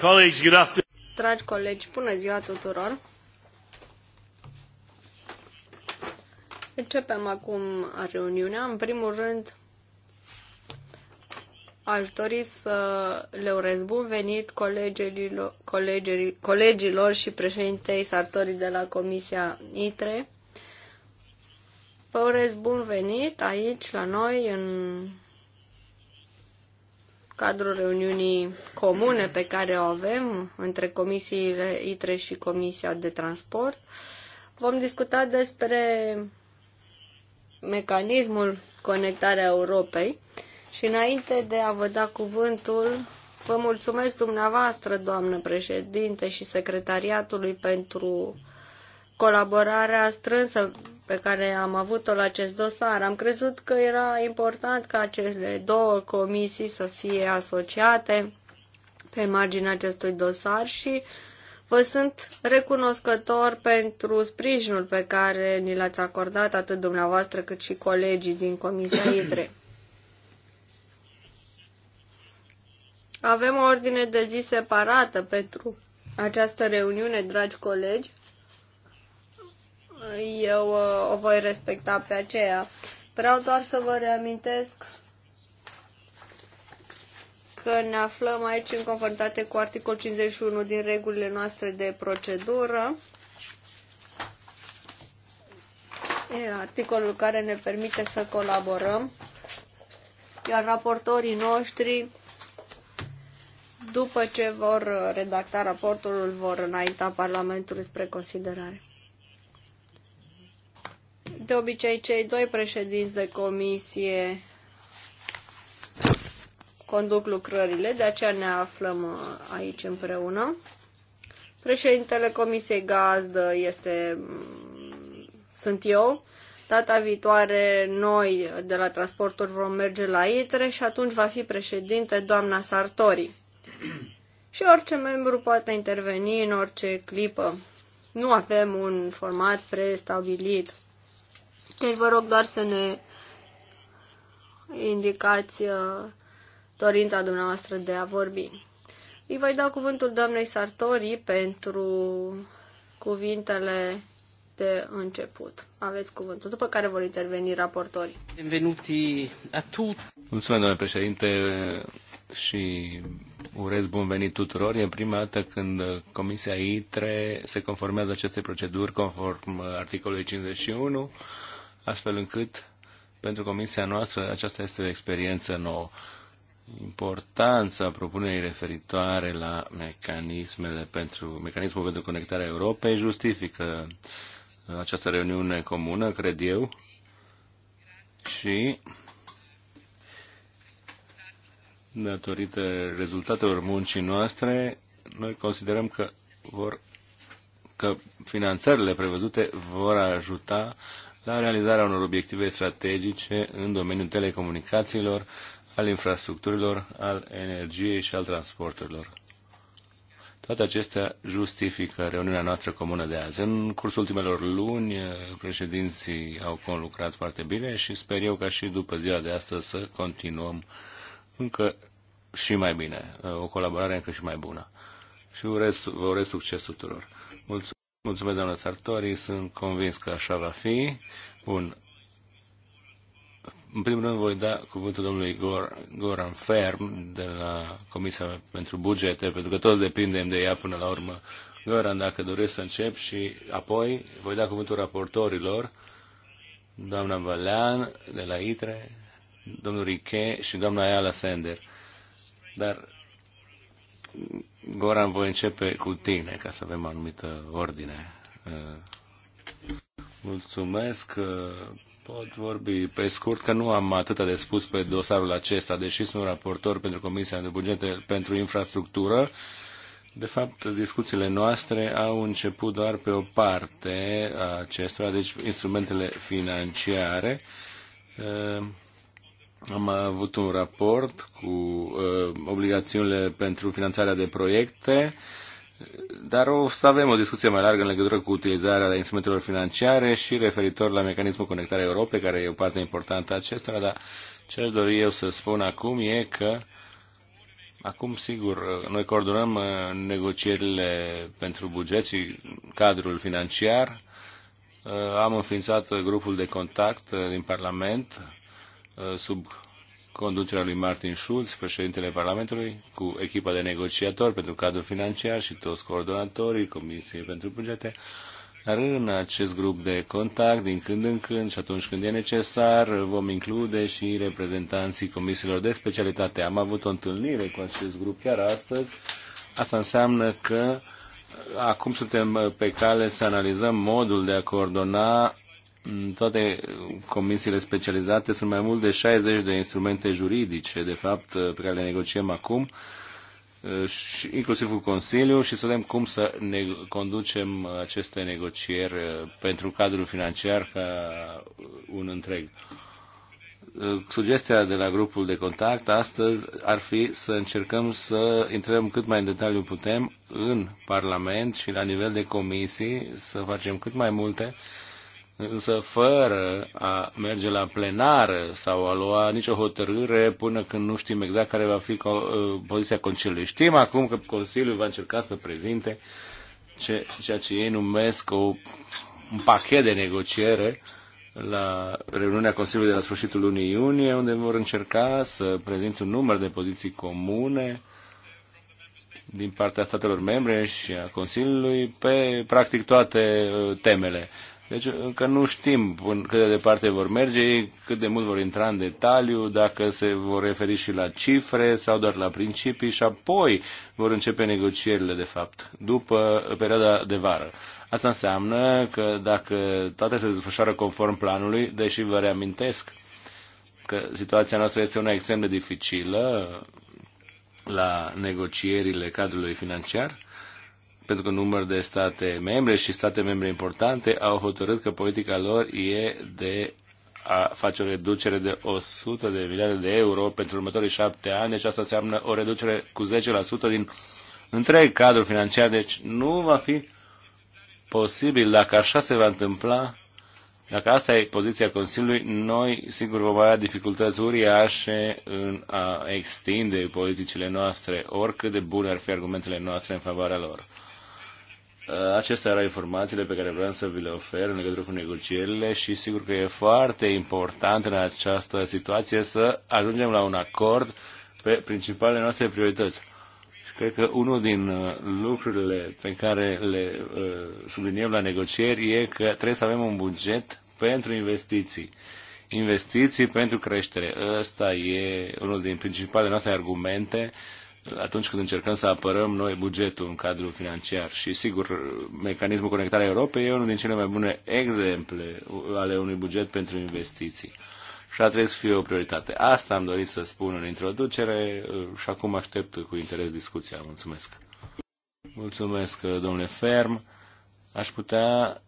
Colleagues, good afternoon. Dragi colegi, bună ziua tuturor! Începem acum reuniunea. În primul rând, aș dori să le urez bun venit colegilor, colegilor și președintei Sartorii de la Comisia ITRE. Vă urez bun venit aici la noi în cadrul reuniunii comune pe care o avem între comisiile ITRE și Comisia de Transport. Vom discuta despre mecanismul conectarea Europei și înainte de a vă da cuvântul, vă mulțumesc dumneavoastră, doamnă președinte și secretariatului pentru colaborarea strânsă pe care am avut-o la acest dosar. Am crezut că era important ca acele două comisii să fie asociate pe marginea acestui dosar și vă sunt recunoscător pentru sprijinul pe care ni l-ați acordat atât dumneavoastră cât și colegii din Comisia Idre. Avem o ordine de zi separată pentru această reuniune, dragi colegi, eu uh, o voi respecta pe aceea. Vreau doar să vă reamintesc că ne aflăm aici în conformitate cu articol 51 din regulile noastre de procedură. E articolul care ne permite să colaborăm, iar raportorii noștri, după ce vor redacta raportul, vor înainta Parlamentului spre considerare. De obicei, cei doi președinți de comisie conduc lucrările, de aceea ne aflăm uh, aici împreună. Președintele Comisiei Gazdă este, mm, sunt eu. Data viitoare noi de la transporturi vom merge la ITRE și atunci va fi președinte doamna Sartori. și orice membru poate interveni în orice clipă. Nu avem un format prestabilit. Deci vă rog doar să ne indicați uh, dorința dumneavoastră de a vorbi. Îi voi da cuvântul doamnei Sartori pentru cuvintele de început. Aveți cuvântul, după care vor interveni raportorii. Bienvenuti a tutti. Mulțumesc, domnule președinte, și urez bun venit tuturor. E prima dată când Comisia ITRE se conformează acestei proceduri conform articolului 51 astfel încât pentru comisia noastră aceasta este o experiență nouă. Importanța propunerii referitoare la mecanismele pentru, mecanismul pentru conectarea Europei justifică această reuniune comună, cred eu, și datorită rezultatelor muncii noastre, noi considerăm că vor că finanțările prevăzute vor ajuta la realizarea unor obiective strategice în domeniul telecomunicațiilor, al infrastructurilor, al energiei și al transporturilor. Toate acestea justifică reuniunea noastră comună de azi. În cursul ultimelor luni, președinții au conlucrat foarte bine și sper eu ca și după ziua de astăzi să continuăm încă și mai bine, o colaborare încă și mai bună. Și urez, vă urez succes tuturor. Mulțumesc! Mulțumesc, doamnă Sartori, sunt convins că așa va fi. Bun. În primul rând voi da cuvântul domnului Gor, Goran Ferm de la Comisia pentru Bugete, pentru că tot depindem de ea până la urmă. Goran, dacă doresc să încep și apoi voi da cuvântul raportorilor, doamna Valean de la ITRE, domnul Riche și doamna Ayala Sender. Dar Goran, voi începe cu tine, ca să avem anumită ordine. Uh, mulțumesc. Uh, pot vorbi pe scurt că nu am atâta de spus pe dosarul acesta, deși sunt raportor pentru Comisia de Bugete pentru Infrastructură. De fapt, discuțiile noastre au început doar pe o parte a acestora, deci instrumentele financiare. Uh, am avut un raport cu uh, obligațiunile pentru finanțarea de proiecte, dar o să avem o discuție mai largă în legătură cu utilizarea instrumentelor financiare și referitor la mecanismul conectarea Europei, care e o parte importantă a acestora, dar ce aș dori eu să spun acum e că Acum, sigur, noi coordonăm uh, negocierile pentru buget și cadrul financiar. Uh, am înființat uh, grupul de contact din Parlament Uh, sub conducerea lui Martin Schulz, președintele Parlamentului, cu echipa de negociatori pentru cadrul financiar și toți coordonatorii Comisiei pentru Bugete, dar în acest grup de contact, din când în când și atunci când e necesar, vom include și reprezentanții comisiilor de specialitate. Am avut o întâlnire cu acest grup chiar astăzi. Asta înseamnă că uh, acum suntem uh, pe cale să analizăm modul de a coordona în toate comisiile specializate sunt mai mult de 60 de instrumente juridice, de fapt, pe care le negociem acum, uh, și, inclusiv cu Consiliul, și să vedem cum să ne conducem aceste negocieri uh, pentru cadrul financiar ca un întreg uh, sugestia de la grupul de contact astăzi ar fi să încercăm să intrăm cât mai în detaliu putem în Parlament și la nivel de comisii, să facem cât mai multe însă fără a merge la plenară sau a lua nicio hotărâre până când nu știm exact care va fi uh, poziția Consiliului. Știm acum că Consiliul va încerca să prezinte ce, ceea ce ei numesc o, un pachet de negociere la reuniunea Consiliului de la sfârșitul lunii iunie, unde vor încerca să prezint un număr de poziții comune din partea statelor membre și a Consiliului pe practic toate uh, temele. Deci încă nu știm cât de departe vor merge cât de mult vor intra în detaliu, dacă se vor referi și la cifre sau doar la principii și apoi vor începe negocierile, de fapt, după perioada de vară. Asta înseamnă că dacă toate se desfășoară conform planului, deși vă reamintesc că situația noastră este una extrem de dificilă la negocierile cadrului financiar, pentru că număr de state membre și state membre importante au hotărât că politica lor e de a face o reducere de 100 de miliarde de euro pentru următorii șapte ani, deci asta înseamnă o reducere cu 10% din întreg cadrul financiar, deci nu va fi posibil dacă așa se va întâmpla, dacă asta e poziția Consiliului, noi sigur vom avea dificultăți uriașe în a extinde politicile noastre, oricât de bune ar fi argumentele noastre în favoarea lor. Uh, acestea erau informațiile pe care vreau să vi le ofer în legătură cu negocierile și sigur că e foarte important în această situație să ajungem la un acord pe principalele noastre priorități. Și cred că unul din uh, lucrurile pe care le uh, subliniem la negocieri e că trebuie să avem un buget pentru investiții. Investiții pentru creștere. Ăsta e unul din principalele noastre argumente atunci când încercăm să apărăm noi bugetul în cadrul financiar. Și sigur, mecanismul conectarea Europei e unul din cele mai bune exemple ale unui buget pentru investiții. Și a trebuit să fie o prioritate. Asta am dorit să spun în introducere și acum aștept cu interes discuția. Mulțumesc. Mulțumesc, domnule Ferm. Aș putea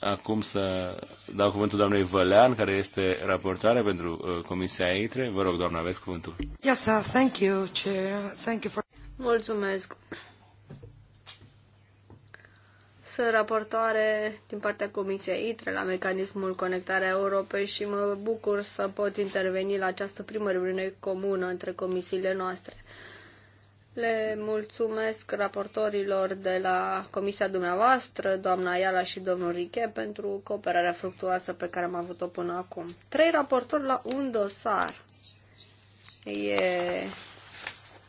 acum să dau cuvântul doamnei Vălean, care este raportoare pentru uh, Comisia EITRE. Vă rog, doamna, aveți cuvântul. Yes, sir. Thank you, Chair. Thank you for... Mulțumesc. Sunt raportoare din partea Comisiei ITRE la mecanismul Conectarea Europei și mă bucur să pot interveni la această primă reuniune comună între comisiile noastre. Le mulțumesc raportorilor de la comisia dumneavoastră, doamna Iala și domnul Riche, pentru cooperarea fructuoasă pe care am avut-o până acum. Trei raportori la un dosar. E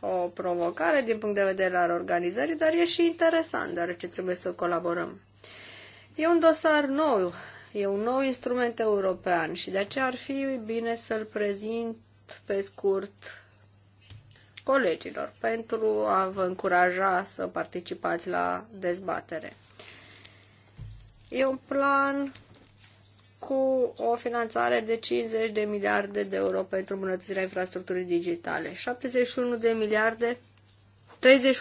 o provocare din punct de vedere al organizării, dar e și interesant, deoarece trebuie să colaborăm. E un dosar nou, e un nou instrument european și de aceea ar fi bine să-l prezint pe scurt colegilor pentru a vă încuraja să participați la dezbatere. E un plan cu o finanțare de 50 de miliarde de euro pentru îmbunătățirea infrastructurii digitale. 71 de miliarde, 31,7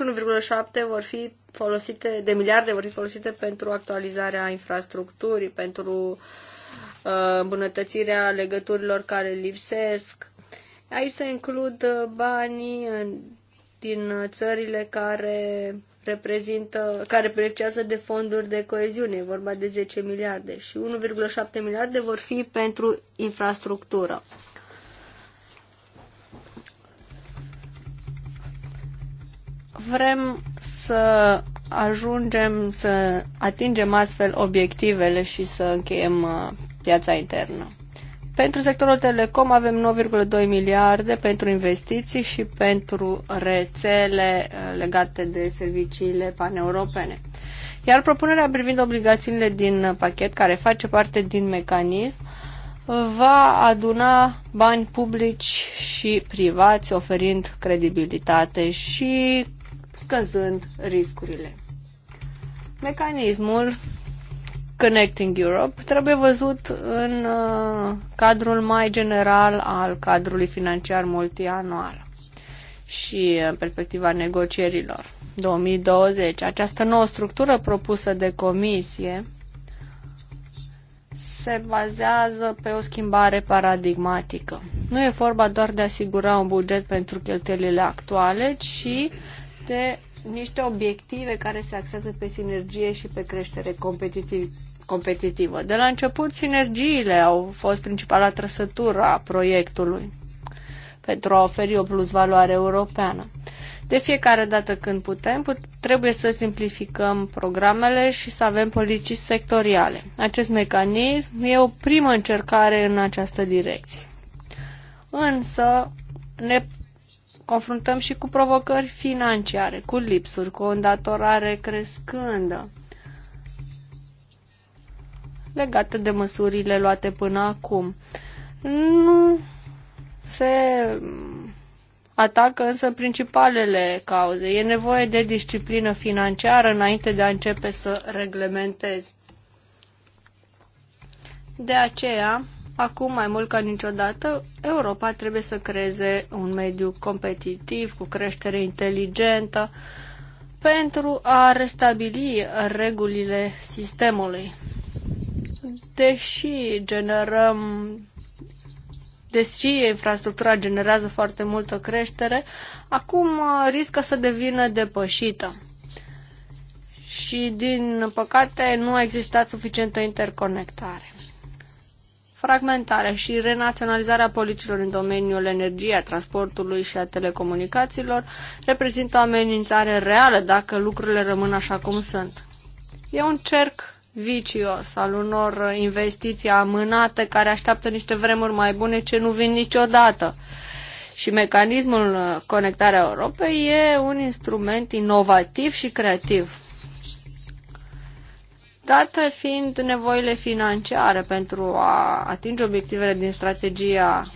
vor fi folosite, de miliarde vor fi folosite pentru actualizarea infrastructurii, pentru uh, îmbunătățirea legăturilor care lipsesc, Aici se includ uh, banii uh, din uh, țările care reprezintă, care beneficiază de fonduri de coeziune, e vorba de 10 miliarde și 1,7 miliarde vor fi pentru infrastructură. Vrem să ajungem să atingem astfel obiectivele și să încheiem piața internă. Pentru sectorul telecom avem 9,2 miliarde pentru investiții și pentru rețele uh, legate de serviciile paneuropene. Iar propunerea privind obligațiunile din pachet, care face parte din mecanism, va aduna bani publici și privați, oferind credibilitate și scăzând riscurile. Mecanismul Connecting Europe trebuie văzut în uh, cadrul mai general al cadrului financiar multianual și uh, în perspectiva negocierilor 2020. Această nouă structură propusă de comisie se bazează pe o schimbare paradigmatică. Nu e vorba doar de a asigura un buget pentru cheltuielile actuale, ci de niște obiective care se axează pe sinergie și pe creștere competitivă competitivă. De la început, sinergiile au fost principala trăsătură a proiectului pentru a oferi o plusvaloare europeană. De fiecare dată când putem, put- trebuie să simplificăm programele și să avem politici sectoriale. Acest mecanism e o primă încercare în această direcție. Însă ne confruntăm și cu provocări financiare, cu lipsuri, cu o îndatorare crescândă legate de măsurile luate până acum. Nu se atacă însă principalele cauze. E nevoie de disciplină financiară înainte de a începe să reglementezi. De aceea, acum mai mult ca niciodată, Europa trebuie să creeze un mediu competitiv, cu creștere inteligentă, pentru a restabili regulile sistemului deși generăm deși infrastructura generează foarte multă creștere, acum uh, riscă să devină depășită. Și, din păcate, nu a existat suficientă interconectare. Fragmentarea și renaționalizarea politicilor în domeniul energiei, a transportului și a telecomunicațiilor reprezintă o amenințare reală dacă lucrurile rămân așa cum sunt. E un cerc vicios al unor investiții amânate care așteaptă niște vremuri mai bune ce nu vin niciodată. Și mecanismul Conectarea Europei e un instrument inovativ și creativ. Dată fiind nevoile financiare pentru a atinge obiectivele din strategia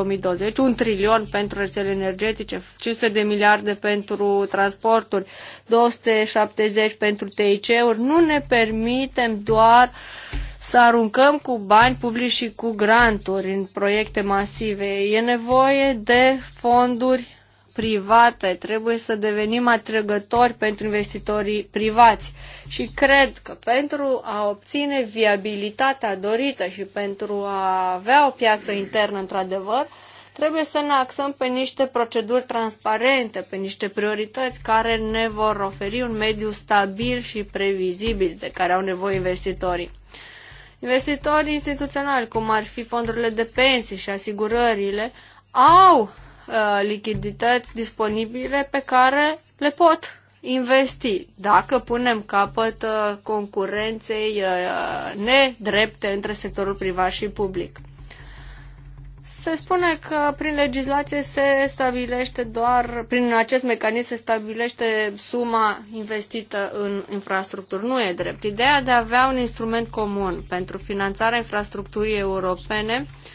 2020, un trilion pentru rețele energetice, 500 de miliarde pentru transporturi, 270 pentru TIC-uri, nu ne permitem doar să aruncăm cu bani publici și cu granturi în proiecte masive. E nevoie de fonduri private, trebuie să devenim atrăgători pentru investitorii privați și cred că pentru a obține viabilitatea dorită și pentru a avea o piață internă într-adevăr, trebuie să ne axăm pe niște proceduri transparente, pe niște priorități care ne vor oferi un mediu stabil și previzibil de care au nevoie investitorii. Investitorii instituționali, cum ar fi fondurile de pensii și asigurările, au Uh, lichidități disponibile pe care le pot investi. Dacă punem capăt uh, concurenței uh, nedrepte între sectorul privat și public. Se spune că prin legislație se stabilește doar, prin acest mecanism se stabilește suma investită în infrastructuri. Nu e drept. Ideea de a avea un instrument comun pentru finanțarea infrastructurii europene uh,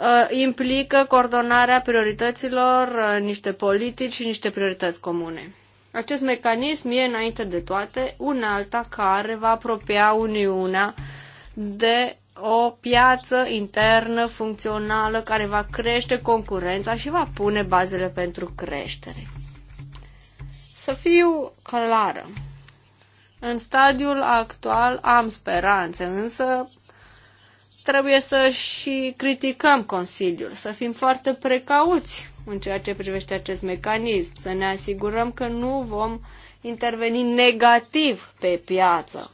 Uh, implică coordonarea priorităților, uh, niște politici și niște priorități comune. Acest mecanism e, înainte de toate, un alta care va apropia Uniunea de o piață internă funcțională care va crește concurența și va pune bazele pentru creștere. Să fiu clară. În stadiul actual am speranțe, însă trebuie să și criticăm Consiliul, să fim foarte precauți în ceea ce privește acest mecanism, să ne asigurăm că nu vom interveni negativ pe piață,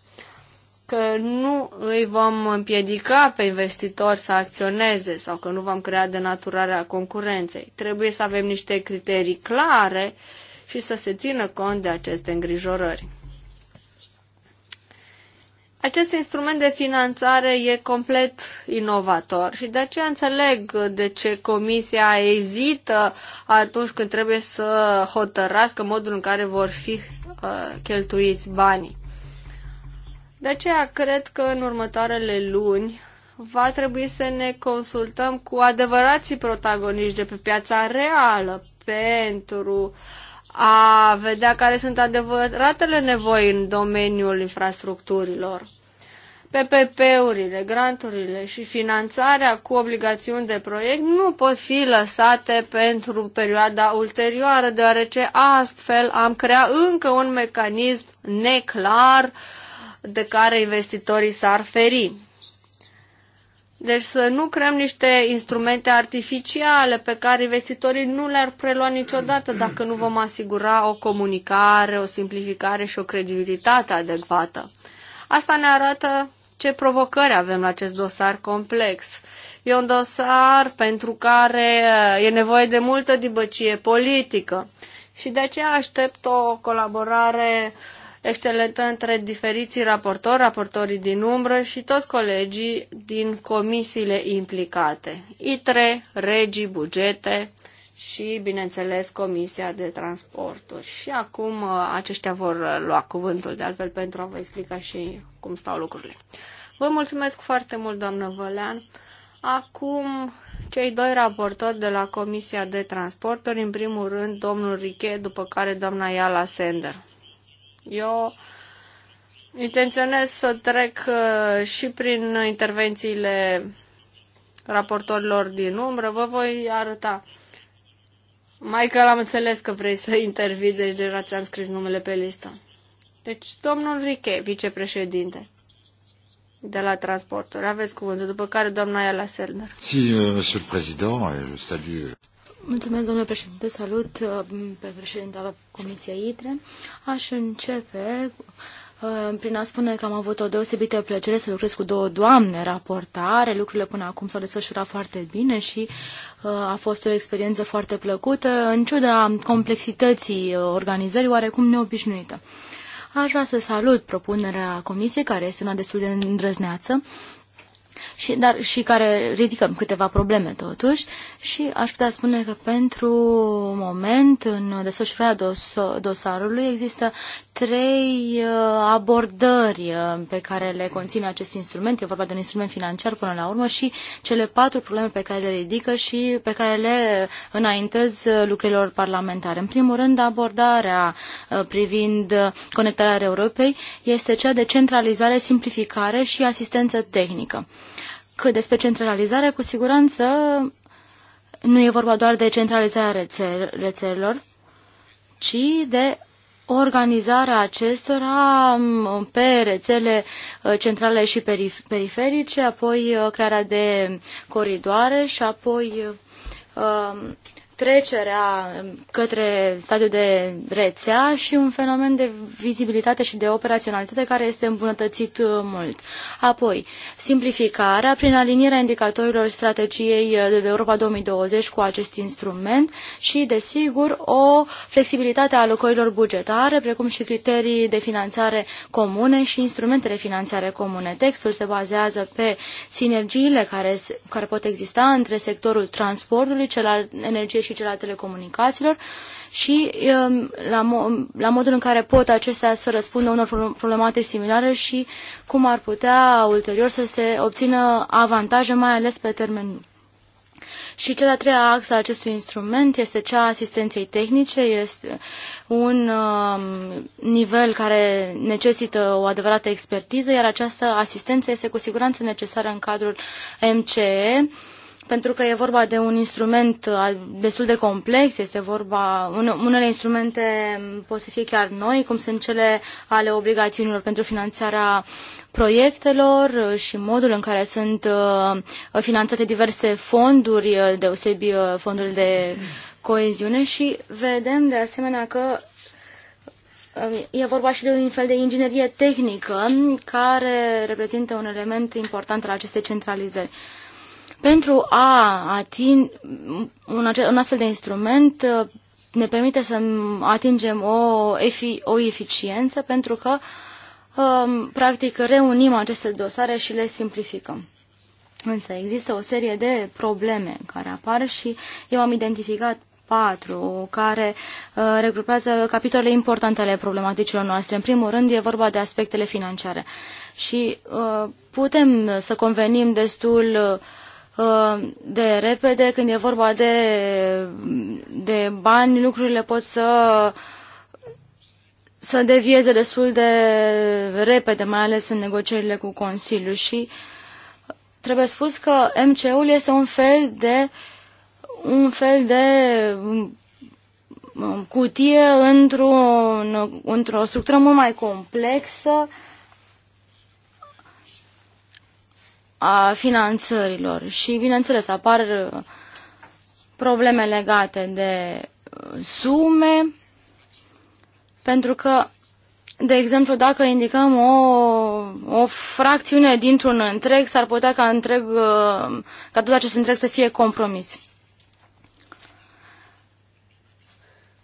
că nu îi vom împiedica pe investitori să acționeze sau că nu vom crea denaturarea concurenței. Trebuie să avem niște criterii clare și să se țină cont de aceste îngrijorări. Acest instrument de finanțare e complet inovator și de aceea înțeleg de ce Comisia ezită atunci când trebuie să hotărască modul în care vor fi uh, cheltuiți banii. De aceea cred că în următoarele luni va trebui să ne consultăm cu adevărații protagoniști de pe piața reală pentru a vedea care sunt adevăratele nevoi în domeniul infrastructurilor. PPP-urile, granturile și finanțarea cu obligațiuni de proiect nu pot fi lăsate pentru perioada ulterioară, deoarece astfel am creat încă un mecanism neclar de care investitorii s-ar feri. Deci să nu creăm niște instrumente artificiale pe care investitorii nu le-ar prelua niciodată dacă nu vom asigura o comunicare, o simplificare și o credibilitate adecvată. Asta ne arată ce provocări avem la acest dosar complex. E un dosar pentru care uh, e nevoie de multă dibăcie politică și de aceea aștept o colaborare uh, excelentă între diferiții raportori, raportorii din umbră și toți colegii din comisiile implicate, ITRE, regii, bugete și, bineînțeles, Comisia de Transporturi. Și acum uh, aceștia vor uh, lua cuvântul, de altfel, pentru a vă explica și cum stau lucrurile. Vă mulțumesc foarte mult, doamnă Vălean. Acum, cei doi raportori de la Comisia de Transporturi, în primul rând, domnul Riche, după care doamna Iala Sender. Eu intenționez să trec uh, și prin intervențiile raportorilor din umbră. Vă voi arăta. Michael, am înțeles că vrei să intervii, deci deja ți-am scris numele pe listă. Deci, domnul Riche, vicepreședinte de la transporturi. Aveți cuvântul, după care doamna Ayala Selner. Si, euh, monsieur le président, je salue... Mulțumesc, domnule președinte. Salut uh, pe președinta Comisiei ITRE. Aș începe uh, prin a spune că am avut o deosebită plăcere să lucrez cu două doamne raportare. Lucrurile până acum s-au desfășurat foarte bine și uh, a fost o experiență foarte plăcută, în ciuda complexității organizării oarecum neobișnuită. Aș vrea să salut propunerea comisiei, care este una destul de îndrăzneață, și, dar, și care ridică câteva probleme totuși și aș putea spune că pentru moment, în desfășurarea dos, dosarului, există trei uh, abordări uh, pe care le conține acest instrument. E vorba de un instrument financiar până la urmă și cele patru probleme pe care le ridică și pe care le înaintez uh, lucrurilor parlamentare. În primul rând, abordarea privind conectarea Europei este cea de centralizare, simplificare și asistență tehnică că despre centralizare, cu siguranță nu e vorba doar de centralizarea rețelelor, ci de organizarea acestora mm, pe rețele uh, centrale și periferice, apoi uh, crearea de coridoare și apoi uh, trecerea către stadiul de rețea și un fenomen de vizibilitate și de operaționalitate care este îmbunătățit uh, mult. Apoi, simplificarea prin alinierea indicatorilor strategiei uh, de Europa 2020 cu acest instrument și, desigur, o flexibilitate a alocărilor bugetare, precum și criterii de finanțare comune și instrumente de finanțare comune. Textul se bazează pe sinergiile care, care pot exista între sectorul transportului, cel al energiei și cel al telecomunicațiilor și um, la, la modul în care pot acestea să răspundă unor problemate similare și cum ar putea ulterior să se obțină avantaje, mai ales pe termen și cea de-a treia axă a acestui instrument este cea a asistenței tehnice, este un um, nivel care necesită o adevărată expertiză, iar această asistență este cu siguranță necesară în cadrul MCE, pentru că e vorba de un instrument uh, destul de complex, este vorba, unele instrumente pot să fie chiar noi, cum sunt cele ale obligațiunilor pentru finanțarea proiectelor uh, și modul în care sunt uh, finanțate diverse fonduri, deosebi fondurile de coeziune și vedem de asemenea că E vorba și de un fel de inginerie tehnică care reprezintă un element important al acestei centralizări. Pentru a atinge un, un astfel de instrument uh, ne permite să atingem o, efi, o eficiență pentru că um, practic reunim aceste dosare și le simplificăm. Însă există o serie de probleme care apar și eu am identificat patru care uh, regrupează capitolele importante ale problematicilor noastre. În primul rând e vorba de aspectele financiare și uh, putem să convenim destul uh, Uh, de repede, când e vorba de, de bani, lucrurile pot să, să devieze destul de repede, mai ales în negocierile cu Consiliul și trebuie spus că MC-ul este un fel de un fel de cutie într-o într, -o, structură mult mai complexă a finanțărilor și, bineînțeles, apar uh, probleme legate de uh, sume, pentru că, de exemplu, dacă indicăm o, o fracțiune dintr-un întreg, s-ar putea ca, întreg, uh, ca tot acest întreg să fie compromis.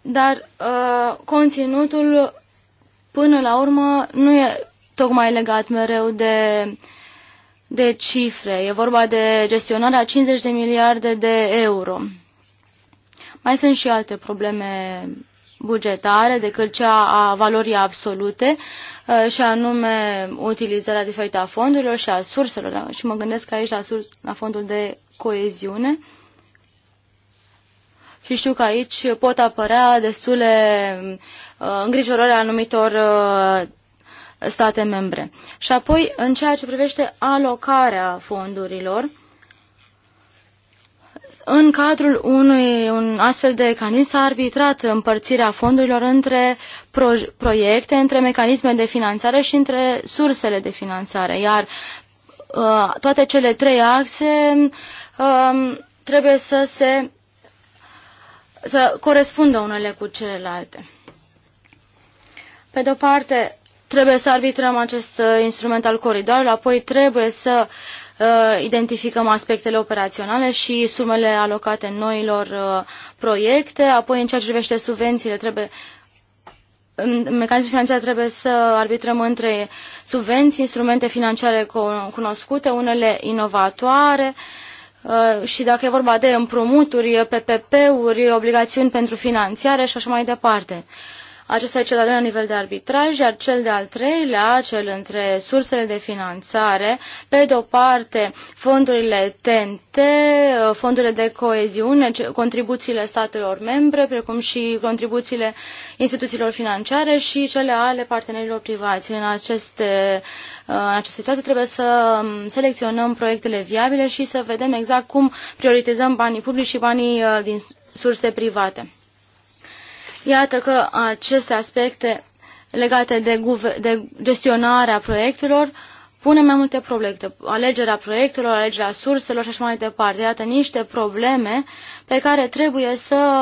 Dar uh, conținutul, până la urmă, nu e tocmai legat mereu de uh, de cifre. E vorba de gestionarea 50 de miliarde de euro. Mai sunt și alte probleme bugetare decât cea a valorii absolute uh, și anume utilizarea diferită a fondurilor și a surselor. Da, și mă gândesc aici la, surs, la fondul de coeziune. Și știu că aici pot apărea destule uh, îngrijorări anumitor uh, state membre. Și apoi, în ceea ce privește alocarea fondurilor, în cadrul unui un astfel de mecanism s-a arbitrat împărțirea fondurilor între pro, proiecte, între mecanisme de finanțare și între sursele de finanțare, iar uh, toate cele trei axe uh, trebuie să se să corespundă unele cu celelalte. Pe de-o parte, Trebuie să arbitrăm acest uh, instrument al coridoarelor, apoi trebuie să uh, identificăm aspectele operaționale și sumele alocate noilor uh, proiecte, apoi în ceea ce privește subvențiile trebuie mecanismul financiar trebuie să arbitrăm între subvenții, instrumente financiare cunoscute, unele inovatoare uh, și dacă e vorba de împrumuturi, PPP-uri, obligațiuni pentru finanțare și așa mai departe. Acesta e cel al doilea nivel de arbitraj, iar cel de-al treilea, cel între sursele de finanțare, pe de-o parte fondurile TNT, fondurile de coeziune, contribuțiile statelor membre, precum și contribuțiile instituțiilor financiare și cele ale partenerilor privați. În aceste în aceste situații trebuie să selecționăm proiectele viabile și să vedem exact cum prioritizăm banii publici și banii uh, din surse private. Iată că aceste aspecte legate de, de gestionarea proiectelor pune mai multe probleme, alegerea proiectelor, alegerea surselor și așa mai departe. Iată niște probleme pe care trebuie să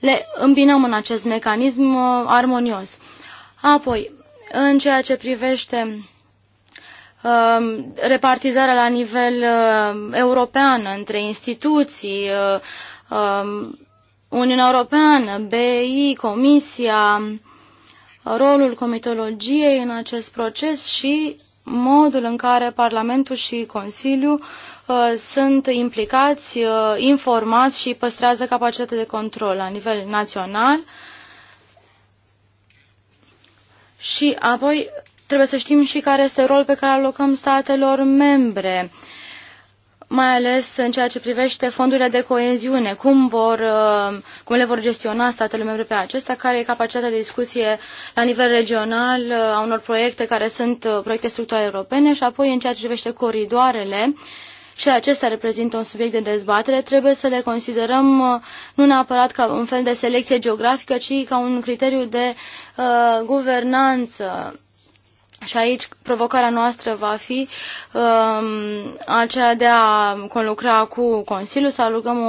le îmbinăm în acest mecanism uh, armonios. Apoi, în ceea ce privește uh, repartizarea la nivel uh, european între instituții, Uniunea Europeană, BI, Comisia, rolul comitologiei în acest proces și modul în care Parlamentul și Consiliul uh, sunt implicați, uh, informați și păstrează capacitatea de control la nivel național. Și apoi trebuie să știm și care este rolul pe care alocăm statelor membre. Uh, mai ales în ceea ce privește fondurile de coeziune, cum, vor, uh, cum le vor gestiona statele membre pe acestea, care e capacitatea de discuție la nivel regional uh, a unor proiecte care sunt uh, proiecte structurale europene și apoi în ceea ce privește coridoarele, și acestea reprezintă un subiect de dezbatere, trebuie să le considerăm nu neapărat ca un fel de selecție geografică, ci ca un criteriu de uh, guvernanță și aici provocarea noastră va fi um, aceea de a conlucra cu Consiliul, să alugăm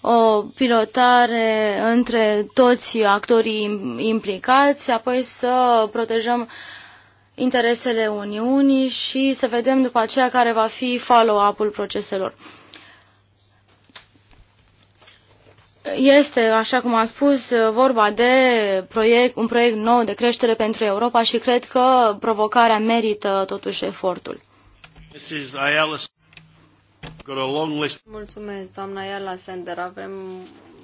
o, o pilotare între toți actorii implicați, apoi să protejăm interesele Uniunii și să vedem după aceea care va fi follow-up-ul proceselor. Este, așa cum am spus, vorba de proiect, un proiect nou de creștere pentru Europa și cred că provocarea merită totuși efortul. Mulțumesc, doamna Ayala Sender. Avem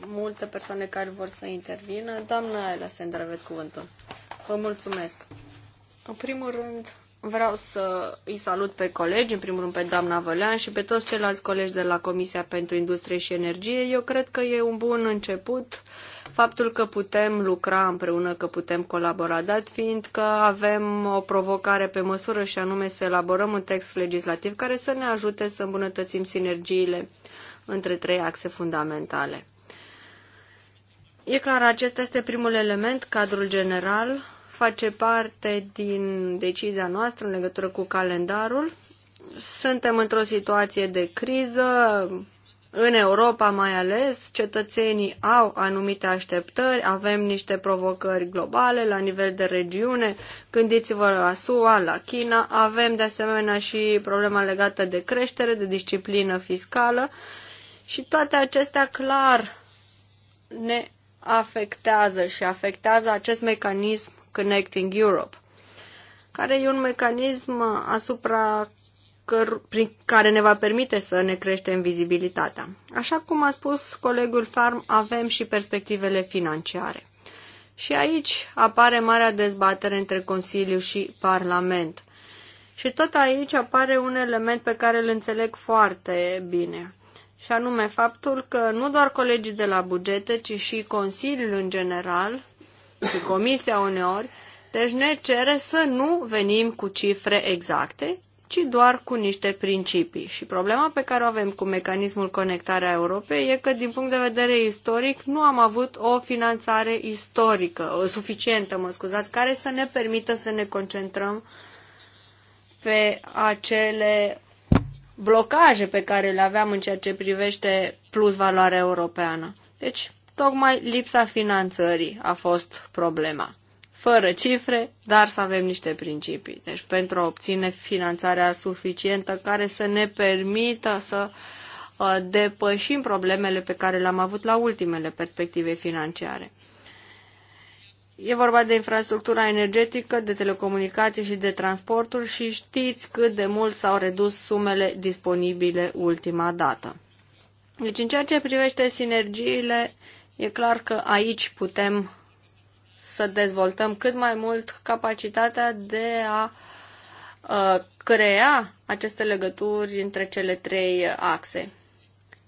multe persoane care vor să intervină. Doamna Ayala Sender, aveți cuvântul. Vă mulțumesc. În primul rând, Vreau să îi salut pe colegi, în primul rând pe doamna Vălean și pe toți ceilalți colegi de la Comisia pentru Industrie și Energie. Eu cred că e un bun început faptul că putem lucra împreună, că putem colabora, dat fiind că avem o provocare pe măsură și anume să elaborăm un text legislativ care să ne ajute să îmbunătățim sinergiile între trei axe fundamentale. E clar, acesta este primul element, cadrul general, face parte din decizia noastră în legătură cu calendarul. Suntem într-o situație de criză, în Europa mai ales, cetățenii au anumite așteptări, avem niște provocări globale la nivel de regiune, gândiți-vă la SUA, la China, avem de asemenea și problema legată de creștere, de disciplină fiscală și toate acestea clar ne afectează și afectează acest mecanism Connecting Europe, care e un mecanism asupra căr- prin care ne va permite să ne creștem vizibilitatea. Așa cum a spus colegul Farm, avem și perspectivele financiare. Și aici apare marea dezbatere între Consiliu și Parlament. Și tot aici apare un element pe care îl înțeleg foarte bine. Și anume faptul că nu doar colegii de la bugete, ci și Consiliul în general și comisia uneori, deci ne cere să nu venim cu cifre exacte, ci doar cu niște principii. Și problema pe care o avem cu mecanismul conectarea Europei e că, din punct de vedere istoric, nu am avut o finanțare istorică, o suficientă, mă scuzați, care să ne permită să ne concentrăm pe acele blocaje pe care le aveam în ceea ce privește plus valoarea europeană. Deci, Tocmai lipsa finanțării a fost problema. Fără cifre, dar să avem niște principii. Deci pentru a obține finanțarea suficientă care să ne permită să uh, depășim problemele pe care le-am avut la ultimele perspective financiare. E vorba de infrastructura energetică, de telecomunicații și de transporturi și știți cât de mult s-au redus sumele disponibile ultima dată. Deci în ceea ce privește sinergiile, E clar că aici putem să dezvoltăm cât mai mult capacitatea de a uh, crea aceste legături între cele trei axe.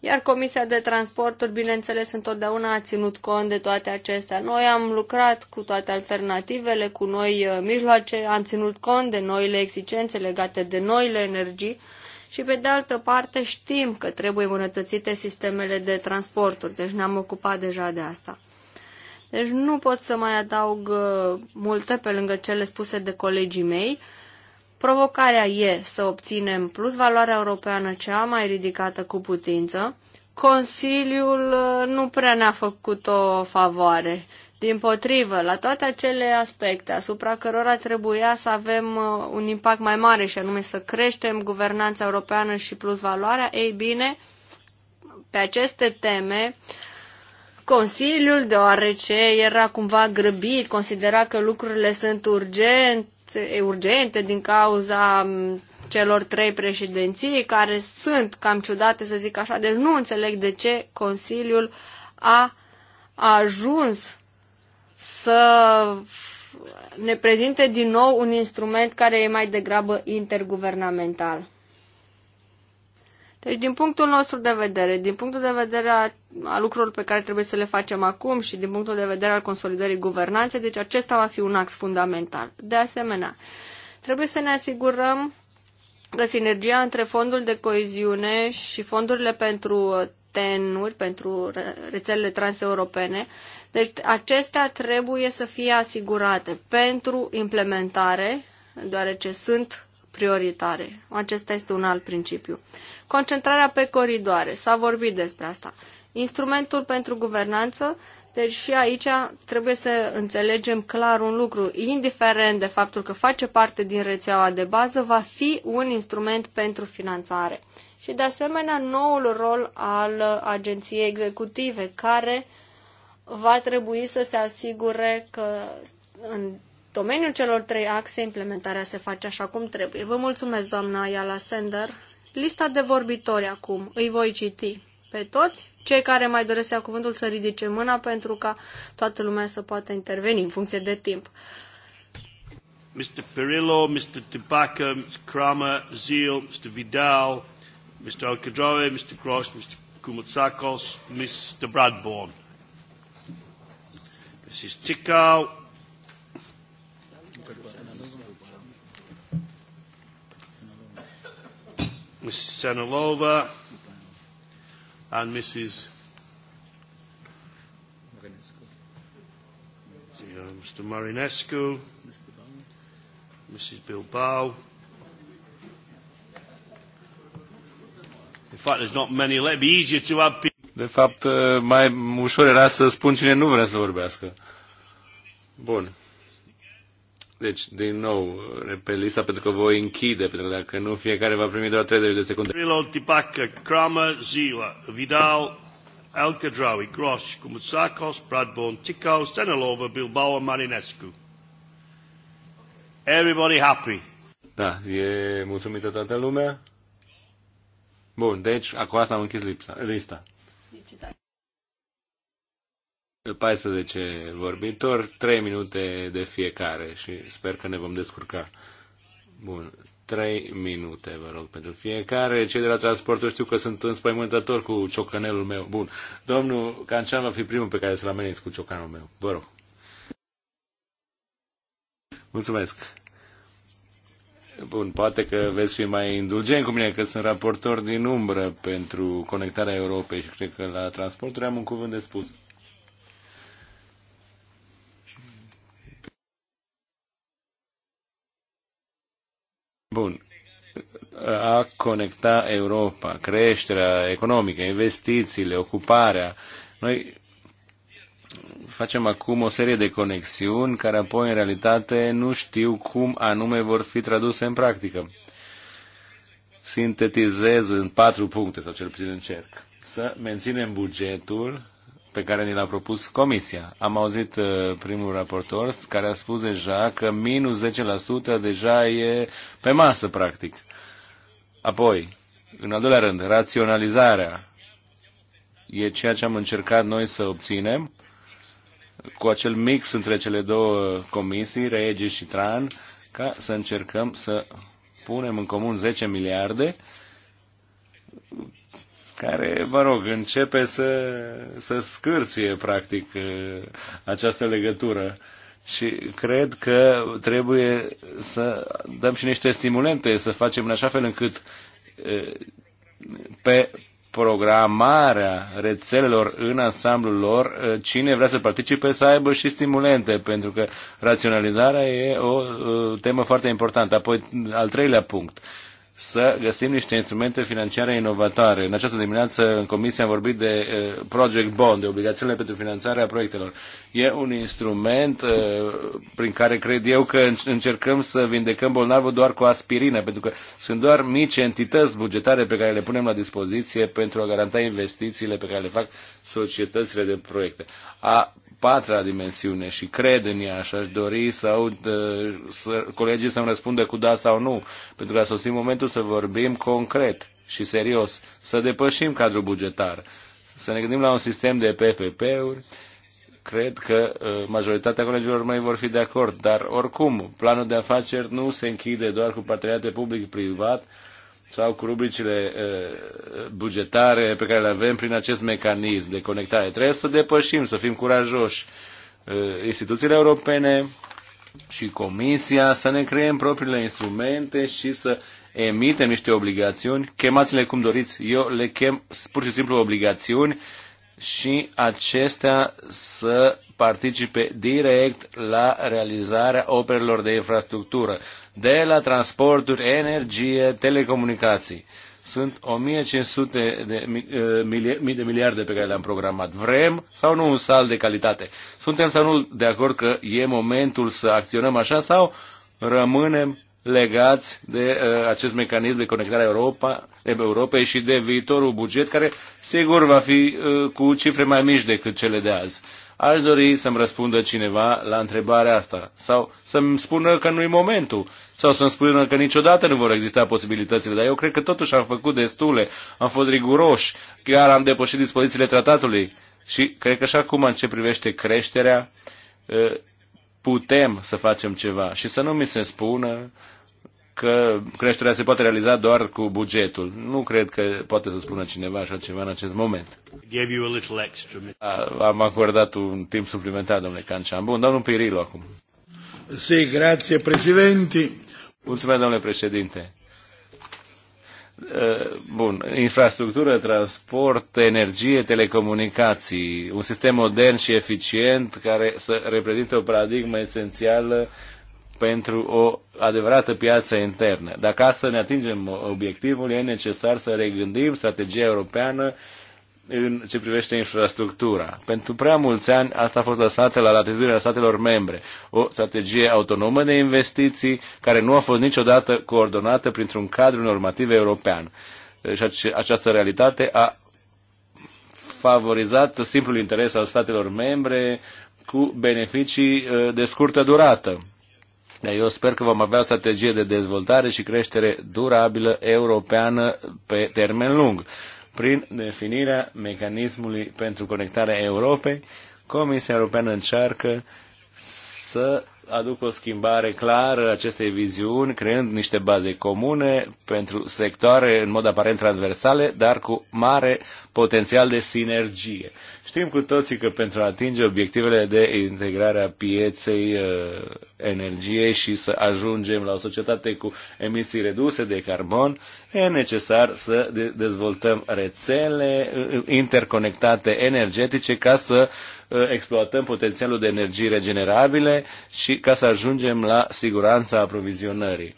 Iar Comisia de Transporturi, bineînțeles, întotdeauna a ținut cont de toate acestea. Noi am lucrat cu toate alternativele, cu noi uh, mijloace, am ținut cont de noile exigențe legate de noile energii și pe de altă parte știm că trebuie îmbunătățite sistemele de transporturi, deci ne-am ocupat deja de asta. Deci nu pot să mai adaug uh, multe pe lângă cele spuse de colegii mei. Provocarea e să obținem plus valoarea europeană cea mai ridicată cu putință. Consiliul uh, nu prea ne-a făcut o favoare din potrivă, la toate acele aspecte asupra cărora trebuia să avem uh, un impact mai mare și anume să creștem guvernanța europeană și plus valoarea, ei bine, pe aceste teme, Consiliul, deoarece era cumva grăbit, considera că lucrurile sunt urgente, urgente din cauza mm, celor trei președinții care sunt cam ciudate, să zic așa, deci nu înțeleg de ce Consiliul a ajuns să ne prezinte din nou un instrument care e mai degrabă interguvernamental. Deci, din punctul nostru de vedere, din punctul de vedere a, a lucrurilor pe care trebuie să le facem acum și din punctul de vedere al consolidării guvernanței, deci acesta va fi un ax fundamental. De asemenea, trebuie să ne asigurăm că sinergia între fondul de coeziune și fondurile pentru tenuri, pentru rețelele transeuropene, deci acestea trebuie să fie asigurate pentru implementare, deoarece sunt prioritare. Acesta este un alt principiu. Concentrarea pe coridoare. S-a vorbit despre asta. Instrumentul pentru guvernanță, deci și aici trebuie să înțelegem clar un lucru. Indiferent de faptul că face parte din rețeaua de bază, va fi un instrument pentru finanțare. Și de asemenea, noul rol al agenției executive, care uh, va trebui să se asigure că în domeniul celor trei axe implementarea se face așa cum trebuie. Vă mulțumesc, doamna Ayala Sender. Lista de vorbitori acum, îi voi citi pe toți. Cei care mai doresc să ia cuvântul să ridice mâna pentru ca toată lumea să poată interveni în funcție de timp. Mr. Perillo, Mr. Tibaca, Mr. Kramer, Zeal, Mr. Vidal, Mr. Alcadrove, Mr. Gross, Mr. Kumutsakos, Mr. Bradbourne. Mrs. Tickow. Mrs. Senilova and Mrs. Yeah, Mr. Marinescu, Mrs. Bilbao. In fact, there's not many. It'd be easier to have people. De fapt, eh, mai ușor era să spun cine nu vrea să vorbească. Bun. Deci, din nou, eh, pe lista pentru că voi închide, pentru că dacă nu, fiecare va primi doar 30 de secunde. Trilol, Tipaca, Kramer, Zila, Vidal, El Gros, Kumutsakos, Bradbourne, Tico, Senelova, Bilbao, Marinescu. Everybody happy. Da, e mulțumită toată lumea. Bun, deci acolo asta am închis lipsa, lista citat. 14 vorbitori, 3 minute de fiecare și sper că ne vom descurca. Bun, 3 minute, vă rog, pentru fiecare. Cei de la transportul știu că sunt înspăimântători cu ciocanelul meu. Bun, domnul Cancean va fi primul pe care să-l ameniți cu ciocanul meu. Vă rog. Mulțumesc. Bun, poate că veți fi mai indulgent cu mine, că sunt raportor din umbră pentru conectarea Europei și cred că la transporturi am un cuvânt de spus. Bun. A conecta Europa, creșterea economică, investițiile, ocuparea. Noi facem acum o serie de conexiuni care apoi în realitate nu știu cum anume vor fi traduse în practică. Sintetizez în patru puncte, sau cel puțin încerc. Să menținem bugetul pe care ni l-a propus Comisia. Am auzit uh, primul raportor care a spus deja că minus 10% deja e pe masă, practic. Apoi, în al doilea rând, raționalizarea e ceea ce am încercat noi să obținem cu acel mix între cele două comisii, Regi și Tran, ca să încercăm să punem în comun 10 miliarde, care, mă rog, începe să, să scârție, practic, această legătură. Și cred că trebuie să dăm și niște stimulente, să facem în așa fel încât pe programarea rețelelor în ansamblul lor, uh, cine vrea să participe să aibă și stimulente, pentru că raționalizarea e o uh, temă foarte importantă. Apoi, al treilea punct, să găsim niște instrumente financiare inovatoare. În această dimineață, în comisie, am vorbit de eh, Project Bond, de obligațiile pentru finanțarea proiectelor. E un instrument eh, prin care cred eu că încercăm să vindecăm bolnavul doar cu aspirină, pentru că sunt doar mici entități bugetare pe care le punem la dispoziție pentru a garanta investițiile pe care le fac societățile de proiecte. A patra dimensiune și cred în ea și aș dori să aud uh, să, colegii să-mi răspundă cu da sau nu, pentru că a sosit momentul să vorbim concret și serios, să depășim cadrul bugetar, să ne gândim la un sistem de PPP-uri, cred că uh, majoritatea colegilor mei vor fi de acord, dar oricum, planul de afaceri nu se închide doar cu parteneriate public-privat, sau cu rubricile bugetare pe care le avem prin acest mecanism de conectare. Trebuie să depășim, să fim curajoși. Instituțiile europene și Comisia să ne creăm propriile instrumente și să emitem niște obligațiuni. Chemați-le cum doriți. Eu le chem pur și simplu obligațiuni și acestea să participe direct la realizarea operelor de infrastructură, de la transporturi, energie, telecomunicații. Sunt 1500 de, eh, mii de miliarde pe care le-am programat. Vrem sau nu un sal de calitate? Suntem sau nu de acord că e momentul să acționăm așa sau rămânem legați de uh, acest mecanism de conectare a Europa, Europei și de viitorul buget, care sigur va fi uh, cu cifre mai mici decât cele de azi. Aș dori să-mi răspundă cineva la întrebarea asta sau să-mi spună că nu-i momentul sau să-mi spună că niciodată nu vor exista posibilitățile, dar eu cred că totuși am făcut destule, am fost riguroși, chiar am depășit dispozițiile tratatului și cred că așa cum în ce privește creșterea, uh, putem să facem ceva și să nu mi se spună că creșterea se poate realiza doar cu bugetul. Nu cred că poate să spună cineva așa ceva în acest moment. Am acordat un timp suplimentar, domnule Cancian. Bun, domnul Pirilo acum. Sí, grazie, președinte. Mulțumesc, domnule președinte. Eh, bun, infrastructură, transport, energie, telecomunicații, un sistem modern și eficient care să reprezintă o paradigmă esențială pentru o adevărată piață internă. Dacă să ne atingem obiectivul, e necesar să regândim strategia europeană în ce privește infrastructura. Pentru prea mulți ani asta a fost lăsată la latitudinea statelor membre, o strategie autonomă de investiții care nu a fost niciodată coordonată printr-un cadru normativ european. Și această realitate a favorizat simplul interes al statelor membre cu beneficii uh, de scurtă durată. Eu sper că vom avea o strategie de dezvoltare și creștere durabilă europeană pe termen lung prin definirea mecanismului pentru conectarea Europei, Comisia Europeană încearcă să aducă o schimbare clară acestei viziuni, creând niște baze comune pentru sectoare în mod aparent transversale, dar cu mare potențial de sinergie. Știm cu toții că pentru a atinge obiectivele de integrare a pieței uh, energiei și să ajungem la o societate cu emisii reduse de carbon, e necesar să dezvoltăm rețele uh, interconectate energetice ca să uh, exploatăm potențialul de energii regenerabile și ca să ajungem la siguranța aprovizionării.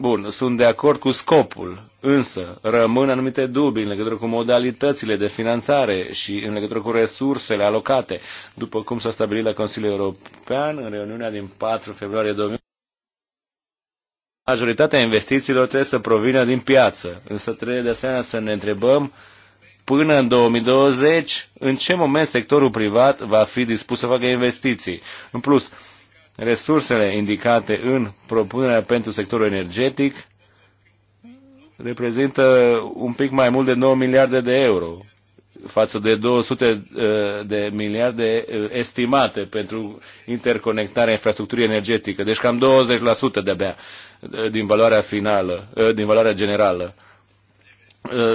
Bun, sunt de acord cu scopul, însă rămân anumite dubii în legătură cu modalitățile de finanțare și în legătură cu resursele alocate, după cum s-a stabilit la Consiliul European în reuniunea din 4 februarie 2000. Majoritatea investițiilor trebuie să provină din piață, însă trebuie de asemenea să ne întrebăm până în 2020 în ce moment sectorul privat va fi dispus să facă investiții. În plus, resursele indicate în propunerea pentru sectorul energetic reprezintă un pic mai mult de 9 miliarde de euro față de 200 eh, de miliarde eh, estimate pentru interconectarea infrastructurii energetică. Deci cam 20% de-abia eh, din valoarea finală, din valoarea generală.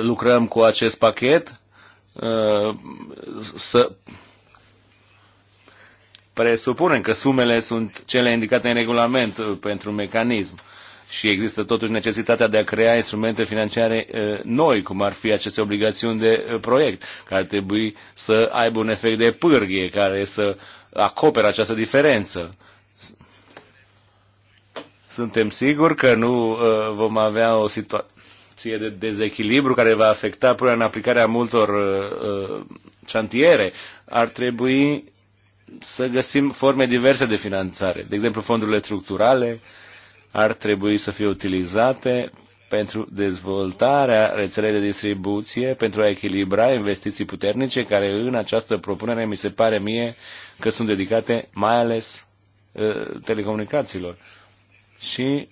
Lucrăm cu acest pachet să presupunem că sumele sunt cele indicate în regulament uh, pentru un mecanism și există totuși necesitatea de a crea instrumente financiare uh, noi, cum ar fi aceste obligațiuni de uh, proiect, care ar trebui să aibă un efect de pârghie, care să acopere această diferență. Suntem siguri că nu vom avea o situație de dezechilibru care va afecta până în aplicarea multor șantiere. Ar trebui să găsim forme diverse de finanțare. De exemplu, fondurile structurale ar trebui să fie utilizate pentru dezvoltarea rețelei de distribuție, pentru a echilibra investiții puternice, care în această propunere mi se pare mie că sunt dedicate mai ales ă, telecomunicațiilor. Și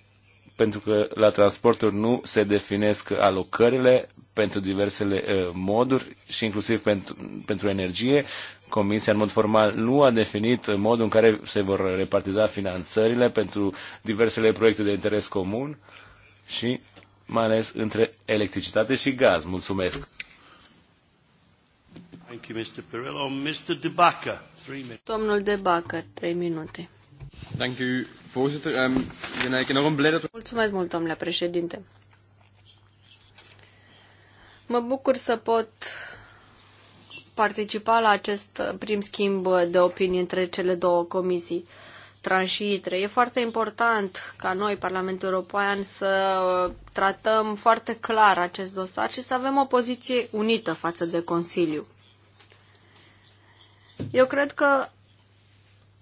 pentru că la transporturi nu se definesc alocările pentru diversele uh, moduri și inclusiv pentru, pentru energie. Comisia în mod formal nu a definit modul în care se vor repartiza finanțările pentru diversele proiecte de interes comun și mai ales între electricitate și gaz. Mulțumesc! Thank you, Mr. Mr. De Baca, Domnul De Backer, trei minute. Thank you, voorzitter. Um, enorm blij dat... Mulțumesc mult, domnule președinte. Mă bucur să pot participa la acest prim schimb de opinii între cele două comisii transitre. E foarte important ca noi, Parlamentul European, să tratăm foarte clar acest dosar și să avem o poziție unită față de Consiliu. Eu cred că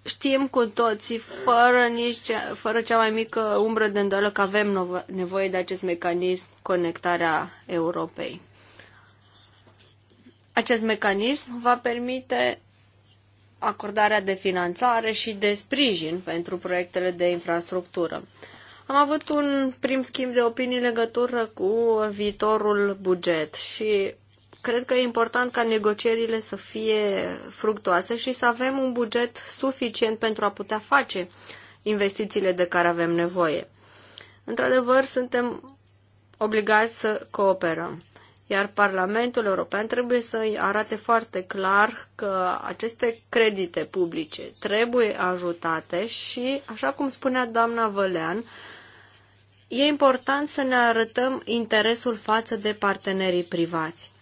știm cu toții, fără, nici cea, fără cea mai mică umbră de îndoială, că avem nevoie de acest mecanism conectarea Europei. Acest mecanism va permite acordarea de finanțare și de sprijin pentru proiectele de infrastructură. Am avut un prim schimb de opinii în legătură cu viitorul buget și cred că e important ca negocierile să fie fructoase și să avem un buget suficient pentru a putea face investițiile de care avem nevoie. Într-adevăr, suntem obligați să cooperăm. Iar Parlamentul European trebuie să-i arate foarte clar că aceste credite publice trebuie ajutate și, așa cum spunea doamna Vălean, e important să ne arătăm interesul față de partenerii privați.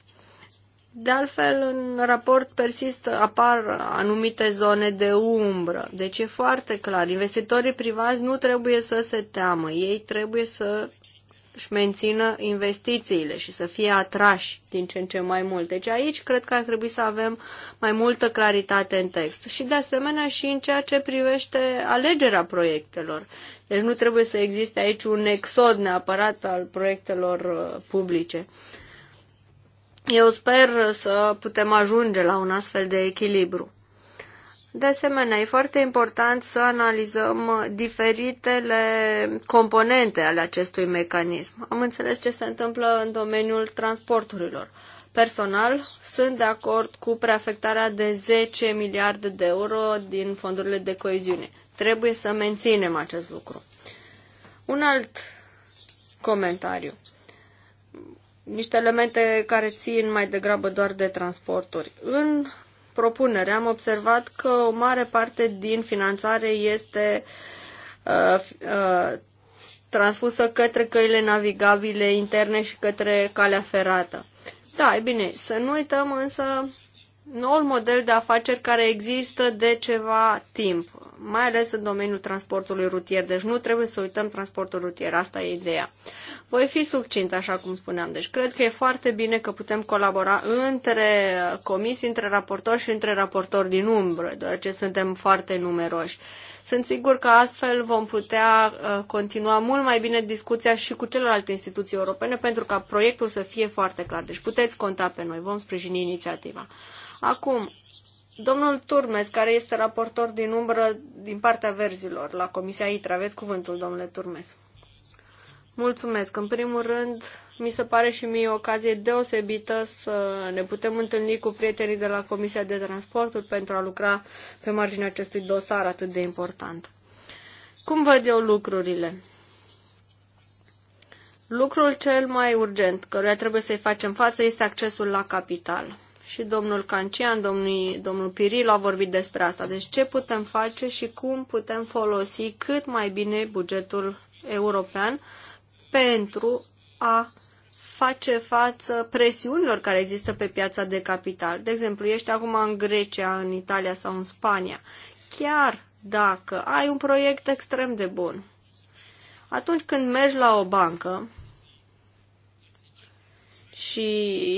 De altfel, în raport persistă, apar anumite zone de umbră. Deci e foarte clar, investitorii privați nu trebuie să se teamă, ei trebuie să își mențină investițiile și să fie atrași din ce în ce mai mult. Deci aici cred că ar trebui să avem mai multă claritate în text și de asemenea și în ceea ce privește alegerea proiectelor. Deci nu trebuie să existe aici un exod neapărat al proiectelor uh, publice. Eu sper să putem ajunge la un astfel de echilibru. De asemenea, e foarte important să analizăm diferitele componente ale acestui mecanism. Am înțeles ce se întâmplă în domeniul transporturilor. Personal, sunt de acord cu preafectarea de 10 miliarde de euro din fondurile de coeziune. Trebuie să menținem acest lucru. Un alt comentariu. Niște elemente care țin mai degrabă doar de transporturi. În propunere. Am observat că o mare parte din finanțare este uh, uh, transpusă către căile navigabile interne și către calea ferată. Da, e bine, să nu uităm însă noul model de afaceri care există de ceva timp, mai ales în domeniul transportului rutier. Deci nu trebuie să uităm transportul rutier, asta e ideea. Voi fi succint, așa cum spuneam. Deci cred că e foarte bine că putem colabora între comisii, între raportori și între raportori din umbră, deoarece suntem foarte numeroși. Sunt sigur că astfel vom putea uh, continua mult mai bine discuția și cu celelalte instituții europene pentru ca proiectul să fie foarte clar. Deci puteți conta pe noi, vom sprijini inițiativa. Acum, domnul Turmes, care este raportor din umbră din partea verzilor la Comisia ITRA, aveți cuvântul, domnule Turmes. Mulțumesc. În primul rând, mi se pare și mie o ocazie deosebită să ne putem întâlni cu prietenii de la Comisia de Transporturi pentru a lucra pe marginea acestui dosar atât de important. Cum văd eu lucrurile? Lucrul cel mai urgent căruia trebuie să-i facem față este accesul la capital și domnul Cancian, domnul, domnul Piril au vorbit despre asta. Deci ce putem face și cum putem folosi cât mai bine bugetul european pentru a face față presiunilor care există pe piața de capital. De exemplu, ești acum în Grecia, în Italia sau în Spania. Chiar dacă ai un proiect extrem de bun, atunci când mergi la o bancă, și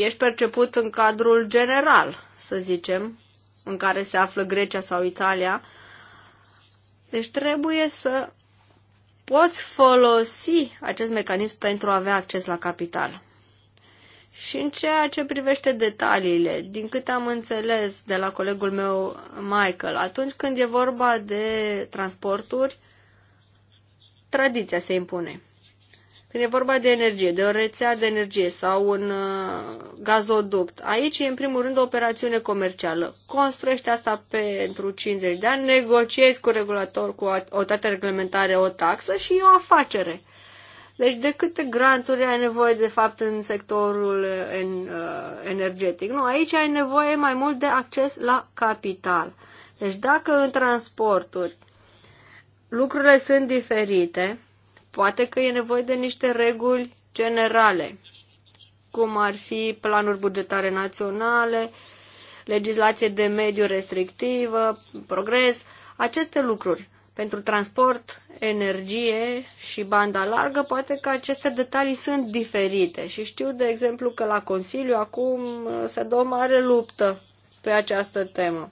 ești perceput în cadrul general, să zicem, în care se află Grecia sau Italia. Deci trebuie să poți folosi acest mecanism pentru a avea acces la capital. Și în ceea ce privește detaliile, din câte am înțeles de la colegul meu Michael, atunci când e vorba de transporturi, tradiția se impune. Când e vorba de energie, de o rețea de energie sau un uh, gazoduct, aici e în primul rând o operațiune comercială. Construiește asta pentru 50 de ani, negociezi cu regulator, cu o autoritatea reglementare o taxă și e o afacere. Deci de câte granturi ai nevoie de fapt în sectorul uh, en, uh, energetic? Nu, aici ai nevoie mai mult de acces la capital. Deci dacă în transporturi lucrurile sunt diferite, Poate că e nevoie de niște reguli generale, cum ar fi planuri bugetare naționale, legislație de mediu restrictivă, progres, aceste lucruri. Pentru transport, energie și banda largă, poate că aceste detalii sunt diferite. Și știu, de exemplu, că la Consiliu acum uh, se dă o mare luptă pe această temă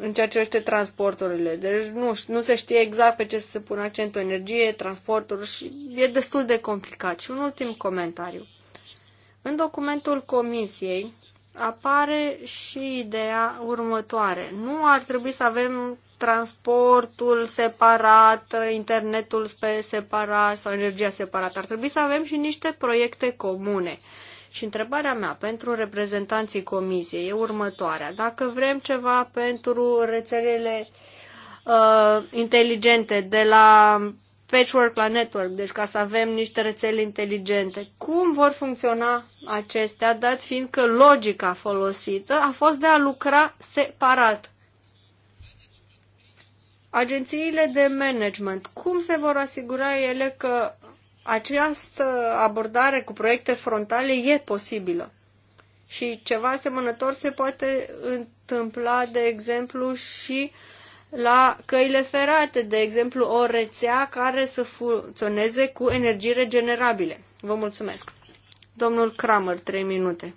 în ceea ce este transporturile. Deci nu, nu se știe exact pe ce să se pună accentul, energie, transportul și e destul de complicat. Și un ultim comentariu. În documentul comisiei apare și ideea următoare. Nu ar trebui să avem transportul separat, internetul pe separat sau energia separată. Ar trebui să avem și niște proiecte comune. Și întrebarea mea pentru reprezentanții comisiei e următoarea. Dacă vrem ceva pentru rețelele uh, inteligente de la patchwork la network, deci ca să avem niște rețele inteligente. Cum vor funcționa acestea, dat fiind că logica folosită a fost de a lucra separat? Agențiile de management, cum se vor asigura ele că această abordare cu proiecte frontale e posibilă. Și ceva asemănător se poate întâmpla, de exemplu, și la căile ferate, de exemplu, o rețea care să funcționeze cu energii regenerabile. Vă mulțumesc. Domnul Kramer, trei minute.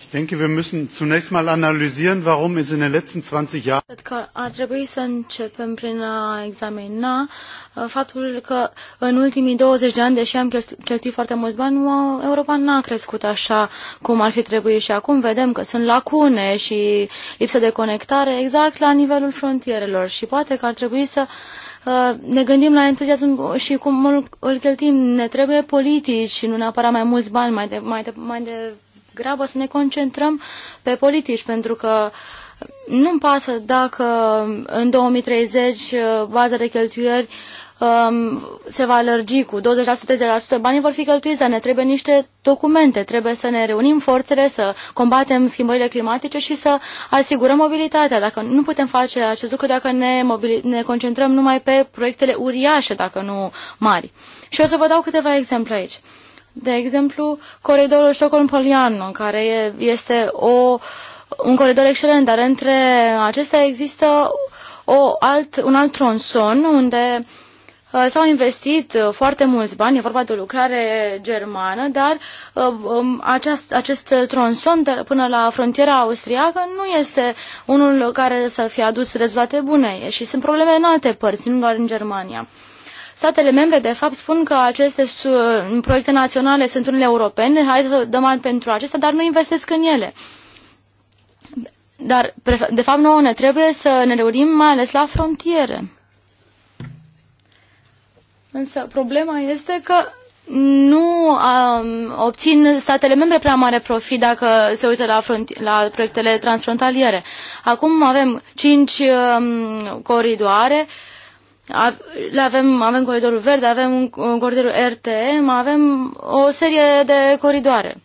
Ich denke, wir müssen zunächst mal analysieren, warum es in den letzten 20 Jahren. Cred că ar trebui să începem prin a examina uh, faptul că în ultimii 20 de ani, deși am cheltuit foarte mulți bani, Europa n-a crescut așa cum ar fi trebuit și acum vedem că sunt lacune și lipsă de conectare exact la nivelul frontierelor și poate că ar trebui să uh, ne gândim la entuziasm și cum îl cheltuim. Ne trebuie politici, și nu neapărat mai mulți bani, mai de, mai de, mai de degrabă să ne concentrăm pe politici, pentru că nu-mi pasă dacă în 2030 uh, baza de cheltuieli um, se va alărgi cu 20%, 10%, banii vor fi cheltuiți, dar ne trebuie niște documente, trebuie să ne reunim forțele, să combatem schimbările climatice și să asigurăm mobilitatea. Dacă nu putem face acest lucru, dacă ne, ne concentrăm numai pe proiectele uriașe, dacă nu mari. Și o să vă dau câteva exemple aici. De exemplu, coridorul Stockholm-Poliano, care este o, un coridor excelent, dar între acestea există o alt, un alt tronson unde uh, s-au investit uh, foarte mulți bani, e vorba de o lucrare germană, dar uh, um, aceast, acest tronson de, până la frontiera austriacă nu este unul care să fie adus rezultate bune și sunt probleme în alte părți, nu doar în Germania. Statele membre, de fapt, spun că aceste proiecte naționale sunt unele europene, hai să dăm bani pentru acestea, dar nu investesc în ele. Dar, de fapt, nouă ne trebuie să ne reunim mai ales la frontiere. Însă problema este că nu um, obțin statele membre prea mare profit dacă se uită la, la proiectele transfrontaliere. Acum avem cinci um, coridoare le avem, avem coridorul verde, avem un, un coridorul RTM, avem o serie de coridoare.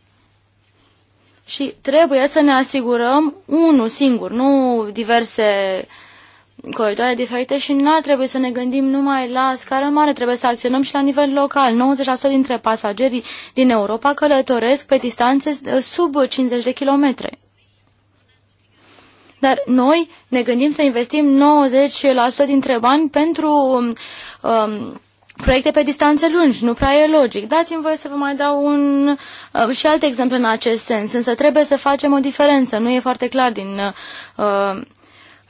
Și trebuie să ne asigurăm unul singur, nu diverse coridoare diferite și nu ar trebui să ne gândim numai la scară mare, trebuie să acționăm și la nivel local. 90% dintre pasagerii din Europa călătoresc pe distanțe sub 50 de kilometri dar noi ne gândim să investim 90% dintre bani pentru um, um, proiecte pe distanțe lungi, nu prea e logic. Dați-mi voie să vă mai dau un, uh, și alte exemple în acest sens, însă trebuie să facem o diferență, nu e foarte clar din, uh,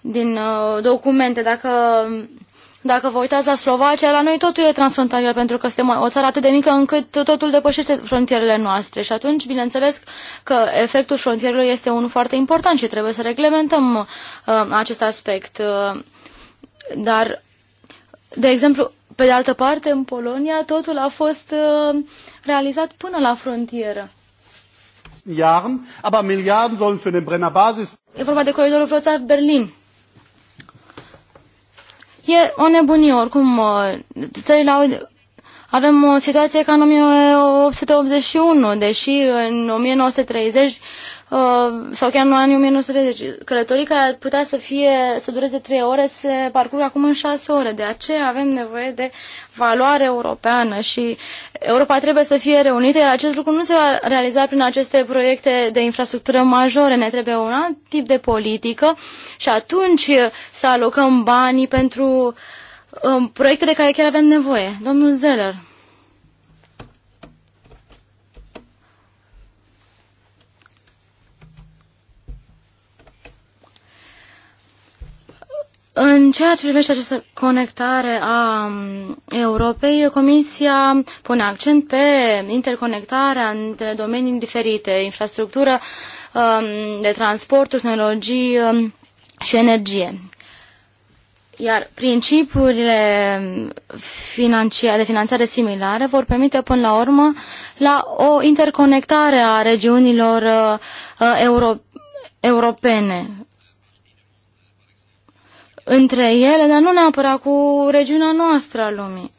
din uh, documente. Dacă dacă vă uitați la Slovacia, la noi totul e transfrontalier, pentru că suntem o țară atât de mică încât totul depășește frontierele noastre. Și atunci, bineînțeles, că efectul frontierelor este unul foarte important și trebuie să reglementăm uh, acest aspect. Uh, dar, de exemplu, pe de altă parte, în Polonia, totul a fost uh, realizat până la frontieră. Jahren, aber Milliarden sollen für den Brenner Basis. E vorba de coridorul Vroțav-Berlin E o nebunie, oricum, țările au, avem o situație ca în 1881, deși în 1930 Uh, sau chiar în anii 1930. Călătorii care ar putea să, fie, să dureze 3 ore se parcurg acum în 6 ore. De aceea avem nevoie de valoare europeană și Europa trebuie să fie reunită, iar acest lucru nu se va realiza prin aceste proiecte de infrastructură majore. Ne trebuie un alt tip de politică și atunci să alocăm banii pentru um, proiectele care chiar avem nevoie. Domnul Zeller. În ceea ce privește această conectare a mm, Europei, Comisia pune accent pe interconectarea între domenii diferite, infrastructură um, de transport, tehnologii um, și energie. Iar principiile de finanțare similare vor permite până la urmă la o interconectare a regiunilor uh, uh, europene între ele, dar nu neapărat cu regiunea noastră a lumii.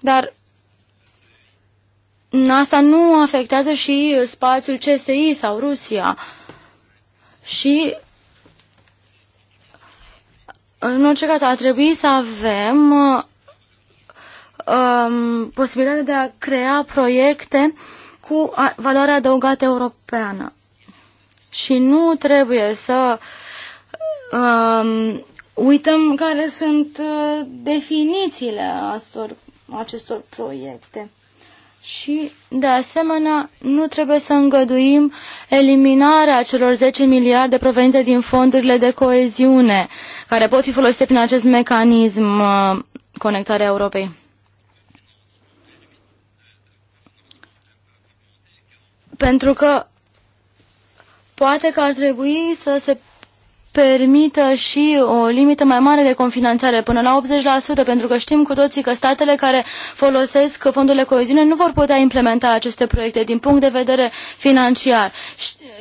Dar asta nu afectează și spațiul CSI sau Rusia. Și în orice caz ar trebui să avem um, posibilitatea de a crea proiecte cu valoare adăugată europeană și nu trebuie să um, uităm care sunt uh, definițiile astor, acestor proiecte. Și, de asemenea, nu trebuie să îngăduim eliminarea celor 10 miliarde provenite din fondurile de coeziune, care pot fi folosite prin acest mecanism uh, Conectarea Europei. Pentru că Poate că ar trebui să se permită și o limită mai mare de confinanțare, până la 80%, pentru că știm cu toții că statele care folosesc fondurile coeziune nu vor putea implementa aceste proiecte din punct de vedere financiar.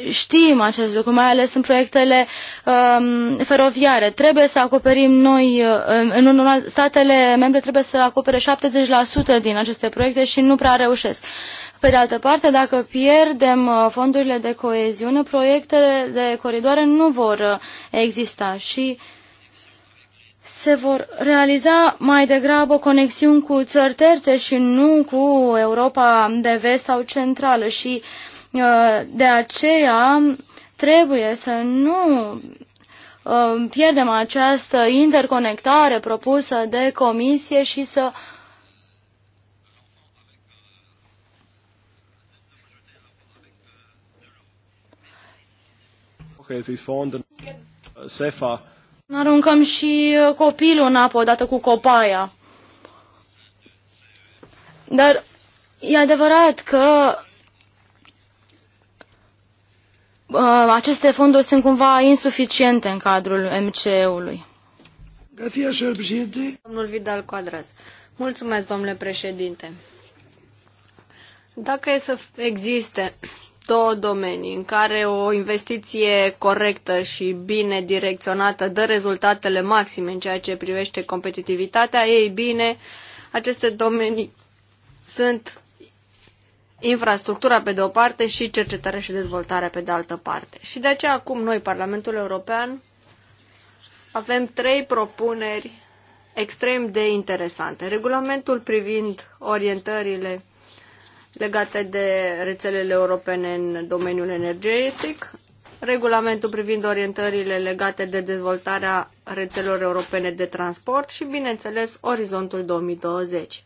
Știm acest lucru, mai ales în proiectele um, feroviare. Trebuie să acoperim noi, uh, în unul, statele membre trebuie să acopere 70% din aceste proiecte și nu prea reușesc. Pe de altă parte, dacă pierdem uh, fondurile de coeziune, proiectele de coridoare nu vor uh, exista și se vor realiza mai degrabă conexiuni cu țări terțe și nu cu Europa de vest sau centrală și uh, de aceea trebuie să nu pierdem această interconectare propusă de comisie și să uh, SEFA. Aruncăm și uh, copilul în apă odată cu copaia. Dar e adevărat că uh, aceste fonduri sunt cumva insuficiente în cadrul MCE-ului. Domnul Vidal Quadras. Mulțumesc, domnule președinte. Dacă e să existe două domenii în care o investiție corectă și bine direcționată dă rezultatele maxime în ceea ce privește competitivitatea, ei bine, aceste domenii sunt infrastructura pe de o parte și cercetarea și dezvoltarea pe de altă parte. Și de aceea acum noi, Parlamentul European, avem trei propuneri extrem de interesante. Regulamentul privind orientările legate de rețelele europene în domeniul energetic, regulamentul privind orientările legate de dezvoltarea rețelelor europene de transport și, bineînțeles, orizontul 2020.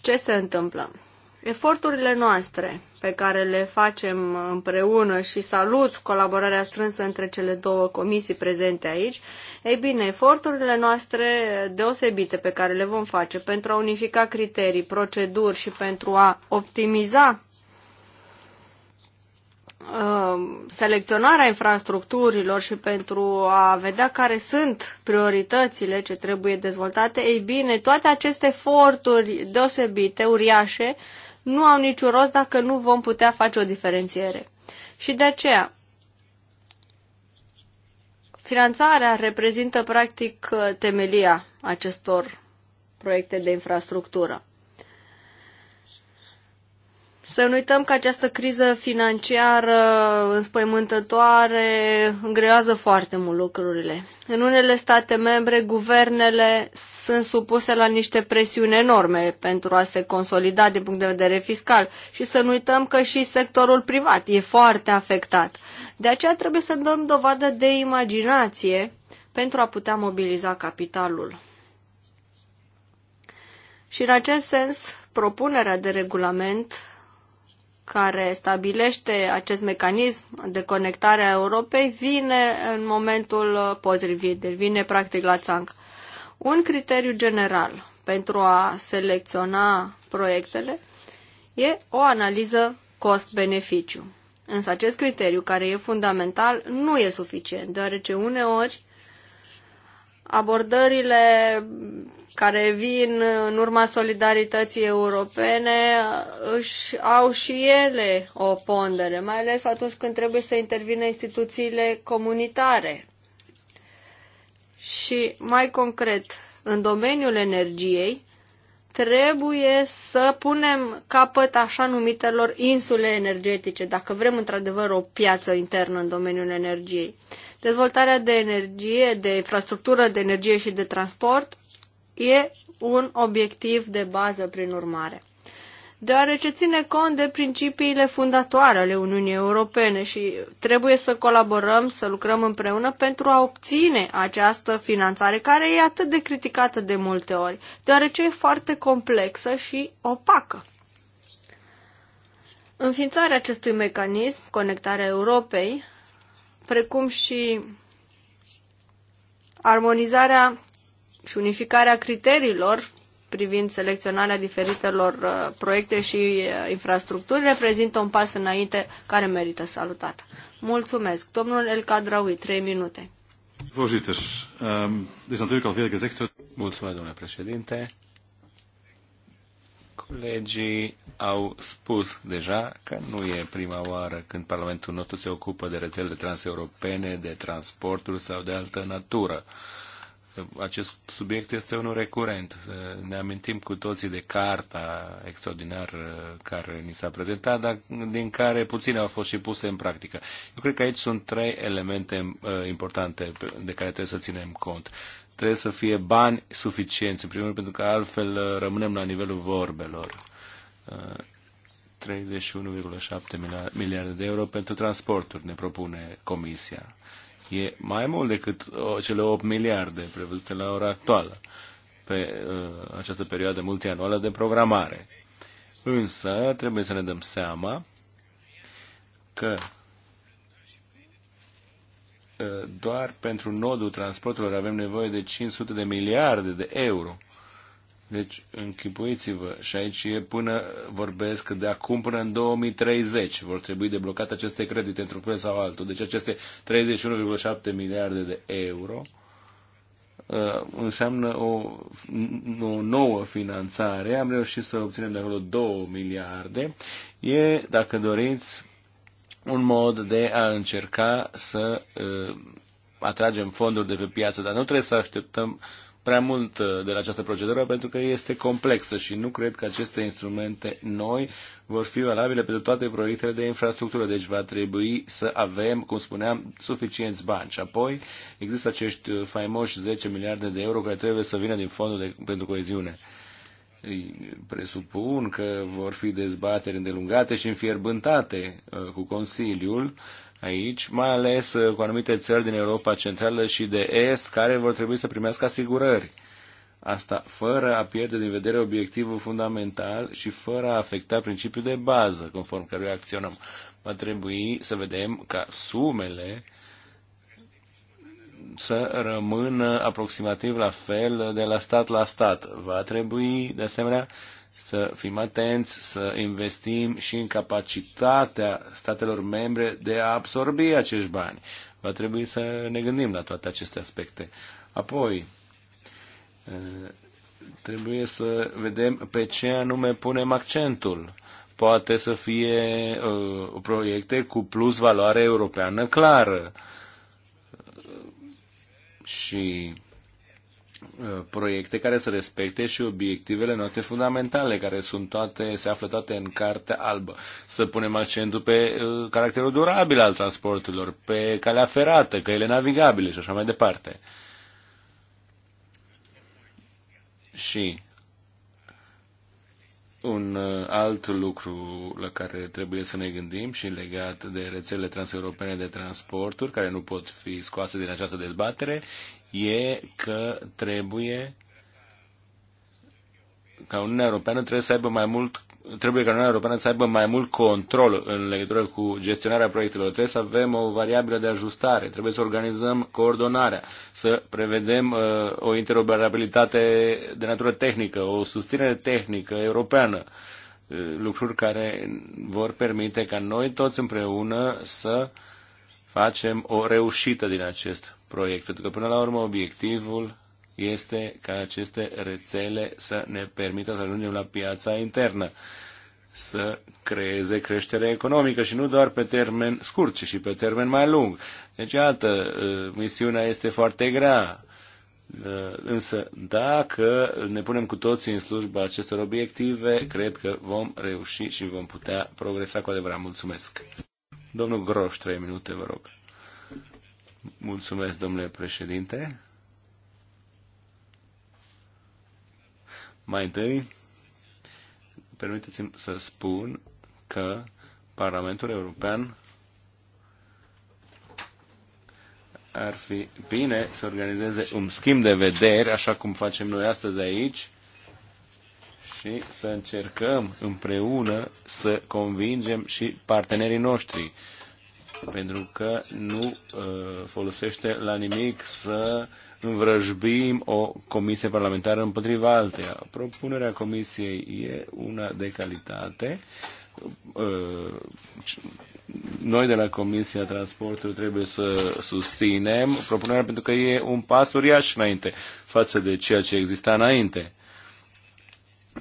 Ce se întâmplă? Eforturile noastre pe care le facem împreună și salut colaborarea strânsă între cele două comisii prezente aici, ei bine, eforturile noastre deosebite pe care le vom face pentru a unifica criterii, proceduri și pentru a optimiza uh, selecționarea infrastructurilor și pentru a vedea care sunt prioritățile ce trebuie dezvoltate, ei bine, toate aceste eforturi deosebite, uriașe, nu au niciun rost dacă nu vom putea face o diferențiere. Și de aceea, finanțarea reprezintă practic temelia acestor proiecte de infrastructură. Să nu uităm că această criză financiară înspăimântătoare îngrează foarte mult lucrurile. În unele state membre, guvernele sunt supuse la niște presiuni enorme pentru a se consolida din punct de vedere fiscal și să nu uităm că și sectorul privat e foarte afectat. De aceea trebuie să dăm dovadă de imaginație pentru a putea mobiliza capitalul. Și în acest sens, propunerea de regulament care stabilește acest mecanism de conectare a Europei vine în momentul potrivit, deci vine practic la țanc. Un criteriu general pentru a selecționa proiectele e o analiză cost-beneficiu. Însă acest criteriu, care e fundamental, nu e suficient, deoarece uneori abordările care vin în urma solidarității europene își au și ele o pondere, mai ales atunci când trebuie să intervină instituțiile comunitare. Și mai concret, în domeniul energiei, trebuie să punem capăt așa numitelor insule energetice, dacă vrem într-adevăr o piață internă în domeniul energiei. Dezvoltarea de energie, de infrastructură de energie și de transport E un obiectiv de bază, prin urmare deoarece ține cont de principiile fundatoare ale Uniunii Europene și trebuie să colaborăm, să lucrăm împreună pentru a obține această finanțare care e atât de criticată de multe ori, deoarece e foarte complexă și opacă. Înființarea acestui mecanism, conectarea Europei, precum și armonizarea și unificarea criteriilor privind selecționarea diferitelor uh, proiecte și uh, infrastructuri reprezintă un pas înainte care merită salutat. Mulțumesc. Domnul El Cadraui, trei minute. Voorzitter, um, is natuurlijk al veel gezegd. Mulțumesc, domnule președinte. Colegii au spus deja că nu e prima oară când Parlamentul nostru se ocupă de rețele transeuropene, de transporturi sau de altă natură. Uh, acest subiect este unul recurent. Ne amintim cu toții de carta extraordinar uh, care ni s-a prezentat, dar din care puține au fost și puse în practică. Eu cred că aici sunt trei elemente uh, importante de care trebuie să ținem cont. Trebuie să fie bani suficienți, în primul rând, pentru că altfel uh, rămânem la nivelul vorbelor. 31,7 miliarde de euro pentru transporturi ne propune Comisia. E mai mult decât uh, cele 8 miliarde prevăzute la ora actuală pe uh, această perioadă multianuală de programare. Însă trebuie să ne dăm seama că uh, doar pentru nodul transporturilor avem nevoie de 500 de miliarde de euro. Deci, închipuiți-vă, și aici e până, vorbesc de acum până în 2030 vor trebui deblocate aceste credite într-un fel sau altul. Deci aceste 31,7 miliarde de euro uh, înseamnă o, o nouă finanțare. Am reușit să obținem de acolo 2 miliarde. E, dacă doriți, un mod de a încerca să uh, atragem fonduri de pe piață, dar nu trebuie să așteptăm prea mult uh, de la această procedură pentru că este complexă și nu cred că aceste instrumente noi vor fi valabile pentru toate proiectele de infrastructură. Deci va trebui să avem, cum spuneam, suficienți bani. Și apoi există acești uh, faimoși 10 miliarde de euro care trebuie să vină din fondul de, pentru coeziune. Presupun că vor fi dezbateri îndelungate și înfierbântate uh, cu Consiliul aici, mai ales uh, cu anumite țări din Europa Centrală și de Est, care vor trebui să primească asigurări. Asta fără a pierde din vedere obiectivul fundamental și fără a afecta principiul de bază conform căruia acționăm. Va trebui să vedem ca sumele să rămână aproximativ la fel de la stat la stat. Va trebui, de asemenea, să fim atenți, să investim și în capacitatea statelor membre de a absorbi acești bani. Va trebui să ne gândim la toate aceste aspecte. Apoi, trebuie să vedem pe ce anume punem accentul. Poate să fie uh, proiecte cu plus valoare europeană clară. Uh, și Uh, proiecte care să respecte și obiectivele note fundamentale, care sunt toate, se află toate în Cartea Albă. Să punem accentul pe uh, caracterul durabil al transporturilor, pe calea ferată, căile navigabile și așa mai departe. Și un uh, alt lucru la care trebuie să ne gândim și legat de rețelele transeuropene de transporturi, care nu pot fi scoase din această dezbatere, e că trebuie ca Uniunea Europeană trebuie să aibă mai mult trebuie ca Uniunea Europeană să aibă mai mult control în legătură cu gestionarea proiectelor. Trebuie să avem o variabilă de ajustare, trebuie să organizăm coordonarea, să prevedem uh, o interoperabilitate de natură tehnică, o susținere tehnică europeană, uh, lucruri care vor permite ca noi toți împreună să facem o reușită din acest proiect, pentru că până la urmă obiectivul este ca aceste rețele să ne permită să ajungem la piața internă, să creeze creștere economică și nu doar pe termen scurt, ci și pe termen mai lung. Deci, iată, ă, misiunea este foarte grea, ă, însă dacă ne punem cu toții în slujba acestor obiective, cred că vom reuși și vom putea progresa cu adevărat. Mulțumesc! Domnul Groș, trei minute, vă rog. Mulțumesc, domnule președinte. Mai întâi, permiteți-mi să spun că Parlamentul European ar fi bine să organizeze un schimb de vederi, așa cum facem noi astăzi aici, și să încercăm împreună să convingem și partenerii noștri pentru că nu uh, folosește la nimic să învrăjbim o comisie parlamentară împotriva alteia. Propunerea comisiei e una de calitate. Uh, noi de la Comisia Transportului trebuie să susținem propunerea pentru că e un pas uriaș înainte față de ceea ce exista înainte.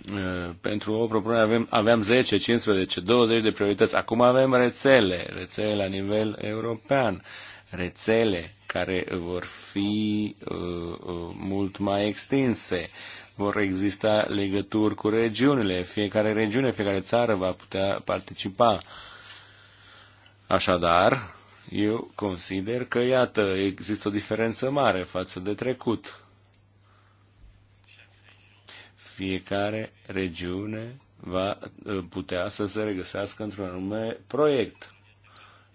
Eh, pentru o propunere avem, aveam 10, 15, 20 de priorități. Acum avem rețele, rețele la nivel european, rețele care vor fi uh, uh, mult mai extinse. Vor exista legături cu regiunile. Fiecare regiune, fiecare țară va putea participa. Așadar, eu consider că, iată, există o diferență mare față de trecut fiecare regiune va uh, putea să se regăsească într-un anume proiect.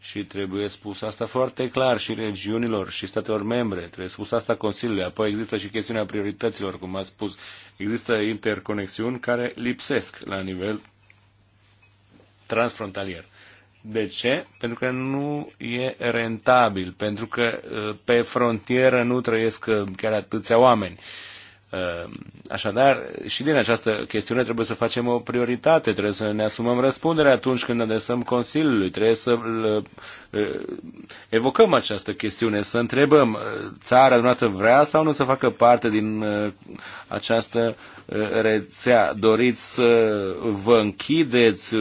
Și trebuie spus asta foarte clar și regiunilor și statelor membre. Trebuie spus asta Consiliului. Apoi există și chestiunea priorităților, cum a spus. Există interconexiuni care lipsesc la nivel transfrontalier. De ce? Pentru că nu e rentabil, pentru că uh, pe frontieră nu trăiesc uh, chiar atâția oameni. Uh, Ehm, așadar, și din această chestiune trebuie să facem o prioritate, trebuie să ne asumăm răspunderea atunci când adresăm Consiliului, trebuie să eh, eh, evocăm această chestiune, să întrebăm eh, țara noastră vrea sau nu să facă parte din această rețea? Doriți să vă închideți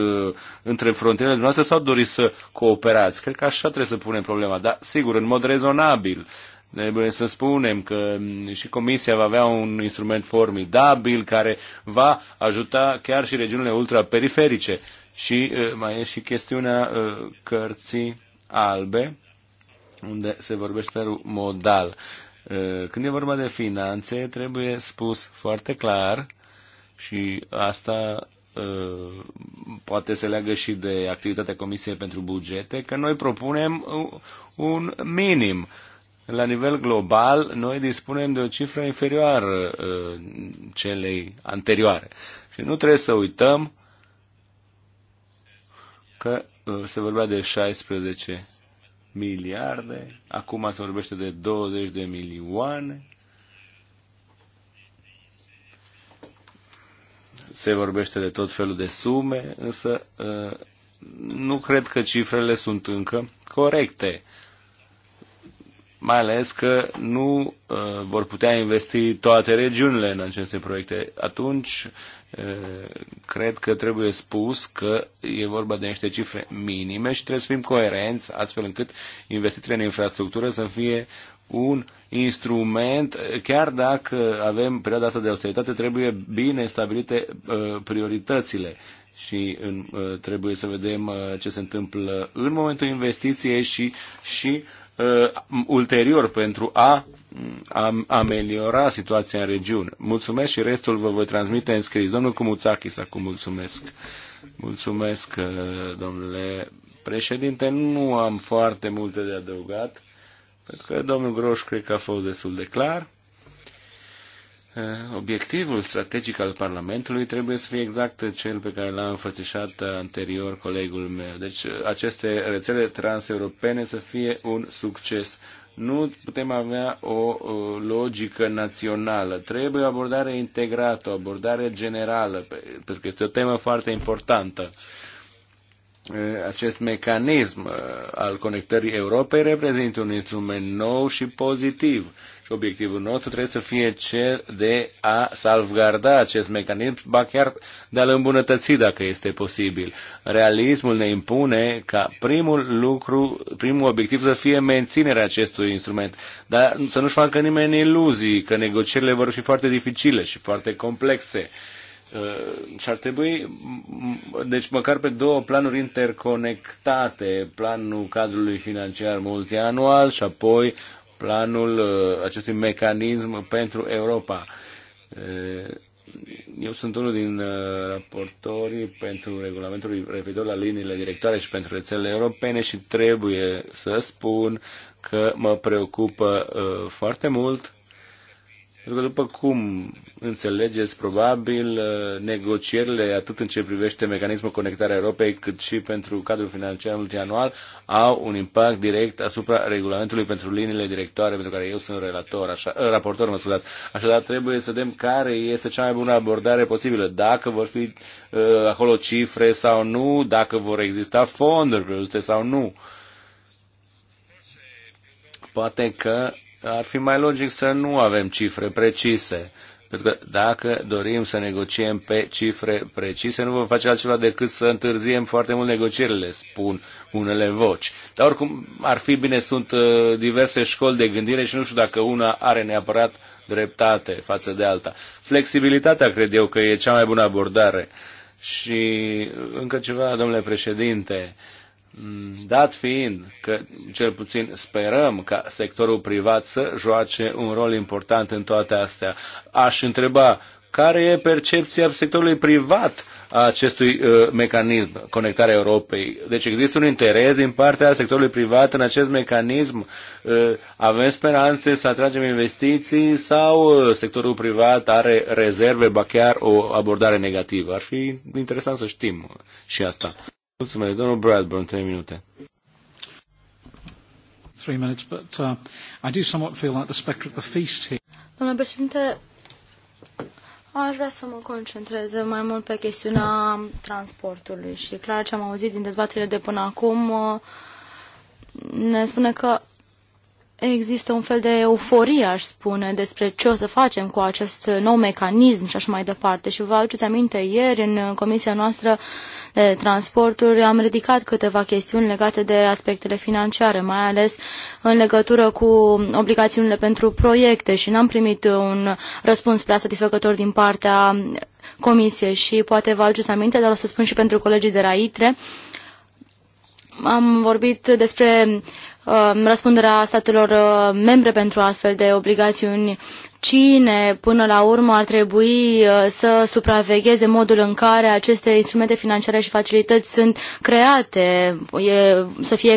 între frontierele noastre sau doriți să cooperați? Cred că așa trebuie să punem problema, dar sigur, în mod rezonabil Trebuie să spunem că mm, și Comisia va avea un instrument formidabil care va ajuta chiar și regiunile ultraperiferice. Și mai e și chestiunea cărții albe, unde se vorbește modal. Când e vorba de finanțe, trebuie spus foarte clar și asta poate se leagă și de activitatea Comisiei pentru Bugete, că noi propunem un minim la nivel global, noi dispunem de o cifră inferioară uh, celei anterioare. Și nu trebuie să uităm că uh, se vorbea de 16 miliarde, acum se vorbește de 20 de milioane. Se vorbește de tot felul de sume, însă uh, nu cred că cifrele sunt încă corecte mai ales că nu uh, vor putea investi toate regiunile în aceste proiecte. Atunci, uh, cred că trebuie spus că e vorba de niște cifre minime și trebuie să fim coerenți, astfel încât investițiile în infrastructură să fie un instrument, chiar dacă avem perioada asta de austeritate, trebuie bine stabilite uh, prioritățile și în, uh, trebuie să vedem uh, ce se întâmplă în momentul investiției și, și uh, Uh, ulterior pentru a ameliora situația în regiune. Mulțumesc și restul vă voi transmite în scris. Domnul Cumuțachis, acum mulțumesc. Mulțumesc, uh, domnule președinte. Nu am foarte multe de adăugat, pentru că domnul Groș cred că a fost destul de clar. Eh, obiectivul strategic al Parlamentului trebuie să fie exact cel pe care l-a înfățișat anterior colegul meu. Deci aceste rețele transeuropene să fie un succes. Nu putem avea o logică națională. Trebuie o abordare integrată, o abordare generală, pentru că este o temă foarte importantă eh, acest mecanism eh, al conectării Europei reprezintă un instrument nou și pozitiv și obiectivul nostru trebuie să fie cel de a salvgarda acest mecanism, ba chiar de a-l îmbunătăți dacă este posibil. Realismul ne impune ca primul lucru, primul obiectiv să fie menținerea acestui instrument, dar să nu-și facă nimeni iluzii că negocierile vor fi foarte dificile și foarte complexe uh, și ar trebui, deci măcar pe două planuri interconectate, planul cadrului financiar multianual și apoi planul uh, acestui mecanism pentru Europa. Uh, eu sunt unul din uh, raportorii pentru regulamentul referitor la liniile directoare și pentru rețelele europene și trebuie să spun că mă preocupă foarte mult pentru că, după cum înțelegeți, probabil, uh, negocierile, atât în ce privește mecanismul conectarea Europei, cât și pentru cadrul financiar multianual, au un impact direct asupra regulamentului pentru liniile directoare, pentru care eu sunt relator, așa, uh, raportor, mă scuzați. Așadar, trebuie să vedem care este cea mai bună abordare posibilă, dacă vor fi uh, acolo cifre sau nu, dacă vor exista fonduri prevăzute sau nu. Poate că ar fi mai logic să nu avem cifre precise. Pentru că dacă dorim să negociem pe cifre precise, nu vom face altceva decât să întârziem foarte mult negocierile, spun unele voci. Dar oricum ar fi bine, sunt uh, diverse școli de gândire și nu știu dacă una are neapărat dreptate față de alta. Flexibilitatea cred eu că e cea mai bună abordare. Și uh, încă ceva, domnule președinte, uh, Dat fiind că, cel puțin sperăm ca sectorul privat să joace un rol important în toate astea, aș întreba care e percepția sectorului privat a acestui uh, mecanism, conectarea Europei. Deci există un interes din partea sectorului privat în acest mecanism. Uh, avem speranțe să atragem investiții sau uh, sectorul privat are rezerve, ba chiar o abordare negativă? Ar fi interesant să știm și asta. Mulțumesc, domnul Bradburn, trei minute. Three minutes, but uh, I do somewhat feel like the spectre of the feast here. Domnule președinte, Aș vrea să mă concentrez mai mult pe chestiunea transportului și clar ce am auzit din dezbaterile de până acum uh, ne spune că există un fel de euforie, aș spune, despre ce o să facem cu acest nou mecanism și așa mai departe. Și vă aduceți aminte, ieri în comisia noastră de transporturi am ridicat câteva chestiuni legate de aspectele financiare, mai ales în legătură cu obligațiunile pentru proiecte și n-am primit un răspuns prea satisfăcător din partea comisiei și poate vă aduceți aminte, dar o să spun și pentru colegii de la ITRE, am vorbit despre Um, răspunderea statelor uh, membre pentru astfel de obligațiuni. Cine, până la urmă, ar trebui uh, să supravegheze modul în care aceste instrumente financiare și facilități sunt create? E, să fie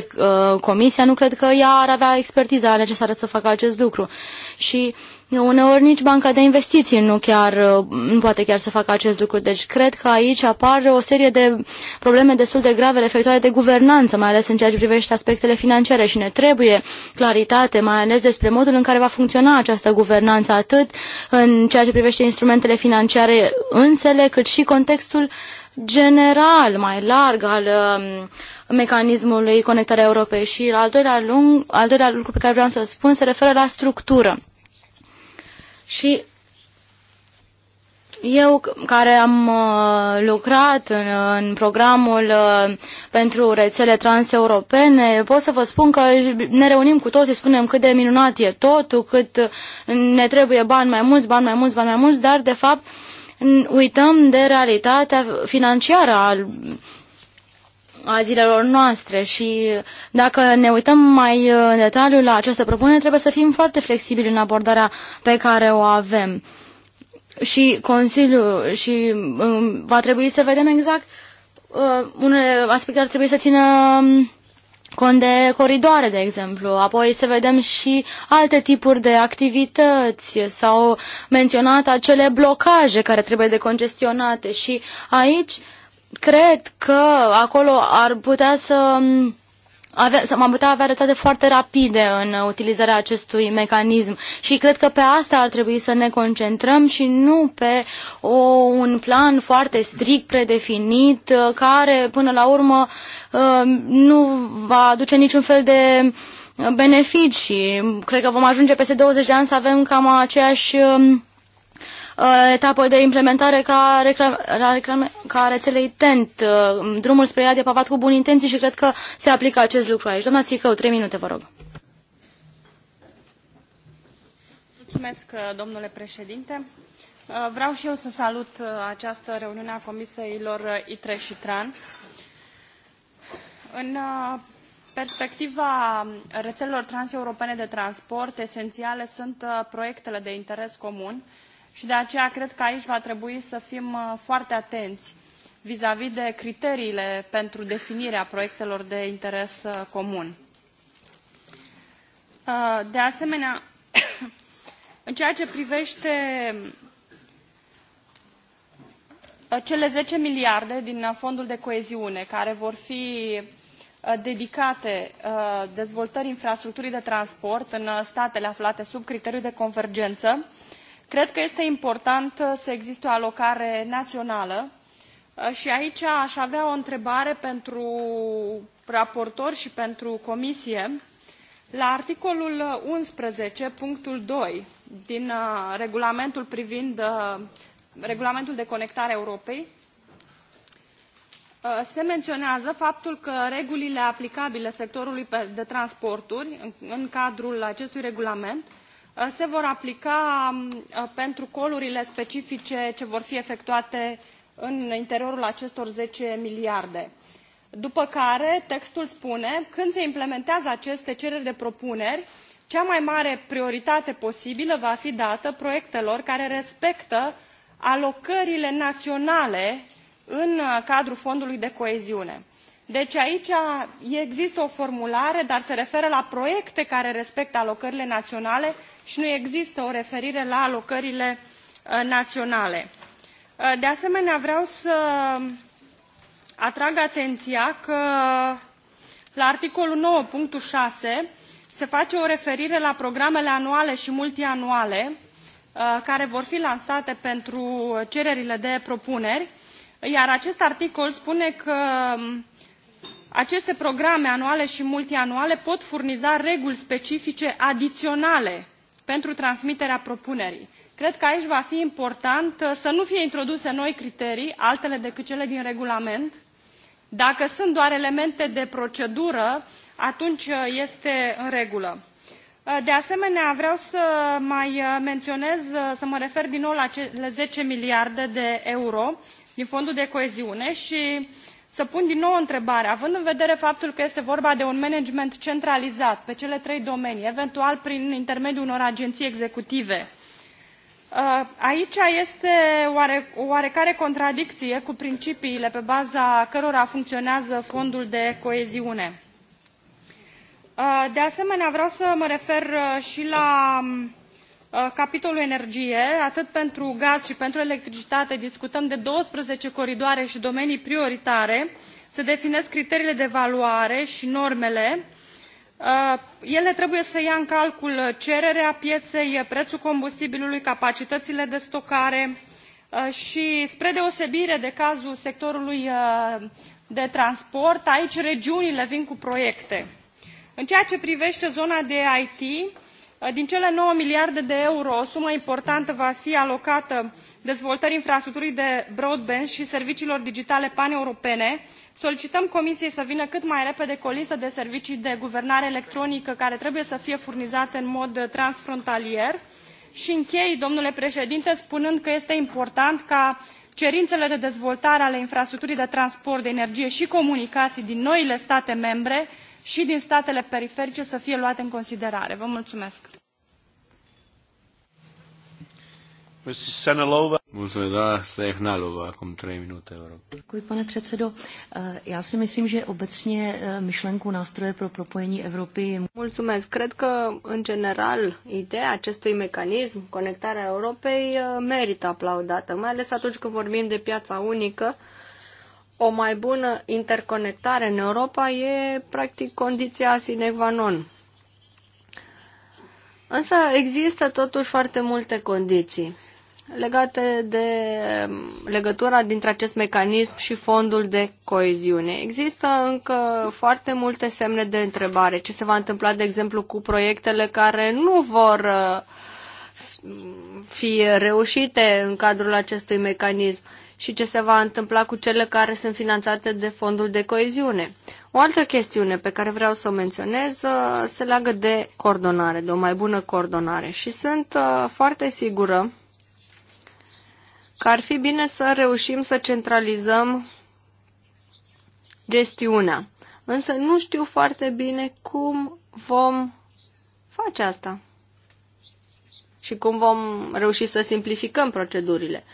uh, comisia? Nu cred că ea ar avea expertiza necesară să facă acest lucru. Și uh, Uneori nici banca de investiții nu chiar uh, nu poate chiar să facă acest lucru. Deci cred că aici apar o serie de probleme destul de grave referitoare de guvernanță, mai ales în ceea ce privește aspectele financiare și ne trebuie claritate, mai ales despre modul în care va funcționa această guvernanță, atât în ceea ce privește instrumentele financiare însele, cât și contextul general, mai larg al um, mecanismului conectarea Europei și al doilea, lung, al doilea lucru pe care vreau să-l spun se referă la structură. Și eu care am uh, lucrat în, în programul uh, pentru rețele transeuropene, pot să vă spun că ne reunim cu toți, spunem cât de minunat e totul, cât ne trebuie bani mai mulți, bani mai mulți, bani mai mulți, dar de fapt uităm de realitatea financiară a a zilelor noastre și dacă ne uităm mai uh, în detaliu la această propunere, trebuie să fim foarte flexibili în abordarea pe care o avem. Și Consiliul și um, va trebui să vedem exact uh, unele aspecte ar trebui să țină um, cont de coridoare, de exemplu. Apoi să vedem și alte tipuri de activități. S-au menționat acele blocaje care trebuie decongestionate și aici uh, cred că acolo ar putea să mm, avea, să am putea avea rezultate foarte rapide în utilizarea acestui mecanism și cred că pe asta ar trebui să ne concentrăm și nu pe o, un plan foarte strict, predefinit, uh, care până la urmă uh, nu va aduce niciun fel de uh, beneficii. Cred că vom ajunge peste 20 de ani să avem cam aceeași um, Uh, etapă de implementare ca, reclam, reclam, ca rețelei TENT. Uh, drumul spre ea de pavat cu bune intenții și cred că se aplică acest lucru aici. Doamna Țicău, trei minute, vă rog. Mulțumesc, uh, domnule președinte. Vreau și eu să salut această reuniune a comisiilor ITRE și TRAN. În perspectiva rețelelor transeuropene de transport, esențiale sunt proiectele de interes comun, și de aceea cred că aici va trebui să fim uh, foarte atenți vizavi de criteriile pentru definirea proiectelor de interes uh, comun. Uh, de asemenea, în ceea ce privește cele zece miliarde din fondul de coeziune care vor fi dedicate dezvoltării infrastructurii de transport în statele aflate sub criteriul de convergență, Cred că este important uh, să existe o alocare națională uh, și aici aș avea o întrebare pentru raportor și pentru comisie. La articolul 11, punctul 2 din uh, regulamentul privind regulamentul de conectare a Europei, se menționează faptul că regulile aplicabile sectorului de transporturi în cadrul acestui regulament se vor aplica um, uh, pentru colurile specifice ce vor fi efectuate în interiorul acestor zece miliarde. După care, textul spune, când se implementează aceste cereri de propuneri, cea mai mare prioritate posibilă va fi dată proiectelor care respectă alocările naționale în uh, cadrul fondului de coeziune. Deci aici există o formulare, dar se referă la proiecte care respectă alocările naționale și nu există o referire la alocările uh, naționale. Uh, de asemenea, vreau să atrag atenția că la articolul punctul 6 se face o referire la programele anuale și multianuale uh, care vor fi lansate pentru cererile de propuneri, iar acest articol spune că um, aceste programe anuale și multianuale pot furniza reguli specifice adiționale pentru transmiterea propunerii. Cred că aici va fi important uh, să nu fie introduse noi criterii, altele decât cele din regulament. Dacă sunt doar elemente de procedură, atunci uh, este în regulă. Uh, de asemenea, vreau să mai menționez, să mă refer din nou la cele 10 miliarde de euro din fondul de coeziune și să pun din nou întrebarea având în vedere faptul că este vorba de un management centralizat pe cele trei domenii eventual prin intermediul unor agenii executive uh, aici este o oarecare contradicie cu principiile pe baza cărora funcionează fondul de coeziune. Uh, de asemenea vreau să mă refer uh, i la um, Uh, capitolul energie atât pentru gaz cât și pentru electricitate discutăm de doisprezece coridoare și domenii prioritare se definesc criteriile de evaluare și normele uh, ele trebuie să ia în calcul cererea pieței prețul combustibilului capacitățile de stocare uh, și spre deosebire de cazul sectorului de transport aici regiunile vin cu proiecte. în ceea ce privește zona de it Eh, din cele nouă miliarde de euro o sumă importantă va fi alocată dezvoltării infrastructurii de broadband și serviciilor digitale paneuropene solicităm comisiei să vină cât mai repede cu o listă de servicii de guvernare electronică care trebuie să fie furnizate în mod transfrontalier și închei domnule președinte spunând că este important ca cerințele de dezvoltare ale infrastructurii de transport de energie și comunicații din noile state membre și din statele periferice să fie luate în considerare. Vă mulțumesc! Mulțumesc, doamna Sehnalova, acum trei minute, vă rog. Děkuji, pane předsedo. Eh, já si myslím, že obecně eh, myšlenku nástroje pro propojení Evropy... Mulțumesc. Cred că, în general, ideea acestui mecanism, conectarea Europei, eh, merită aplaudată, mai ales atunci când vorbim de piața unică, o mai bună interconectare în Europa e practic condiția sine qua non. Însă există totuși foarte multe condiții legate de um, legătura dintre acest mecanism și fondul de coeziune. Există încă foarte multe semne de întrebare. Ce se va întâmpla, de exemplu, cu proiectele care nu vor uh, fi reușite în cadrul acestui mecanism? și ce se va întâmpla cu cele care sunt finanțate de fondul de coeziune. O altă chestiune pe care vreau să o menționez uh, se leagă de coordonare, de o mai bună coordonare și sunt uh, foarte sigură că ar fi bine să reușim să centralizăm gestiunea. Însă nu știu foarte bine cum vom face asta și cum vom reuși să simplificăm procedurile.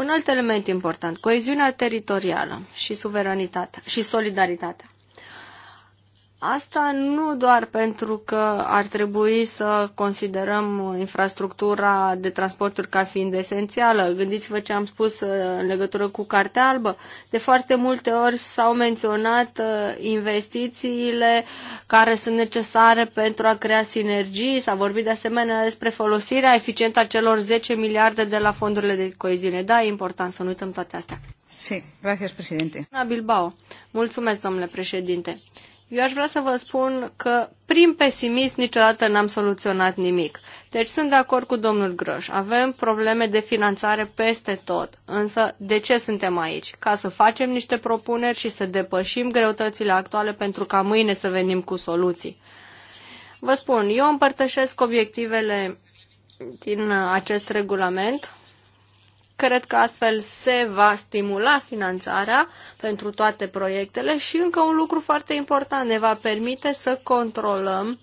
Un alt element important, coeziunea teritorială și suveranitatea și solidaritatea. Asta nu doar pentru că ar trebui să considerăm infrastructura de transporturi ca fiind esențială. Gândiți-vă ce am spus uh, în legătură cu Cartea Albă. De foarte multe ori s-au menționat uh, investițiile care sunt necesare pentru a crea sinergii. S-a vorbit de asemenea despre folosirea eficientă a celor 10 miliarde de la fondurile de coeziune. Da, e important să nu uităm toate astea. Sí, gracias, presidente. Bilbao. Mulțumesc, domnule președinte. Eu aș vrea să vă spun că prin pesimism niciodată n-am soluționat nimic. Deci sunt de acord cu domnul Grăș. Avem probleme de finanțare peste tot. Însă de ce suntem aici? Ca să facem niște propuneri și să depășim greutățile actuale pentru ca mâine să venim cu soluții. Vă spun, eu împărtășesc obiectivele din acest regulament Cred că astfel se va stimula finanțarea pentru toate proiectele și încă un lucru foarte important, ne va permite să controlăm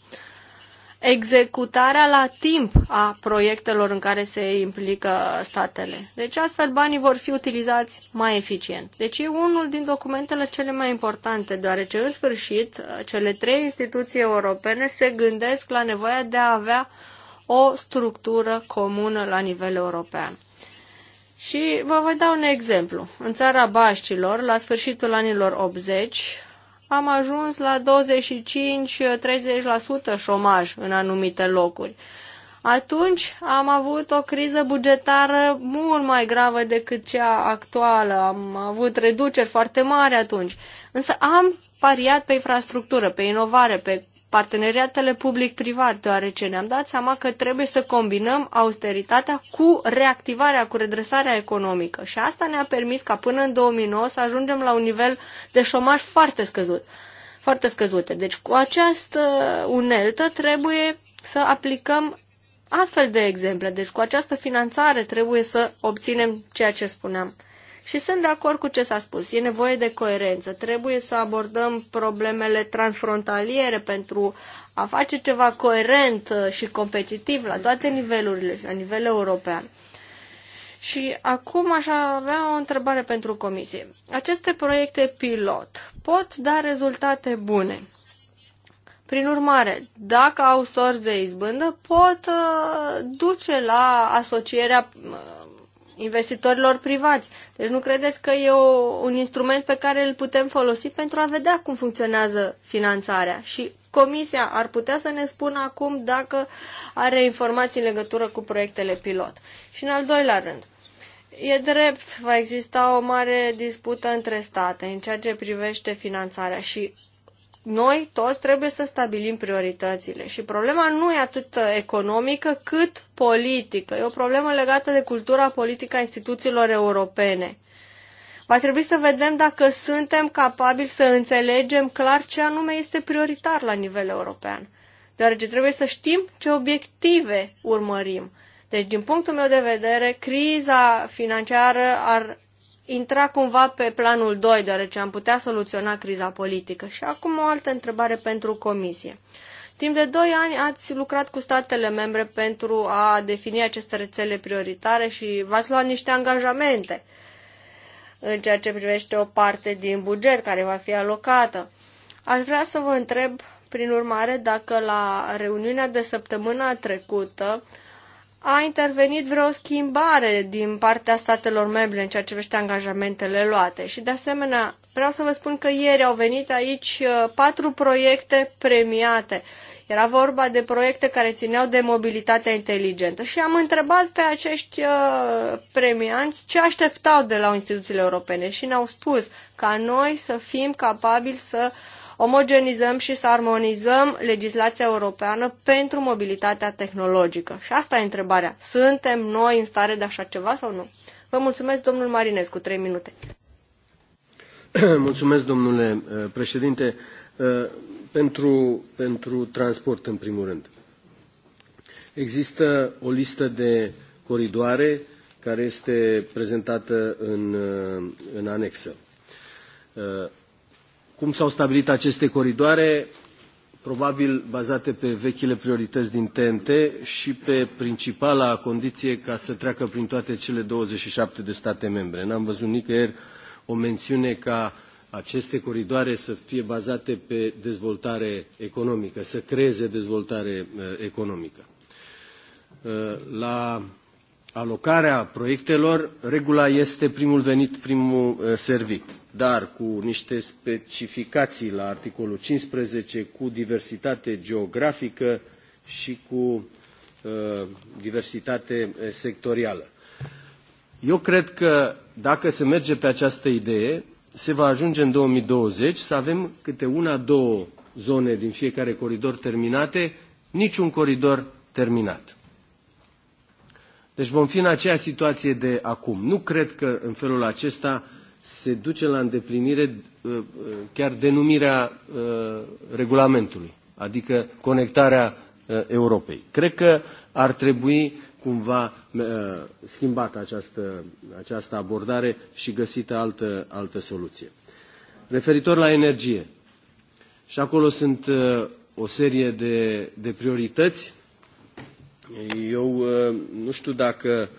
executarea la timp a proiectelor în care se implică statele. Deci astfel banii vor fi utilizați mai eficient. Deci e unul din documentele cele mai importante, deoarece în sfârșit cele trei instituții europene se gândesc la nevoia de a avea o structură comună la nivel european. Și vă voi da un exemplu. În țara Baștilor, la sfârșitul anilor 80, am ajuns la 25-30% șomaj în anumite locuri. Atunci am avut o criză bugetară mult mai gravă decât cea actuală. Am avut reduceri foarte mari atunci. Însă am pariat pe infrastructură, pe inovare, pe parteneriatele public-privat, deoarece ne-am dat seama că trebuie să combinăm austeritatea cu reactivarea, cu redresarea economică. Și asta ne-a permis ca până în 2009 să ajungem la un nivel de șomaj foarte scăzut. Foarte scăzute. Deci cu această uneltă trebuie să aplicăm astfel de exemple. Deci cu această finanțare trebuie să obținem ceea ce spuneam. Și sunt de acord cu ce s-a spus. E nevoie de coerență. Trebuie să abordăm problemele transfrontaliere pentru a face ceva coerent uh, și competitiv la toate nivelurile, la nivel european. Și acum aș avea o întrebare pentru comisie. Aceste proiecte pilot pot da rezultate bune. Prin urmare, dacă au sorți de izbândă, pot uh, duce la asocierea uh, investitorilor privați. Deci nu credeți că e o, un instrument pe care îl putem folosi pentru a vedea cum funcționează finanțarea și Comisia ar putea să ne spună acum dacă are informații în legătură cu proiectele pilot. Și în al doilea rând, E drept, va exista o mare dispută între state în ceea ce privește finanțarea și noi toți trebuie să stabilim prioritățile și problema nu e atât economică cât politică. E o problemă legată de cultura politică a instituțiilor europene. Va trebui să vedem dacă suntem capabili să înțelegem clar ce anume este prioritar la nivel european, deoarece trebuie să știm ce obiective urmărim. Deci, din punctul meu de vedere, criza financiară ar intra cumva pe planul 2, deoarece am putea soluționa criza politică. Și acum o altă întrebare pentru Comisie. Timp de 2 ani ați lucrat cu statele membre pentru a defini aceste rețele prioritare și v-ați luat niște angajamente în ceea ce privește o parte din buget care va fi alocată. Aș vrea să vă întreb, prin urmare, dacă la reuniunea de săptămâna trecută uh, a intervenit vreo schimbare din partea statelor membre în ceea ce privește angajamentele luate. Și de asemenea, vreau să vă spun că ieri au venit aici uh, patru proiecte premiate. Era vorba de proiecte care țineau de mobilitatea inteligentă și am întrebat pe acești uh, premianți ce așteptau de la instituțiile europene și ne-au spus ca noi să fim capabili să uh, omogenizăm și să armonizăm legislația europeană pentru mobilitatea tehnologică. Și asta e întrebarea. Suntem noi în stare de așa ceva sau nu? Vă mulțumesc, domnul Marinescu, trei minute. Mulțumesc, domnule uh, președinte, uh, pentru, pentru transport, în primul rând. Există o listă de coridoare care este prezentată în, uh, în anexă cum s-au stabilit aceste coridoare, probabil bazate pe vechile priorități din TNT și pe principala condiție ca să treacă prin toate cele 27 de state membre. N-am văzut nicăieri o mențiune ca aceste coridoare să fie bazate pe dezvoltare economică, să creeze dezvoltare uh, economică. Uh, la alocarea proiectelor, regula este primul venit, primul uh, servit dar cu niște specificații la articolul 15, cu diversitate geografică și cu uh, diversitate eh, sectorială. Eu cred că dacă se merge pe această idee, se va ajunge în 2020 să avem câte una, două zone din fiecare coridor terminate, niciun coridor terminat. Deci vom fi în aceea situație de acum. Nu cred că în felul acesta se duce la îndeplinire uh, uh, chiar denumirea uh, regulamentului, adică conectarea Europei. Cred că ar trebui cumva schimbată această, această abordare și găsită altă, altă soluție. Referitor la energie, și acolo sunt o serie de, de priorități. Eu nu știu dacă...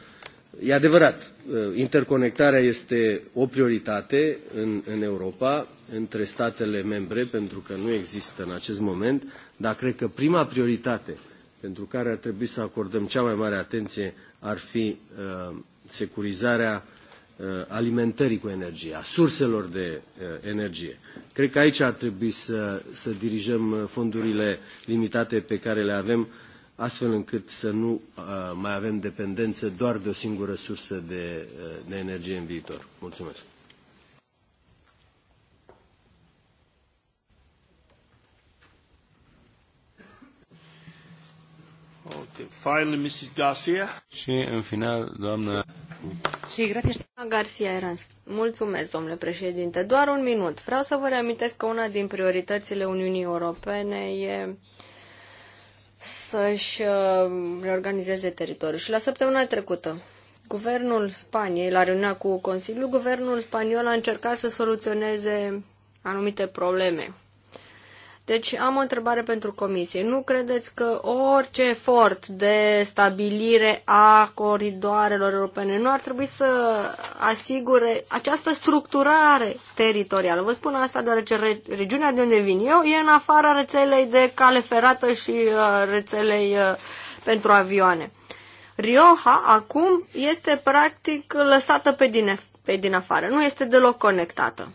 E adevărat, Uh, interconectarea este o prioritate în, în Europa, între statele membre, pentru că nu există în acest moment, dar cred că prima prioritate pentru care ar trebui să acordăm cea mai mare atenție ar fi uh, securizarea uh, alimentării cu energie, a surselor de uh, energie. Cred că aici ar trebui să, să dirijăm uh, fondurile limitate pe care le avem astfel încât să nu uh, mai avem dependență doar de o singură sursă de, uh, de energie în viitor. Mulțumesc! Okay. Finally, Mrs. Garcia. Și în final, doamna... Și grație, Garcia Erans. Mulțumesc, domnule președinte. Doar un minut. Vreau să vă reamintesc că una din prioritățile Uniunii Europene e să-și uh, reorganizeze teritoriul. Și la săptămâna trecută, guvernul Spaniei, la reuniunea cu Consiliul, guvernul spaniol a încercat să soluționeze anumite probleme deci am o întrebare pentru comisie. Nu credeți că orice efort de stabilire a coridoarelor europene nu ar trebui să asigure această structurare teritorială? Vă spun asta deoarece regiunea de unde vin eu e în afara rețelei de cale ferată și uh, rețelei uh, pentru avioane. Rioja acum este practic lăsată pe din, pe din afară, nu este deloc conectată.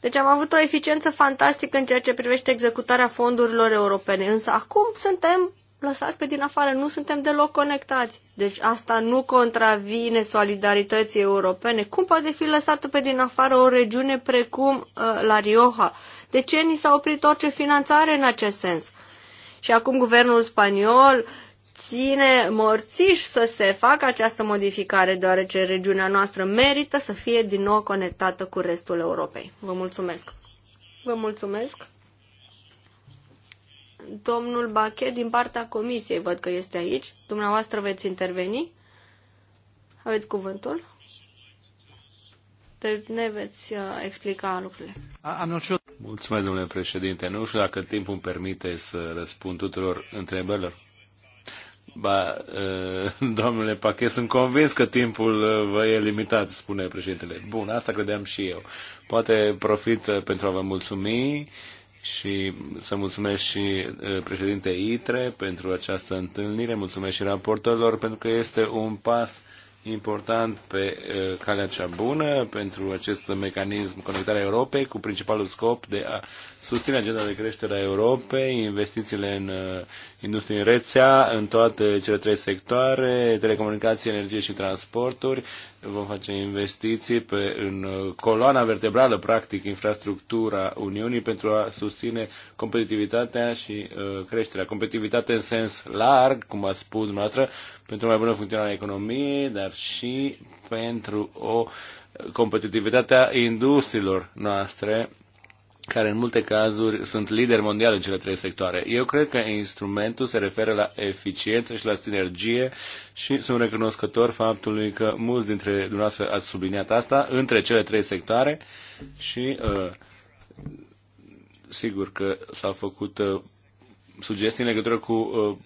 Deci am avut o eficiență fantastică în ceea ce privește executarea fondurilor europene, însă acum suntem lăsați pe din afară, nu suntem deloc conectați. Deci asta nu contravine solidarității europene. Cum poate fi lăsată pe din afară o regiune precum uh, La Rioja? De ce ni s-a oprit orice finanțare în acest sens? Și acum guvernul spaniol uh, ține morțiș să se facă această modificare, deoarece regiunea noastră merită să fie din nou conectată cu restul Europei. Vă mulțumesc! Vă mulțumesc! Domnul Bache, din partea comisiei, văd că este aici. Dumneavoastră veți interveni? Aveți cuvântul? Deci ne veți uh, explica lucrurile. Mulțumesc, domnule președinte. Nu știu dacă timpul îmi permite să răspund tuturor întrebărilor. Ba, domnule Pache, sunt convins că timpul vă e limitat, spune președintele. Bun, asta credeam și eu. Poate profit pentru a vă mulțumi și să mulțumesc și președinte ITRE pentru această întâlnire, mulțumesc și raportorilor pentru că este un pas important pe calea cea bună pentru acest mecanism conectarea Europei cu principalul scop de a susține agenda de creștere a Europei, investițiile în în rețea în toate cele trei sectoare, telecomunicații, energie și transporturi. Vom face investiții pe, în coloana vertebrală, practic, infrastructura Uniunii pentru a susține competitivitatea și uh, creșterea. Competitivitate în sens larg, cum a spus dumneavoastră, pentru o mai bună funcționare a economiei, dar și pentru o competitivitatea industriilor noastre care în multe cazuri sunt lideri mondiali în cele trei sectoare. Eu cred că instrumentul se referă la eficiență și la sinergie și sunt recunoscător faptului că mulți dintre dumneavoastră ați subliniat asta între cele trei sectoare și uh, sigur că s-au făcut uh, sugestii în legătură cu uh,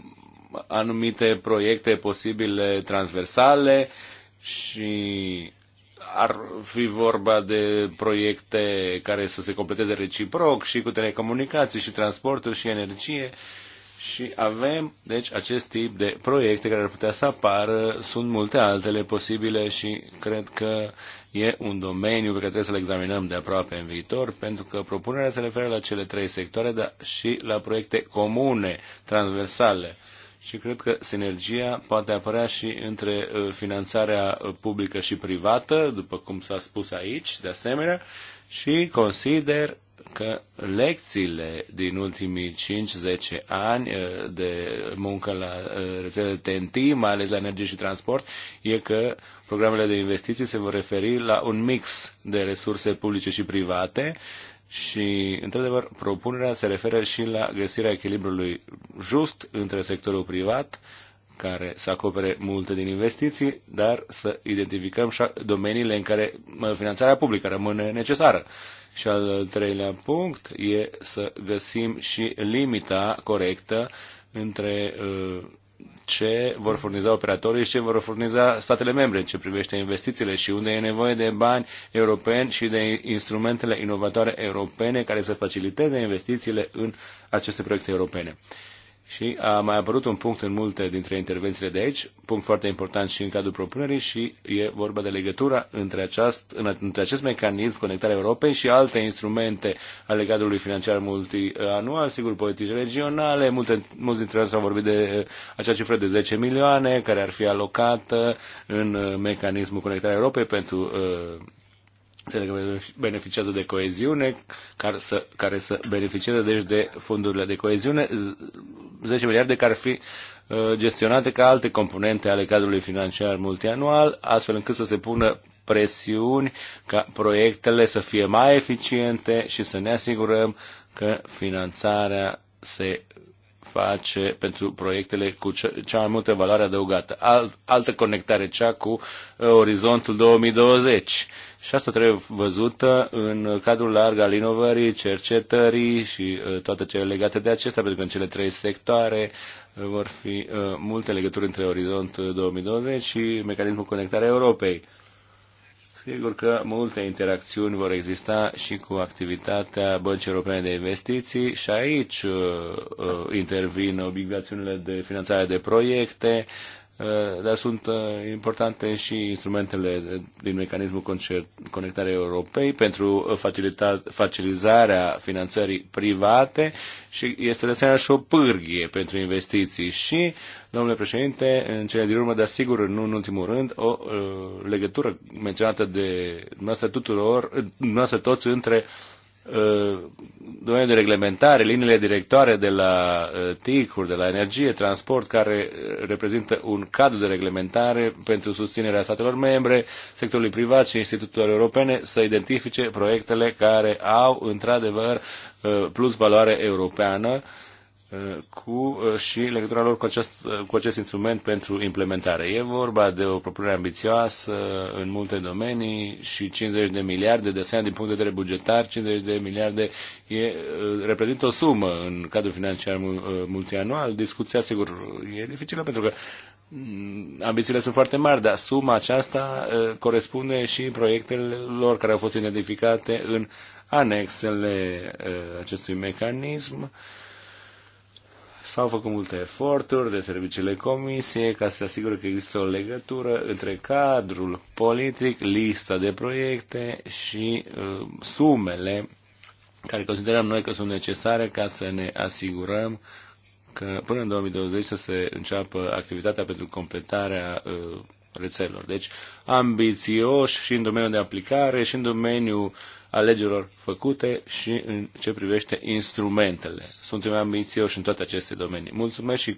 anumite proiecte posibile transversale și ar fi vorba de proiecte care să se completeze reciproc și cu telecomunicații și transportul și energie și avem, deci, acest tip de proiecte care ar putea să apară, sunt multe altele posibile și cred că e un domeniu pe care trebuie să-l examinăm de aproape în viitor, pentru că propunerea se referă la cele trei sectoare, dar și la proiecte comune, transversale și cred că sinergia poate apărea și între uh, finanțarea uh, publică și privată, după cum s-a spus aici, de asemenea, și consider că lecțiile din ultimii 5-10 ani uh, de muncă la rețelele TNT, mai ales la energie și transport, e că programele de investiții se vor referi la un mix de resurse publice și private, și, într-adevăr, propunerea se referă și la găsirea echilibrului just între sectorul privat, care să acopere multe din investiții, dar să identificăm și domeniile în care finanțarea publică rămâne necesară. Și al treilea punct e să găsim și limita corectă între uh, ce vor furniza operatorii și ce vor furniza statele membre în ce privește investițiile și unde e nevoie de bani europeni și de instrumentele inovatoare europene care să faciliteze investițiile în aceste proiecte europene. Și a mai apărut un punct în multe dintre intervențiile de aici, punct foarte important și în cadrul propunerii, și e vorba de legătura între, aceast, între acest mecanism conectarea Europei și alte instrumente ale cadrului financiar multianual, sigur, politici regionale. Multe, mulți dintre noi au vorbit de eh, acea cifră de 10 milioane care ar fi alocată în eh, mecanismul conectarea Europei pentru uh, țările care beneficiază de coeziune, care să, care să beneficieze deci de fondurile de coeziune, 10 miliarde care ar fi uh, gestionate ca alte componente ale cadrului financiar multianual, astfel încât să se pună presiuni ca proiectele să fie mai eficiente și să ne asigurăm că finanțarea se face pentru proiectele cu cea mai multă valoare adăugată. Alt, altă conectare, cea cu uh, orizontul 2020. Și asta trebuie văzută în cadrul larg al inovării, cercetării și uh, toate cele legate de acestea, pentru că în cele trei sectoare uh, vor fi uh, multe legături între orizontul 2020 și mecanismul conectare Europei. Sigur că multe interacțiuni vor exista și cu activitatea Băncii Europene de Investiții și aici uh, uh intervin obligațiunile de finanțare de proiecte, Eh, dar sunt eh, importante și instrumentele eh, din mecanismul concert, conectare europei pentru facilita, facilizarea finanțării private și este de asemenea și o pârghie pentru investiții și, domnule președinte, în cele din urmă, dar sigur, nu în ultimul rând, o legătură menționată de noastră tuturor, noastră toți între Uh, domeniul de reglementare, liniile directoare de la uh, TIC-uri, de la energie, transport, care uh, reprezintă un cadru de reglementare pentru susținerea statelor membre, sectorului privat și instituțiilor europene să identifice proiectele care au într-adevăr plus valoare europeană Uh, cu uh, și legătura lor cu acest, uh, cu acest instrument pentru implementare. E vorba de o propunere ambițioasă în multe domenii și 50 de miliarde, de asemenea din punct de vedere bugetar, 50 de miliarde e, reprezintă o sumă în cadrul financiar multianual. Discuția, sigur, e dificilă pentru că mm, ambițiile sunt foarte mari, dar suma aceasta corespunde și proiectelor care au fost identificate în anexele acestui mecanism S-au făcut multe eforturi de serviciile comisiei ca să se asigure că există o legătură între cadrul politic, lista de proiecte și uh, sumele care considerăm noi că sunt necesare ca să ne asigurăm că până în 2020 să se înceapă activitatea pentru completarea uh, rețelelor. Deci ambițioși și în domeniul de aplicare și în domeniul uh, alegerilor făcute și în ce privește instrumentele. Suntem ambițioși în toate aceste domenii. Mulțumesc și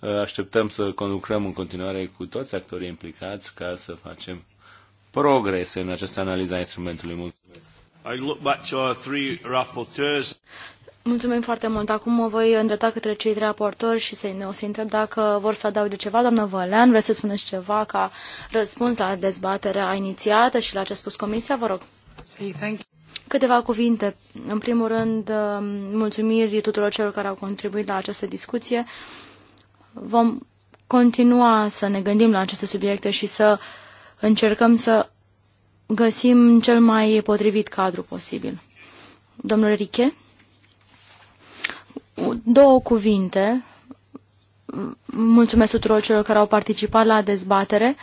uh, așteptăm să conducrăm în continuare cu toți actorii implicați ca să facem progrese în această analiză a instrumentului. Mulțumesc. I look back to our three rapporteurs. Mulțumim foarte mult. Acum mă voi îndrepta către cei trei raportori și să-i o să întreb dacă vor să adauge ceva. Doamnă Vălean, vreți să spuneți ceva ca răspuns la dezbaterea inițiată și la ce a spus Comisia? Vă rog. thank you. Câteva cuvinte. În primul rând, um, mulțumiri tuturor celor care au contribuit la această discuție. Vom continua să ne gândim la aceste subiecte și să încercăm să găsim cel mai potrivit cadru posibil. Domnule Riche, două cuvinte. Mulțumesc tuturor celor care au participat la dezbatere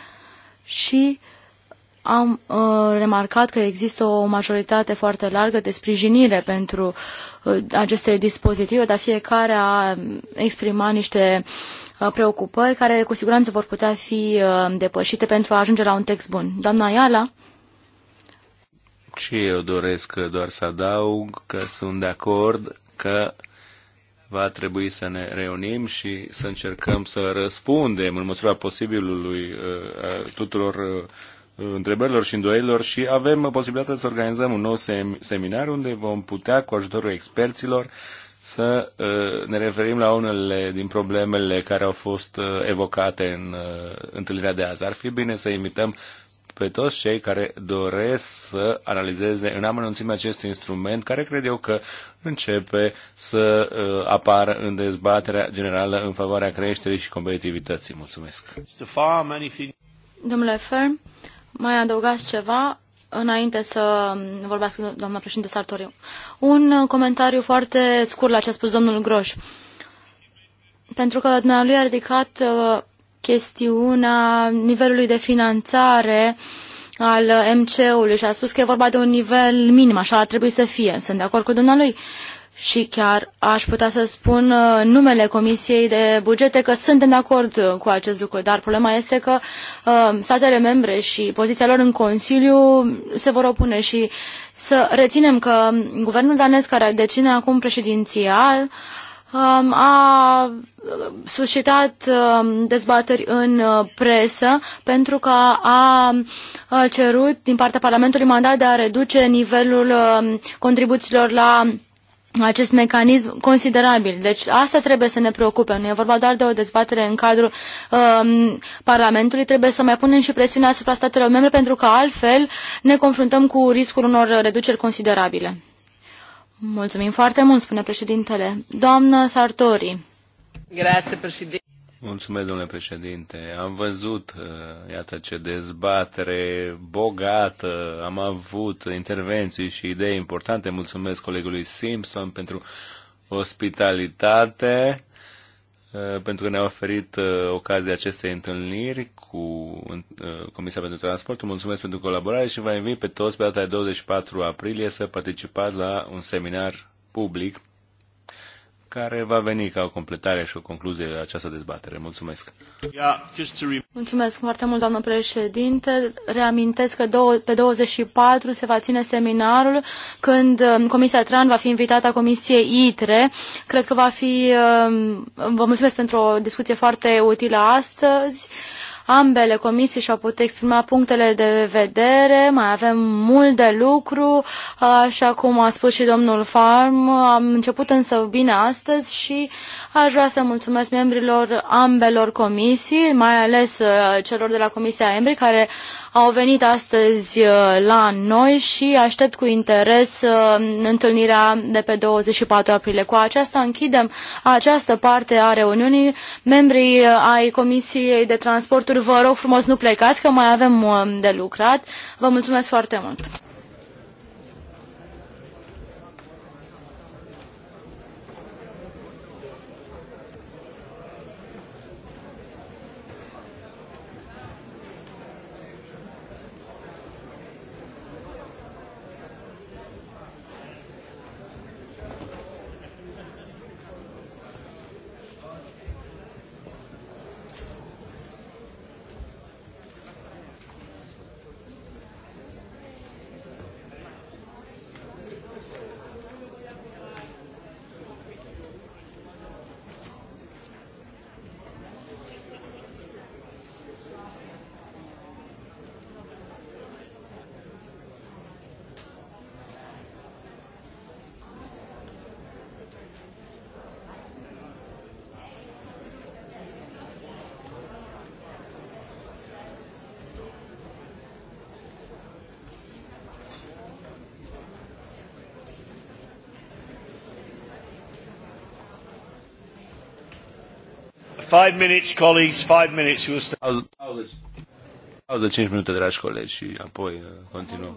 și uh, am uh, remarcat că există o majoritate foarte largă de sprijinire pentru uh, aceste dispozitive, dar fiecare a exprimat niște uh, preocupări care cu siguranță vor putea fi uh, depășite pentru a ajunge la un text bun. Doamna Iala? Și eu doresc doar să adaug că sunt de acord că va trebui să ne reunim și să încercăm să răspundem în măsura posibilului uh, uh, tuturor întrebărilor și îndoielilor și avem posibilitatea să organizăm un nou sem- seminar unde vom putea, cu ajutorul experților, să uh, ne referim la unele din problemele care au fost uh, evocate în uh, întâlnirea de azi. Ar fi bine să invităm pe toți cei care doresc să analizeze în amănunțime acest instrument, care cred eu că începe să apară în dezbaterea generală în favoarea creșterii și competitivității. Mulțumesc! Domnule Ferm, mai adăugați ceva înainte să vorbească doamna președinte Sartoriu. Un comentariu foarte scurt la ce a spus domnul Groș. Pentru că lui a ridicat uh, chestiunea nivelului de finanțare al MC-ului și a spus că e vorba de un nivel minim, așa ar trebui să fie. Sunt de acord cu dumnealui și chiar aș putea să spun uh, numele Comisiei de Bugete că suntem de acord uh, cu acest lucru, dar problema este că uh, statele membre și poziția lor în Consiliu se vor opune și să reținem că guvernul danez care deține acum președinția um, a suscitat um, dezbateri în presă pentru că a, cerut din partea Parlamentului mandat de a reduce nivelul um, contribuțiilor la acest mecanism considerabil. Deci asta trebuie să ne preocupe. Nu e vorba doar de o dezbatere în cadrul um, Parlamentului. Trebuie să mai punem și presiunea asupra statelor membre pentru că altfel ne confruntăm cu riscul unor reduceri considerabile. Mulțumim foarte mult, spune președintele. Doamna Sartori. Grazie, președinte. Mulțumesc, domnule președinte. Am văzut, uh, iată ce dezbatere bogată, am avut intervenții și idei importante. Mulțumesc colegului Simpson pentru ospitalitate, uh, pentru că ne-a oferit uh, ocazia acestei întâlniri cu Comisia pentru Transport. Mulțumesc pentru colaborare și vă invit pe toți pe data de 24 aprilie să participați la un seminar public care va veni ca o completare și o concluzie la această dezbatere. Mulțumesc! Mulțumesc foarte mult, doamnă președinte. Reamintesc că pe 24 se va ține seminarul când um, Comisia Tran va fi invitată a Comisiei ITRE. Cred că va fi... Um, vă mulțumesc pentru o discuție foarte utilă astăzi. Ambele comisii și-au putut exprima punctele de vedere, mai avem mult de lucru, așa cum a spus și domnul Farm. Am început însă bine astăzi și aș vrea să mulțumesc membrilor ambelor comisii, mai ales uh, celor de la Comisia Embri, care au venit astăzi uh, la noi și aștept cu interes uh, întâlnirea de pe 24 aprilie. Cu aceasta închidem această parte a reuniunii. Membrii ai Comisiei de Transporturi voturi. Vă rog frumos, nu plecați, că mai avem um, de lucrat. Vă mulțumesc foarte mult! Five minutes, colleagues, five minutes. We'll start. de 5 minute, dragi colegi, și apoi uh, continuăm.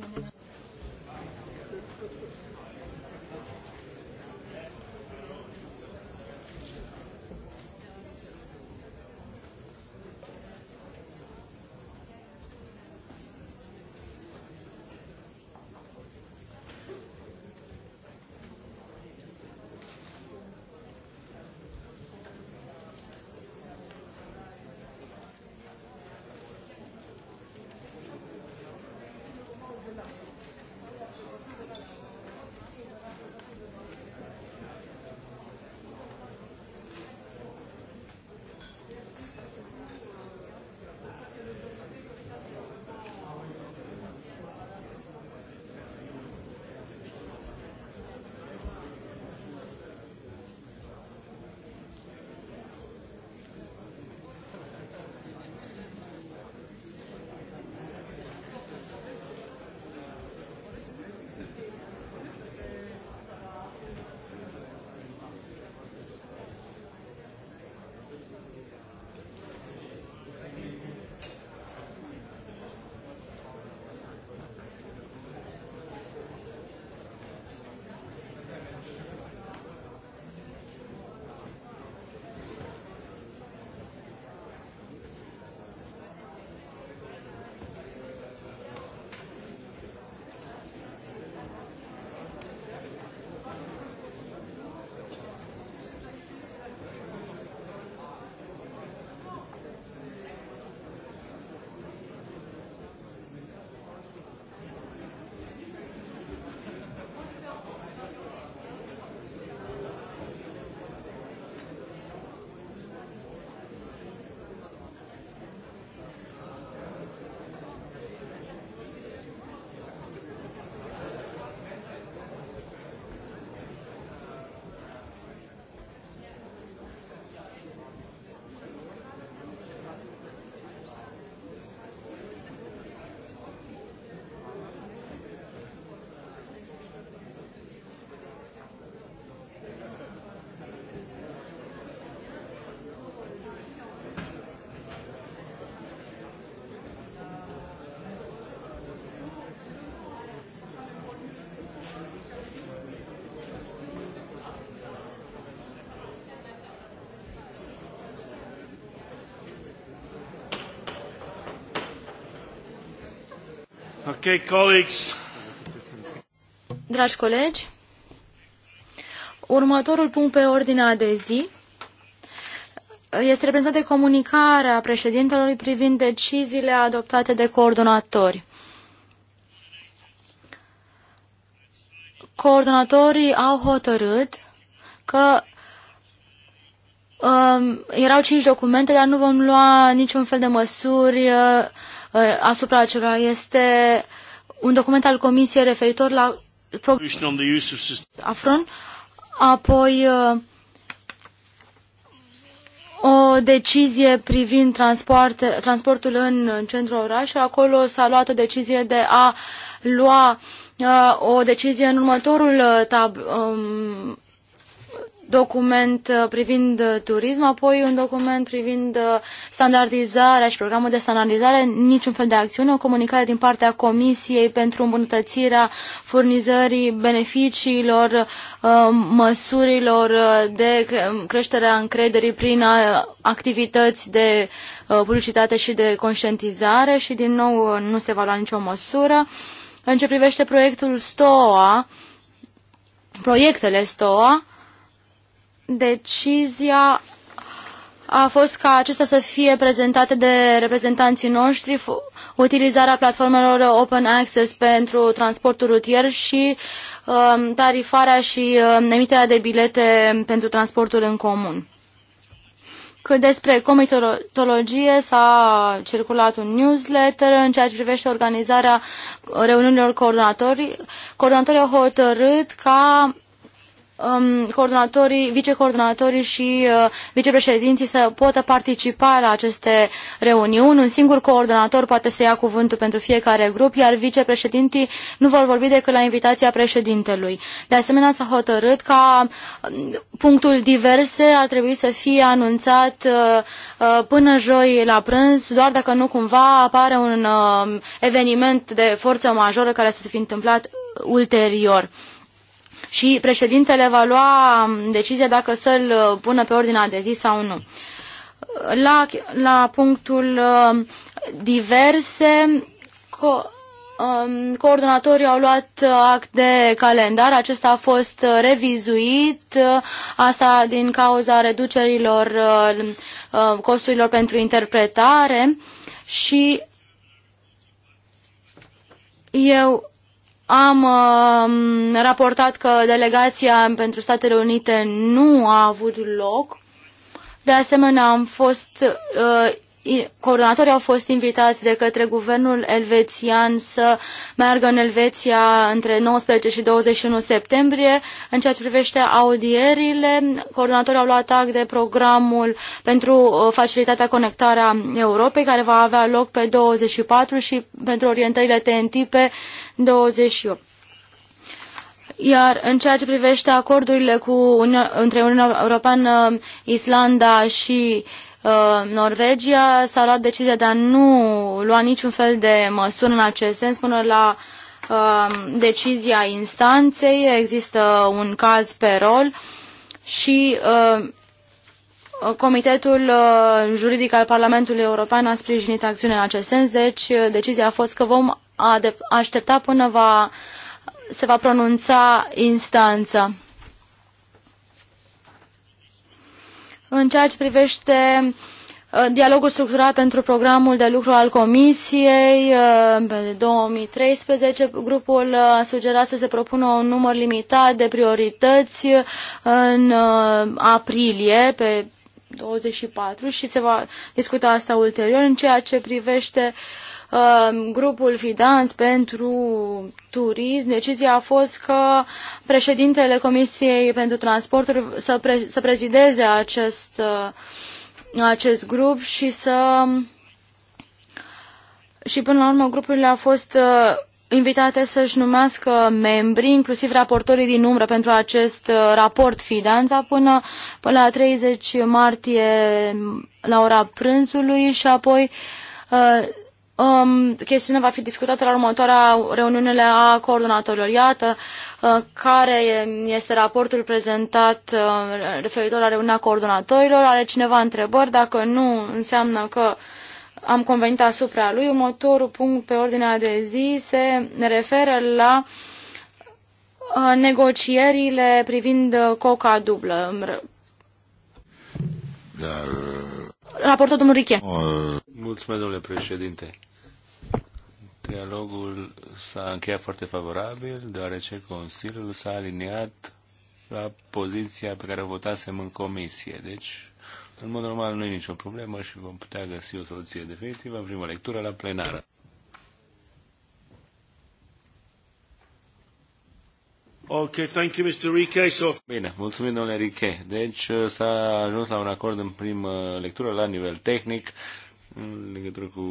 Okay, colleagues. Dragi colegi, următorul punct pe ordinea de zi este reprezentat de comunicarea președintelui privind deciziile adoptate de coordonatori. Coordonatorii au hotărât că um, erau cinci documente, dar nu vom lua niciun fel de măsuri uh, Uh, asupra acelora este un document al Comisiei referitor la Afron, apoi uh, o decizie privind transport, transportul în centrul orașului. Acolo s-a luat o decizie de a lua uh, o decizie în următorul tab, um, document uh, privind uh, turism, apoi un document privind uh, standardizarea și programul de standardizare, niciun fel de acțiune, o comunicare din partea Comisiei pentru îmbunătățirea furnizării beneficiilor, măsurilor de creșterea încrederii prin activități de publicitate și de conștientizare și din nou nu se va lua nicio măsură. În ce privește proiectul STOA, proiectele STOA, decizia a fost ca acestea să fie prezentate de reprezentanții noștri, utilizarea platformelor open access pentru transportul rutier și um, tarifarea și um, emiterea de bilete pentru transportul în comun. Cât despre comitologie s-a circulat un newsletter în ceea ce privește organizarea reuniunilor coordonatorii. Coordonatorii au hotărât ca um, coordonatorii, vicecoordonatorii și uh, vicepreședinții să poată participa la aceste reuniuni. Un singur coordonator poate să ia cuvântul pentru fiecare grup, iar vicepreședintii nu vor vorbi decât la invitația președintelui. De asemenea, s-a hotărât ca um, punctul diverse ar trebui să fie anunțat uh, uh, până joi la prânz, doar dacă nu cumva apare un uh, eveniment de forță majoră care să se fi întâmplat ulterior și președintele va lua um, decizia dacă să-l uh, pună pe ordinea de zi sau nu. La, la punctul um, diverse, co um, coordonatorii au luat uh, act de calendar, acesta a fost uh, revizuit, asta din cauza reducerilor costurilor pentru interpretare și eu am uh, raportat că delegația pentru Statele Unite nu a avut loc. De asemenea, am fost uh, coordonatorii au fost invitați de către guvernul elvețian să meargă în Elveția între 19 și 21 septembrie. În ceea ce privește audierile, coordonatorii au luat act de programul pentru uh, facilitatea conectarea Europei, care va avea loc pe 24 și pentru orientările TNT pe 28. Iar în ceea ce privește acordurile cu, între Uniunea Europeană, Islanda și Uh, Norvegia s-a luat decizia de a nu lua niciun fel de măsuri în acest sens până la uh, decizia instanței. Există un caz pe rol și uh, Comitetul Juridic al Parlamentului European a sprijinit acțiunea în acest sens, deci decizia a fost că vom aștepta până va, se va pronunța instanța. În ceea ce privește uh, dialogul structurat pentru programul de lucru al Comisiei uh, pe 2013, grupul uh, a sugerat să se propună un număr limitat de priorități în aprilie, pe 24 și se va discuta asta ulterior în ceea ce privește uh, Um, grupul fidanz pentru turism, decizia a fost că președintele Comisiei pentru Transporturi să, pre să prezideze acest, uh, acest grup și să... Și până la urmă grupurile a fost uh, invitate să-și numească membri, inclusiv raportorii din umbră pentru acest uh, raport Fidanța, până, până la 30 martie la ora prânzului și apoi um, chestiunea va fi discutată la următoarea reuniunile a coordonatorilor. Iată uh, care este raportul prezentat uh, referitor la reuniunea coordonatorilor. Are cineva întrebări? Dacă nu, înseamnă că am convenit asupra lui. Următorul punct pe ordinea de zi se referă la uh, negocierile privind coca dublă. Da, uh, raportul domnului Riche. Uh, Mulțumesc, domnule președinte. Trialogul s-a încheiat foarte favorabil, deoarece Consiliul s-a aliniat la poziția pe care o votasem în comisie. Deci, în mod normal, nu e nicio problemă și vom putea găsi o soluție definitivă în prima lectură la plenară. Ok, thank you, Mr. Riche. So... Bine, mulțumim, domnule Riche. Deci uh, s-a ajuns la un acord în primă lectură, la nivel tehnic, în legătură cu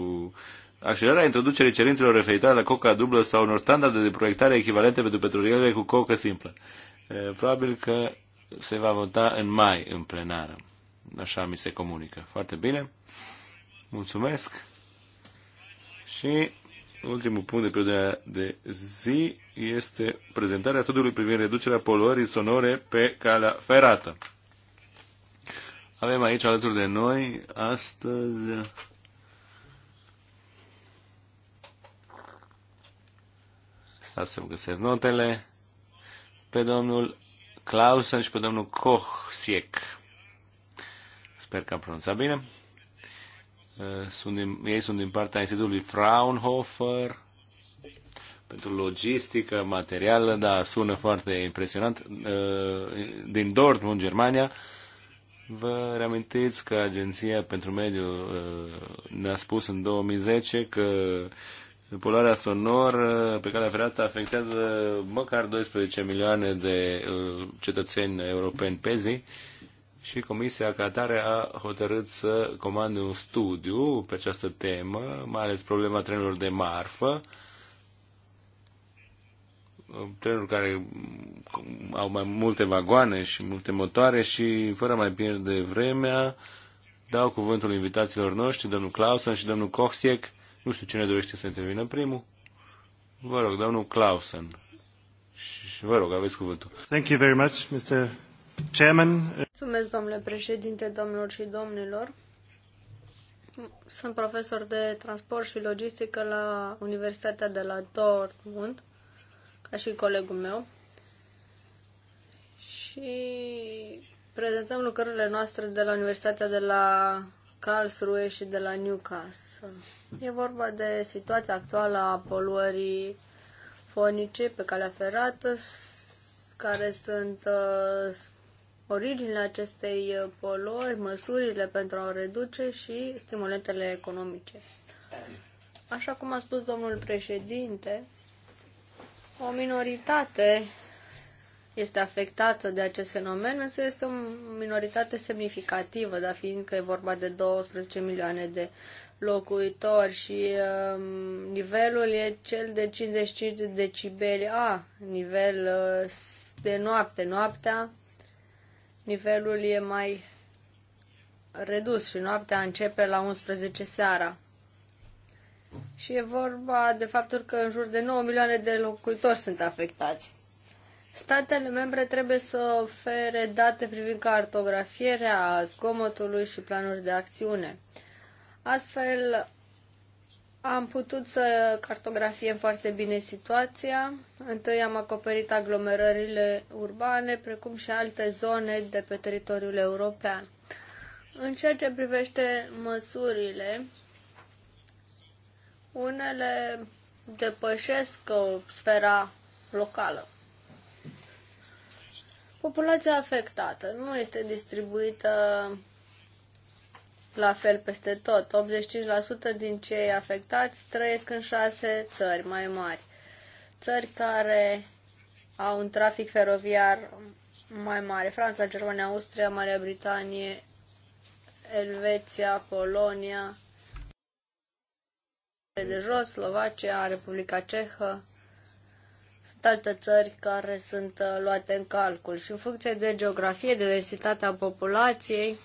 accelerarea introducerii cerințelor referitoare la coca dublă sau unor standarde de proiectare echivalente pentru petroliere cu coca simplă. Probabil că se va vota în mai în plenară. Așa mi se comunică. Foarte bine. Mulțumesc. Și ultimul punct de perioada de zi este prezentarea studiului privind reducerea poluării sonore pe calea ferată. Avem aici alături de noi astăzi Stați să-mi găsesc notele. Pe domnul Clausen și pe domnul Koch Siek. Sper că am pronunțat bine. Eh, sunt din, ei sunt din partea Institutului Fraunhofer pentru logistică, materială, da, sună foarte impresionant. Eh, din Dortmund, Germania, Vă reamintiți că Agenția pentru Mediu eh, ne-a spus în 2010 că Poluarea sonor pe calea ferată afectează măcar 12 milioane de uh, cetățeni europeni pe zi și Comisia Catare a hotărât să comande un studiu pe această temă, mai ales problema trenurilor de marfă, trenuri care au mai multe vagoane și multe motoare și, fără mai pierde vremea, dau cuvântul invitațiilor noștri, domnul Clausen și domnul Kochsiek, nu știu cine dorește să intervină primul. Vă rog, domnul Clausen. Și vă rog, aveți cuvântul. Thank you very much, Mr. Chairman. Mulțumesc, domnule președinte, domnilor și domnilor. Sunt profesor de transport și logistică la Universitatea de la Dortmund, ca și colegul meu. Și prezentăm lucrările noastre de la Universitatea de la Karlsruhe și de la Newcastle. E vorba de situația actuală a poluării fonice pe calea ferată, care sunt uh, originile acestei uh, poluări, măsurile pentru a o reduce și stimulentele economice. Așa cum a spus domnul președinte, o minoritate este afectată de acest fenomen, însă este o minoritate semnificativă, dar fiindcă e vorba de 12 milioane de locuitori și um, nivelul e cel de 55 de decibeli A, nivel uh, de noapte. Noaptea nivelul e mai redus și noaptea începe la 11 seara. Și e vorba de faptul că în jur de 9 milioane de locuitori sunt afectați. Statele membre trebuie să ofere date privind cartografierea zgomotului și planuri de acțiune. Astfel am putut să cartografiem foarte bine situația. Întâi am acoperit aglomerările urbane, precum și alte zone de pe teritoriul european. În ceea ce privește măsurile, unele depășesc o sfera locală. Populația afectată nu este distribuită la fel peste tot. 85% din cei afectați trăiesc în șase țări mai mari. Țări care au un trafic feroviar mai mare. Franța, Germania, Austria, Marea Britanie, Elveția, Polonia, de jos, Slovacia, Republica Cehă. Sunt alte țări care sunt uh, luate în calcul și în funcție de geografie, de densitatea populației,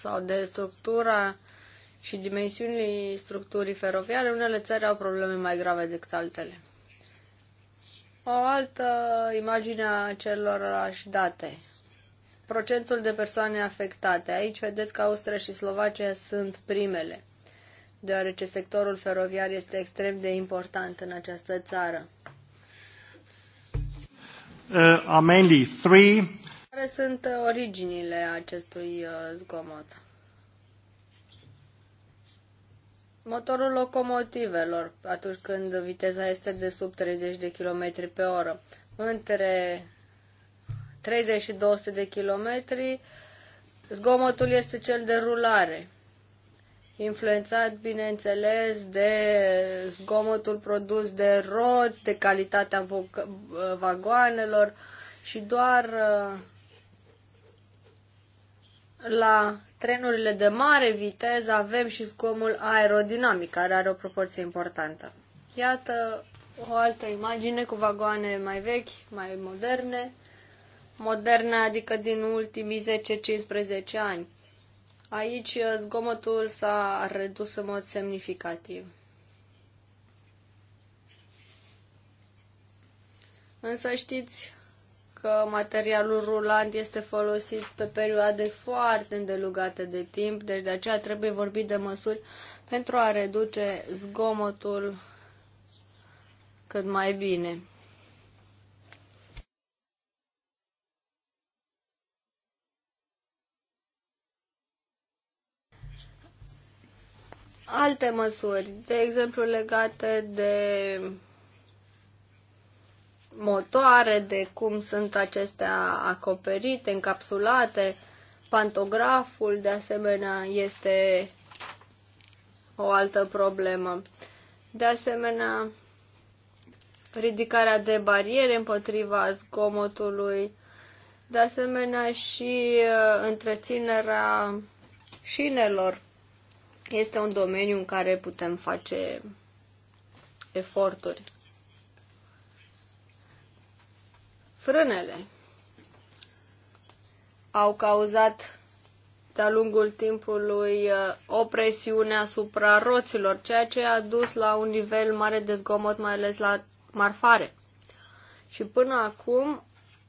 sau de structura și dimensiunile structurii feroviare, unele țări au probleme mai grave decât altele. O altă imagine a celorlași date. Procentul de persoane afectate. Aici vedeți că Austria și Slovacia sunt primele, deoarece sectorul feroviar este extrem de important în această țară. Uh, are mainly three care sunt uh, originile acestui uh, zgomot? Motorul locomotivelor, atunci când viteza este de sub 30 de km pe oră. Între 30 și 200 de km, zgomotul este cel de rulare, influențat, bineînțeles, de zgomotul produs de roți, de calitatea vagoanelor și doar uh, la trenurile de mare viteză avem și zgomul aerodinamic, care are o proporție importantă. Iată o altă imagine cu vagoane mai vechi, mai moderne, moderne adică din ultimii 10-15 ani. Aici uh, zgomotul s-a redus în mod semnificativ. Însă știți că materialul rulant este folosit pe perioade foarte îndelugate de timp, deci de aceea trebuie vorbit de măsuri pentru a reduce zgomotul cât mai bine. Alte măsuri, de exemplu legate de motoare, de cum sunt acestea acoperite, încapsulate. Pantograful, de asemenea, este o altă problemă. De asemenea, ridicarea de bariere împotriva zgomotului, de asemenea și uh, întreținerea șinelor este un domeniu în care putem face eforturi. frânele au cauzat de-a lungul timpului uh, o presiune asupra roților, ceea ce a dus la un nivel mare de zgomot, mai ales la marfare. Și până acum,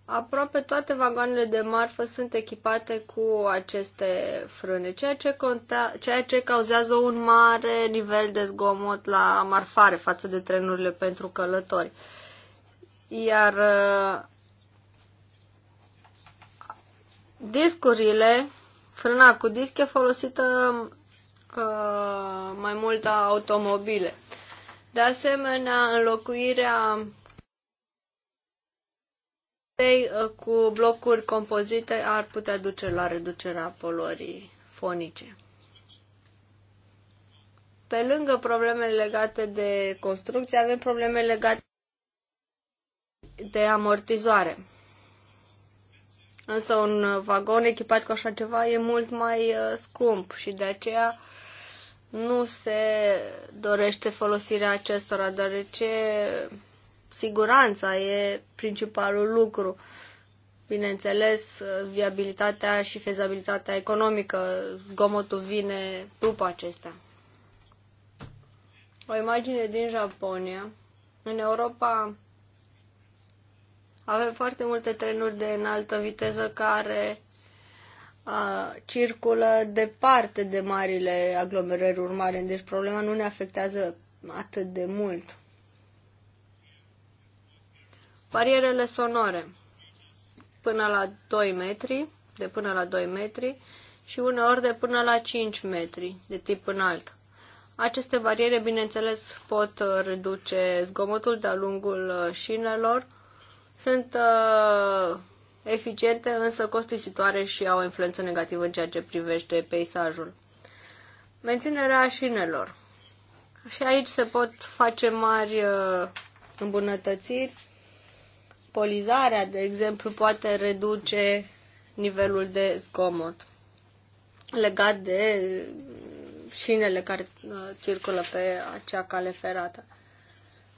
aproape toate vagoanele de marfă sunt echipate cu aceste frâne, ceea ce, conta, ceea ce cauzează un mare nivel de zgomot la marfare față de trenurile pentru călători. Iar uh, discurile, frâna cu disc e folosită uh, mai mult a automobile. De asemenea, înlocuirea uh, cu blocuri compozite ar putea duce la reducerea poluării fonice. Pe lângă problemele legate de construcție, avem probleme legate de amortizoare. Însă un vagon echipat cu așa ceva e mult mai uh, scump și de aceea nu se dorește folosirea acestora, deoarece siguranța e principalul lucru. Bineînțeles, uh, viabilitatea și fezabilitatea economică, zgomotul vine după acestea. O imagine din Japonia. În Europa avem foarte multe trenuri de înaltă viteză care a, circulă departe de marile aglomerări urmare, deci problema nu ne afectează atât de mult. Barierele sonore până la 2 metri, de până la 2 metri și uneori de până la 5 metri, de tip înalt. Aceste bariere, bineînțeles, pot reduce zgomotul de-a lungul uh, șinelor, sunt uh, eficiente, însă costisitoare și au influență negativă în ceea ce privește peisajul. Menținerea șinelor. Și aici se pot face mari uh, îmbunătățiri. Polizarea, de exemplu, poate reduce nivelul de zgomot legat de uh, șinele care uh, circulă pe acea cale ferată.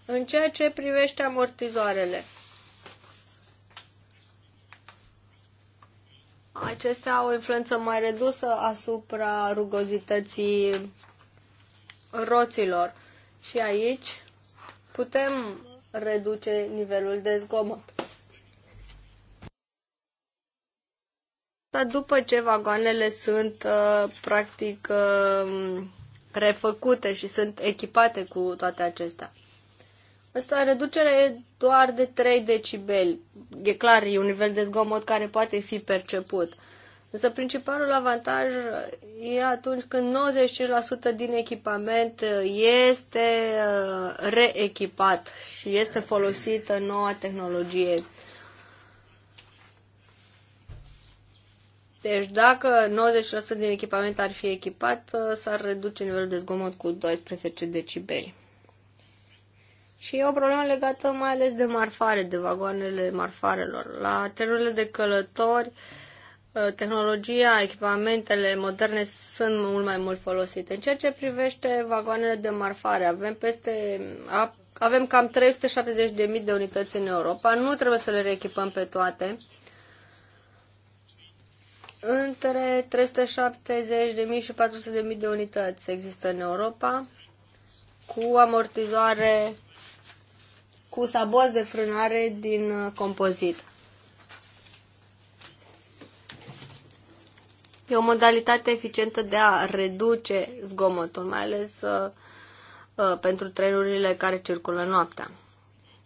În ceea ce privește amortizoarele, acestea au o influență mai redusă asupra rugozității roților. Și aici putem reduce nivelul de zgomot. Dar după ce vagoanele sunt uh, practic uh, refăcute și sunt echipate cu toate acestea. Asta reducere e doar de 3 decibeli. E clar, e un nivel de zgomot care poate fi perceput. Însă principalul avantaj e atunci când 95% din echipament este uh, reechipat și este folosită noua tehnologie. Deci dacă 90% din echipament ar fi echipat, uh, s-ar reduce nivelul de zgomot cu 12 decibeli. Și e o problemă legată mai ales de marfare, de vagoanele marfarelor. La trenurile de călători, uh, tehnologia, echipamentele moderne sunt mult mai mult folosite. În ceea ce privește vagoanele de marfare, avem peste avem cam 370.000 de unități în Europa. Nu trebuie să le reechipăm pe toate. Între 370.000 și 400.000 de unități există în Europa, cu amortizoare cu saboz de frânare din uh, compozit. E o modalitate eficientă de a reduce zgomotul, mai ales uh, uh, pentru trenurile care circulă noaptea.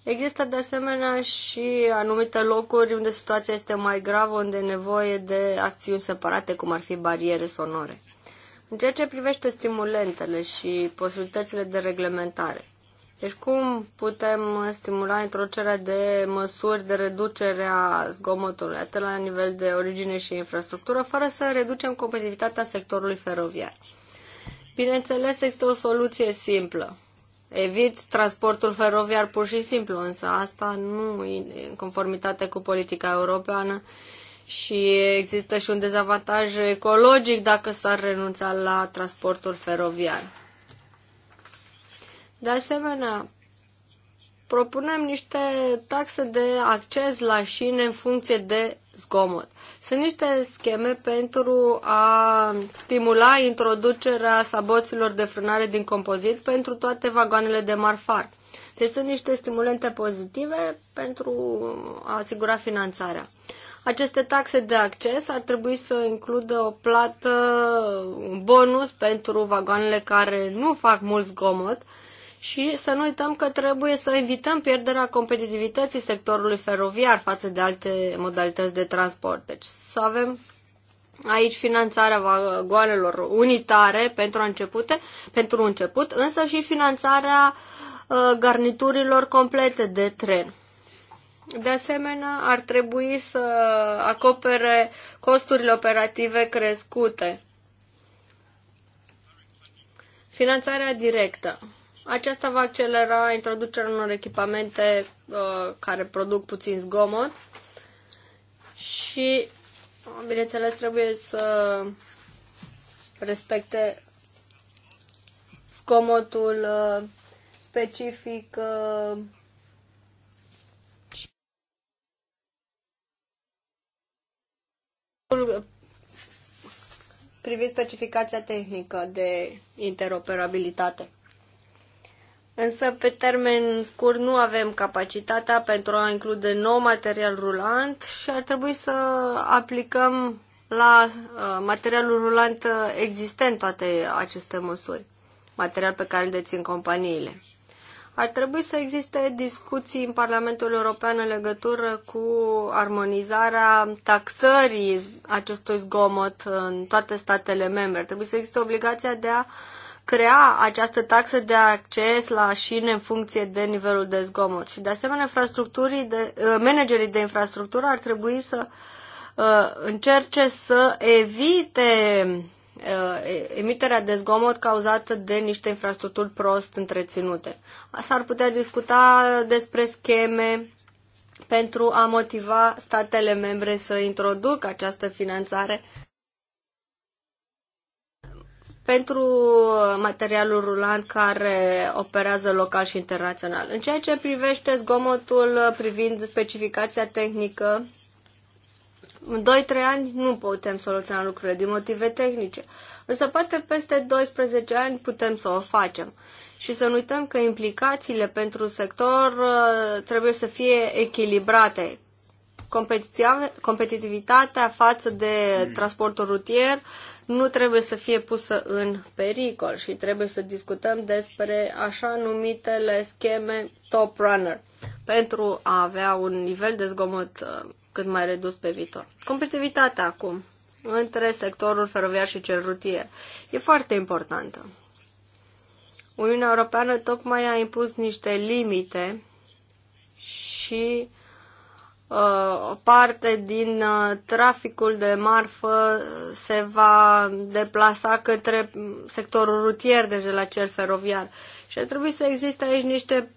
Există de asemenea și anumite locuri unde situația este mai gravă, unde e nevoie de acțiuni separate, cum ar fi bariere sonore. În ceea ce privește stimulentele și posibilitățile de reglementare, deci cum putem stimula introducerea de măsuri de reducere a zgomotului, atât la nivel de origine și infrastructură, fără să reducem competitivitatea sectorului feroviar? Bineînțeles, este o soluție simplă. Eviți transportul feroviar pur și simplu, însă asta nu e în conformitate cu politica europeană și există și un dezavantaj ecologic dacă s-ar renunța la transportul feroviar. De asemenea, propunem niște taxe de acces la șine în funcție de zgomot. Sunt niște scheme pentru a stimula introducerea saboților de frânare din compozit pentru toate vagoanele de marfar. Deci sunt niște stimulente pozitive pentru a asigura finanțarea. Aceste taxe de acces ar trebui să includă o plată, un bonus pentru vagoanele care nu fac mult zgomot, și să nu uităm că trebuie să evităm pierderea competitivității sectorului feroviar față de alte modalități de transport. Deci să avem aici finanțarea vagoanelor unitare pentru, începute, pentru început, însă și finanțarea uh, garniturilor complete de tren. De asemenea, ar trebui să acopere costurile operative crescute. Finanțarea directă. Aceasta va accelera introducerea unor echipamente uh, care produc puțin zgomot și, bineînțeles, trebuie să respecte zgomotul uh, specific uh, privind specificația tehnică de interoperabilitate. Însă, pe termen scurt, nu avem capacitatea pentru a include nou material rulant și ar trebui să aplicăm la uh, materialul rulant existent toate aceste măsuri, material pe care îl dețin companiile. Ar trebui să existe discuții în Parlamentul European în legătură cu armonizarea taxării acestui zgomot în toate statele membre. Ar trebui să existe obligația de a uh, crea această taxă de acces la șine în funcție de nivelul de zgomot. Și de asemenea, infrastructurii de, uh, managerii de infrastructură ar trebui să uh, încerce să evite uh, emiterea de zgomot cauzată de niște infrastructuri prost întreținute. S-ar putea discuta despre scheme pentru a motiva statele membre să introducă această finanțare pentru materialul rulant care operează local și internațional. În ceea ce privește zgomotul privind specificația tehnică, în 2-3 ani nu putem soluționa lucrurile din motive tehnice, însă poate peste 12 ani putem să o facem. Și să nu uităm că implicațiile pentru sector uh, trebuie să fie echilibrate. Competitivitatea față de hmm. transportul rutier nu trebuie să fie pusă în pericol și trebuie să discutăm despre așa numitele scheme top runner pentru a avea un nivel de zgomot uh, cât mai redus pe viitor. Competitivitatea acum între sectorul feroviar și cel rutier e foarte importantă. Uniunea Europeană tocmai a impus niște limite și uh, Uh, parte din uh, traficul de marfă se va deplasa către sectorul rutier, deja la cel feroviar. Și ar trebui să existe aici niște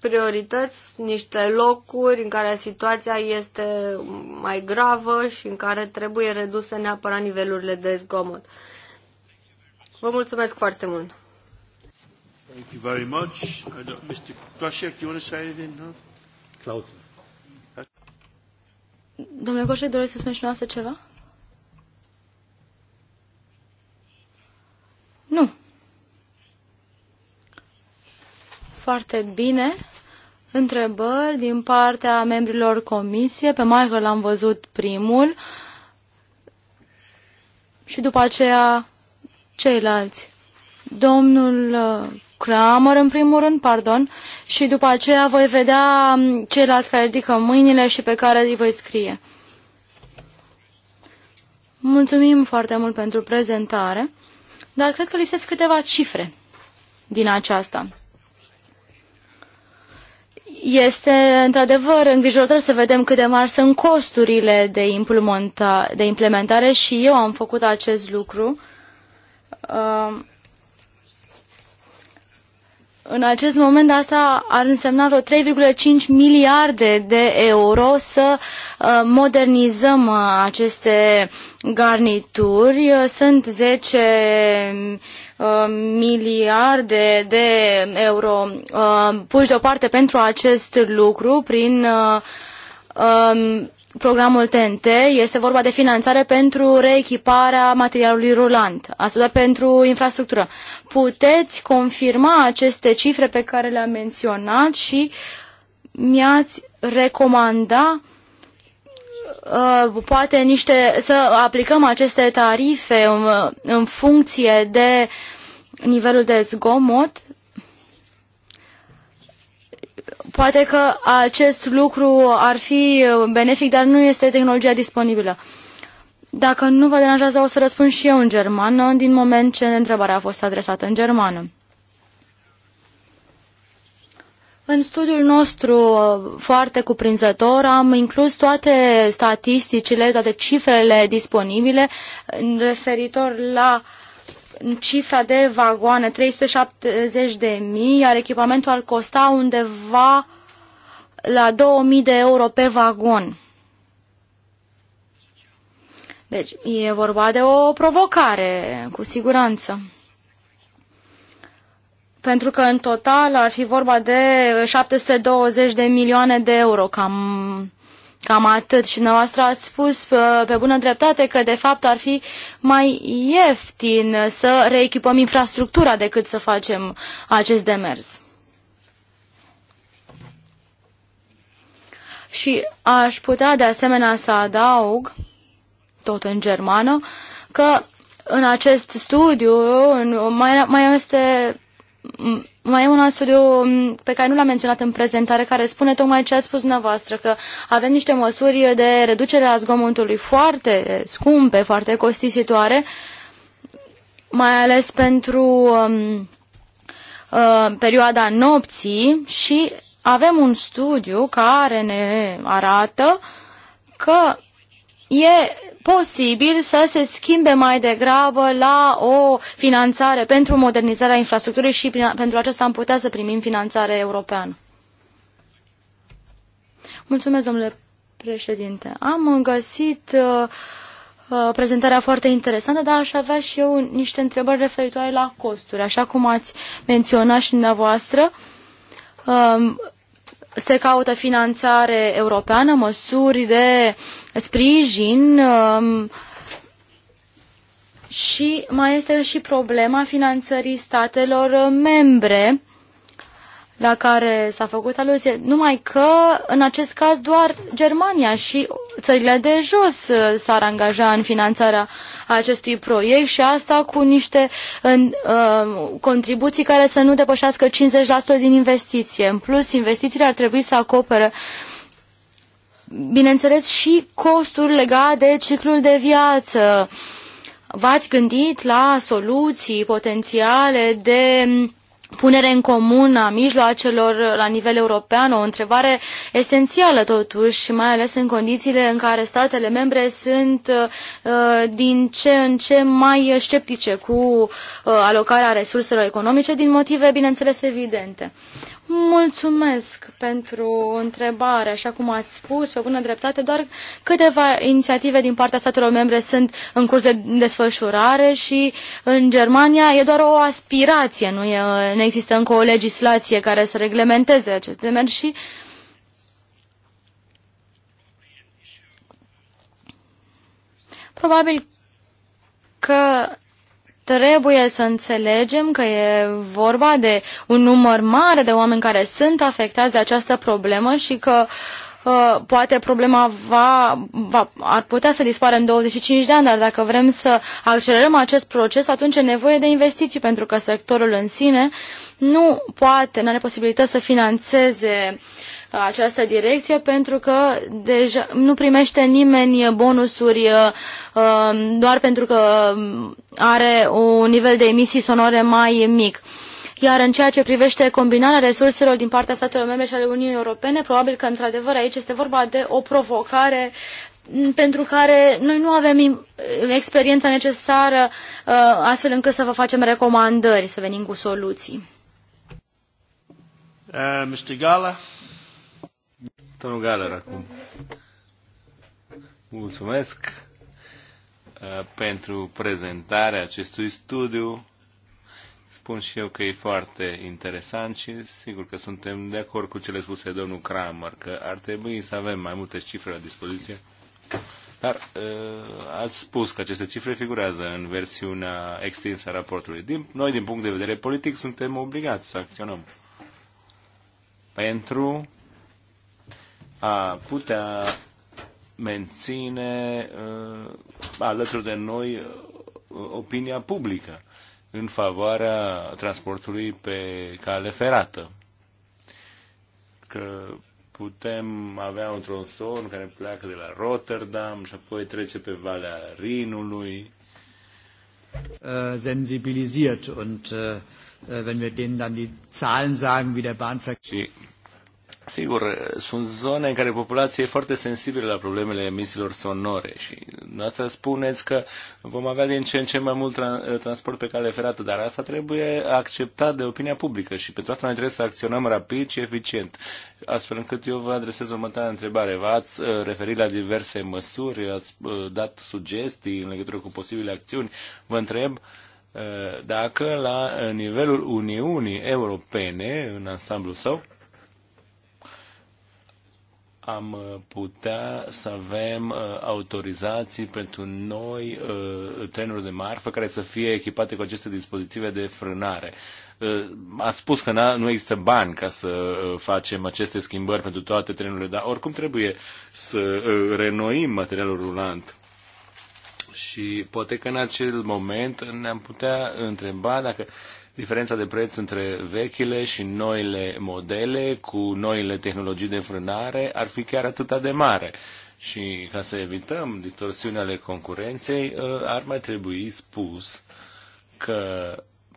priorități, niște locuri în care situația este mai gravă și în care trebuie reduse neapărat nivelurile de zgomot. Vă mulțumesc foarte mult! Thank you very much. Uh, Mr. Krasiak, do you want to say anything? No? Closing. Domnule Goșe, doresc să spuneți noastră ceva? Nu. Foarte bine. Întrebări din partea membrilor comisie. Pe Michael l-am văzut primul și după aceea ceilalți. Domnul uh, Cramer, în primul rând, pardon, și după aceea voi vedea um, ceilalți care ridică mâinile și pe care îi voi scrie. Mulțumim foarte mult pentru prezentare, dar cred că lipsesc câteva cifre din aceasta. Este într-adevăr îngrijorător să vedem cât de mari sunt costurile de, implementa de implementare și eu am făcut acest lucru. Uh, în acest moment asta ar însemna vreo 3,5 miliarde de euro să uh, modernizăm uh, aceste garnituri. Uh, sunt 10 miliarde de euro puși deoparte pentru acest lucru prin um, programul TNT este vorba de finanțare pentru reechiparea materialului rulant, asta doar pentru infrastructură. Puteți confirma aceste cifre pe care le-am menționat și mi-ați recomanda uh, poate niște, să aplicăm aceste tarife în, um, în funcție de nivelul de zgomot poate că acest lucru ar fi uh, benefic, dar nu este tehnologia disponibilă. Dacă nu vă deranjează, o să răspund și eu în germană, din moment ce întrebarea a fost adresată în germană. În studiul nostru uh, foarte cuprinzător am inclus toate statisticile, toate cifrele disponibile uh, referitor la uh, cifra de vagoane, 370 de mii, iar echipamentul ar costa undeva la 2000 de euro pe vagon. Deci e vorba de o provocare, cu siguranță. Pentru că în total ar fi vorba de 720 de milioane de euro, cam Cam atât. Și noastră ați spus pe, uh, pe bună dreptate că de fapt ar fi mai ieftin să reechipăm infrastructura decât să facem acest demers. Și aș putea de asemenea să adaug, tot în germană, că în acest studiu mai, mai este mai e un alt studiu pe care nu l-am menționat în prezentare, care spune tocmai ce a spus dumneavoastră, că avem niște măsuri de reducere a zgomotului foarte scumpe, foarte costisitoare, mai ales pentru um, uh, perioada nopții și avem un studiu care ne arată că e posibil să se schimbe mai degrabă la o finanțare pentru modernizarea infrastructurii și prin, pentru aceasta am putea să primim finanțare europeană. Mulțumesc, domnule președinte. Am găsit uh, uh, prezentarea foarte interesantă, dar aș avea și eu niște întrebări referitoare la costuri. Așa cum ați menționat și dumneavoastră, uh, se caută finanțare europeană, măsuri de sprijin um, și mai este și problema finanțării statelor membre la care s-a făcut aluzie, numai că în acest caz doar Germania și țările de jos uh, s-ar angaja în finanțarea acestui proiect și asta cu niște în, uh, contribuții care să nu depășească 50% din investiție. În plus, investițiile ar trebui să acopere bineînțeles și costuri legate de ciclul de viață. V-ați gândit la soluții potențiale de punere în comun a mijloacelor la nivel european, o întrebare esențială totuși, mai ales în condițiile în care statele membre sunt uh, din ce în ce mai sceptice cu uh, alocarea resurselor economice, din motive, bineînțeles, evidente. Mulțumesc pentru întrebare. Așa cum ați spus, pe bună dreptate, doar câteva inițiative din partea statelor membre sunt în curs de desfășurare și în Germania e doar o aspirație, nu, e, nu există încă o legislație care să reglementeze acest demers și probabil că Trebuie să înțelegem că e vorba de un număr mare de oameni care sunt afectați de această problemă și că uh, poate problema va, va, ar putea să dispară în 25 de ani, dar dacă vrem să accelerăm acest proces, atunci e nevoie de investiții, pentru că sectorul în sine nu poate, nu are posibilitatea să financeze uh, această direcție pentru că deja nu primește nimeni bonusuri uh, um, doar pentru că um, are un nivel de emisii sonore mai mic iar în ceea ce privește combinarea resurselor din partea statelor membre și ale Uniunii Europene, probabil că într-adevăr aici este vorba de o provocare pentru care noi nu avem experiența necesară uh, astfel încât să vă facem recomandări, să venim cu soluții. Uh, Mr. Gala. Domnul Galer acum. Mulțumesc uh, pentru prezentarea acestui studiu. Spun și eu că e foarte interesant și sigur că suntem de acord cu cele spuse domnul Kramer, că ar trebui să avem mai multe cifre la dispoziție. Dar uh, ați spus că aceste cifre figurează în versiunea extinsă a raportului. Din, noi, din punct de vedere politic, suntem obligați să acționăm pentru a putea menține uh, alături de noi uh, opinia publică în favoarea transportului pe cale ferată. Că putem avea un tronson care pleacă de la Rotterdam și apoi trece pe Valea Rinului. Äh, Sensibilizat, și und uh, wenn wir denen dann die Zahlen sagen, wie der Bahnverkehr... Sigur, sunt zone în care populația e foarte sensibilă la problemele emisiilor sonore și asta spuneți că vom avea din ce în ce mai mult tra- transport pe cale ferată, dar asta trebuie acceptat de opinia publică și pentru asta noi trebuie să acționăm rapid și eficient. Astfel încât eu vă adresez următoarea întrebare. V-ați uh, referit la diverse măsuri, ați uh, dat sugestii în legătură cu posibile acțiuni. Vă întreb uh, dacă la nivelul Uniunii Europene, în ansamblu său, am uh, putea să avem uh, autorizații pentru noi uh, trenuri de marfă care să fie echipate cu aceste dispozitive de frânare. Ați spus că nu există bani ca să facem aceste schimbări pentru toate trenurile, dar oricum trebuie să renoim materialul rulant și poate că în acel moment ne-am putea întreba dacă diferența de preț între vechile și noile modele cu noile tehnologii de frânare ar fi chiar atât de mare. Și ca să evităm distorsiunea ale concurenței, ă, ar mai trebui spus că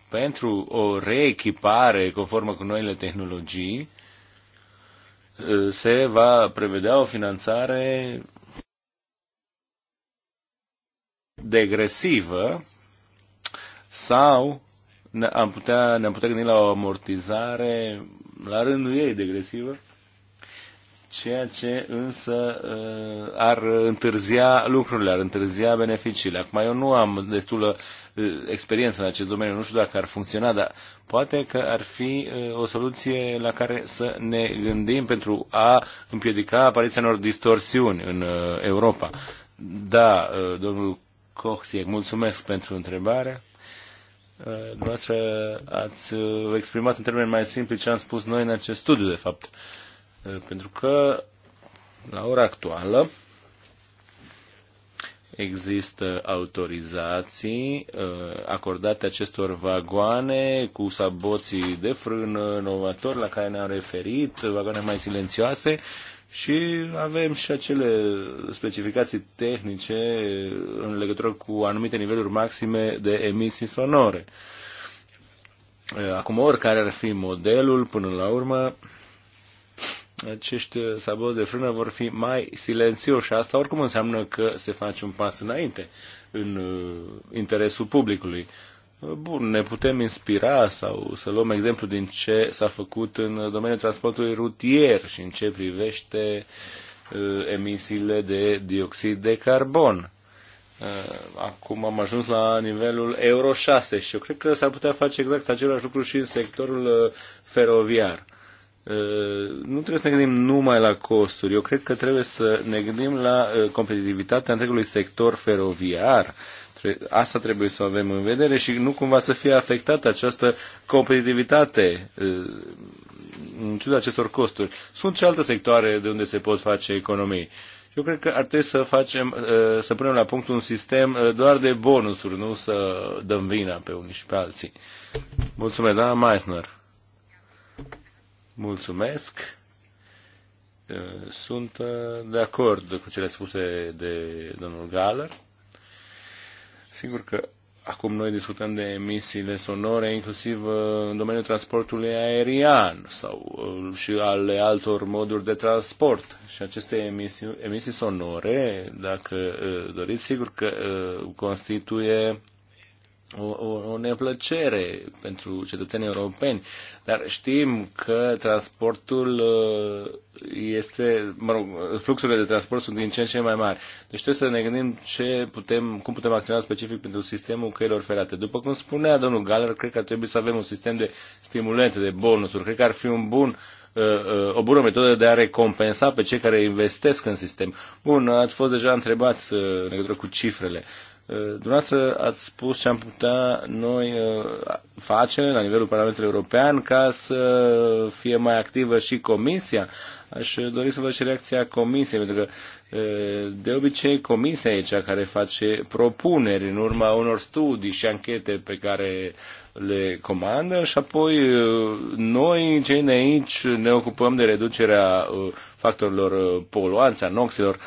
pentru o reechipare conformă cu noile tehnologii, ă, se va prevedea o finanțare degresivă sau am putea, ne-am putea gândi la o amortizare la rândul ei degresivă, ceea ce însă uh, ar întârzia lucrurile, ar întârzia beneficiile. Acum eu nu am destulă uh, experiență în acest domeniu, nu știu dacă ar funcționa, dar poate că ar fi uh, o soluție la care să ne gândim pentru a împiedica apariția unor distorsiuni în Europa. Da, domnul Coxie mulțumesc pentru întrebare. Dumneavoastră ați uh, exprimat în termeni mai simpli ce am spus noi în acest studiu, de fapt. Uh, pentru că, la ora actuală, există autorizații uh, acordate acestor vagoane cu saboții de frână novator la care ne-am referit, vagoane mai silențioase, și avem și acele specificații tehnice în legătură cu anumite niveluri maxime de emisii sonore. Acum, oricare ar fi modelul, până la urmă, acești sabot de frână vor fi mai silențioși asta oricum înseamnă că se face un pas înainte în uh, interesul publicului. Bun, ne putem inspira sau să luăm exemplu din ce s-a făcut în domeniul transportului rutier și în ce privește uh, emisiile de dioxid de carbon. Uh, acum am ajuns la nivelul Euro 6 și eu cred că s-ar putea face exact același lucru și în sectorul uh, feroviar. Nu trebuie să ne gândim numai la costuri. Eu cred că trebuie să ne gândim la competitivitatea întregului sector feroviar, Asta trebuie să o avem în vedere și nu cumva să fie afectată această competitivitate uh, în ciuda acestor costuri. Sunt și alte sectoare de unde se pot face economii. Eu cred că ar trebui să facem, uh, să punem la punct un sistem uh, doar de bonusuri, nu să dăm vina pe unii și pe alții. Mulțumesc, doamna Meissner. Mulțumesc. Sunt de acord cu cele spuse de domnul Galler. Sigur că acum noi discutăm de emisiile sonore, inclusiv uh, în domeniul transportului aerian sau uh, și ale altor moduri de transport. Și aceste emisii, emisii sonore, dacă uh, doriți, sigur că constituie o, o, o neplăcere pentru cetățenii europeni, dar știm că transportul uh, este, mă rog, fluxurile de transport sunt din ce în ce mai mari. Deci trebuie să ne gândim ce putem, cum putem acționa specific pentru sistemul căilor ferate. După cum spunea domnul Galler, cred că trebuie să avem un sistem de stimulente, de bonusuri. Cred că ar fi un bun uh, uh, o bună metodă de a recompensa pe cei care investesc în sistem. Bun, ați fost deja întrebați în legătură cu cifrele. Uh, dumneavoastră ați spus ce am putea noi uh, face la nivelul Parlamentului European ca să fie mai activă și Comisia. Aș dori să văd și reacția Comisiei, pentru că uh, de obicei Comisia e cea care face propuneri în urma unor studii și anchete pe care le comandă și apoi noi, cei de aici, ne ocupăm de reducerea factorilor poluanți, a noxilor.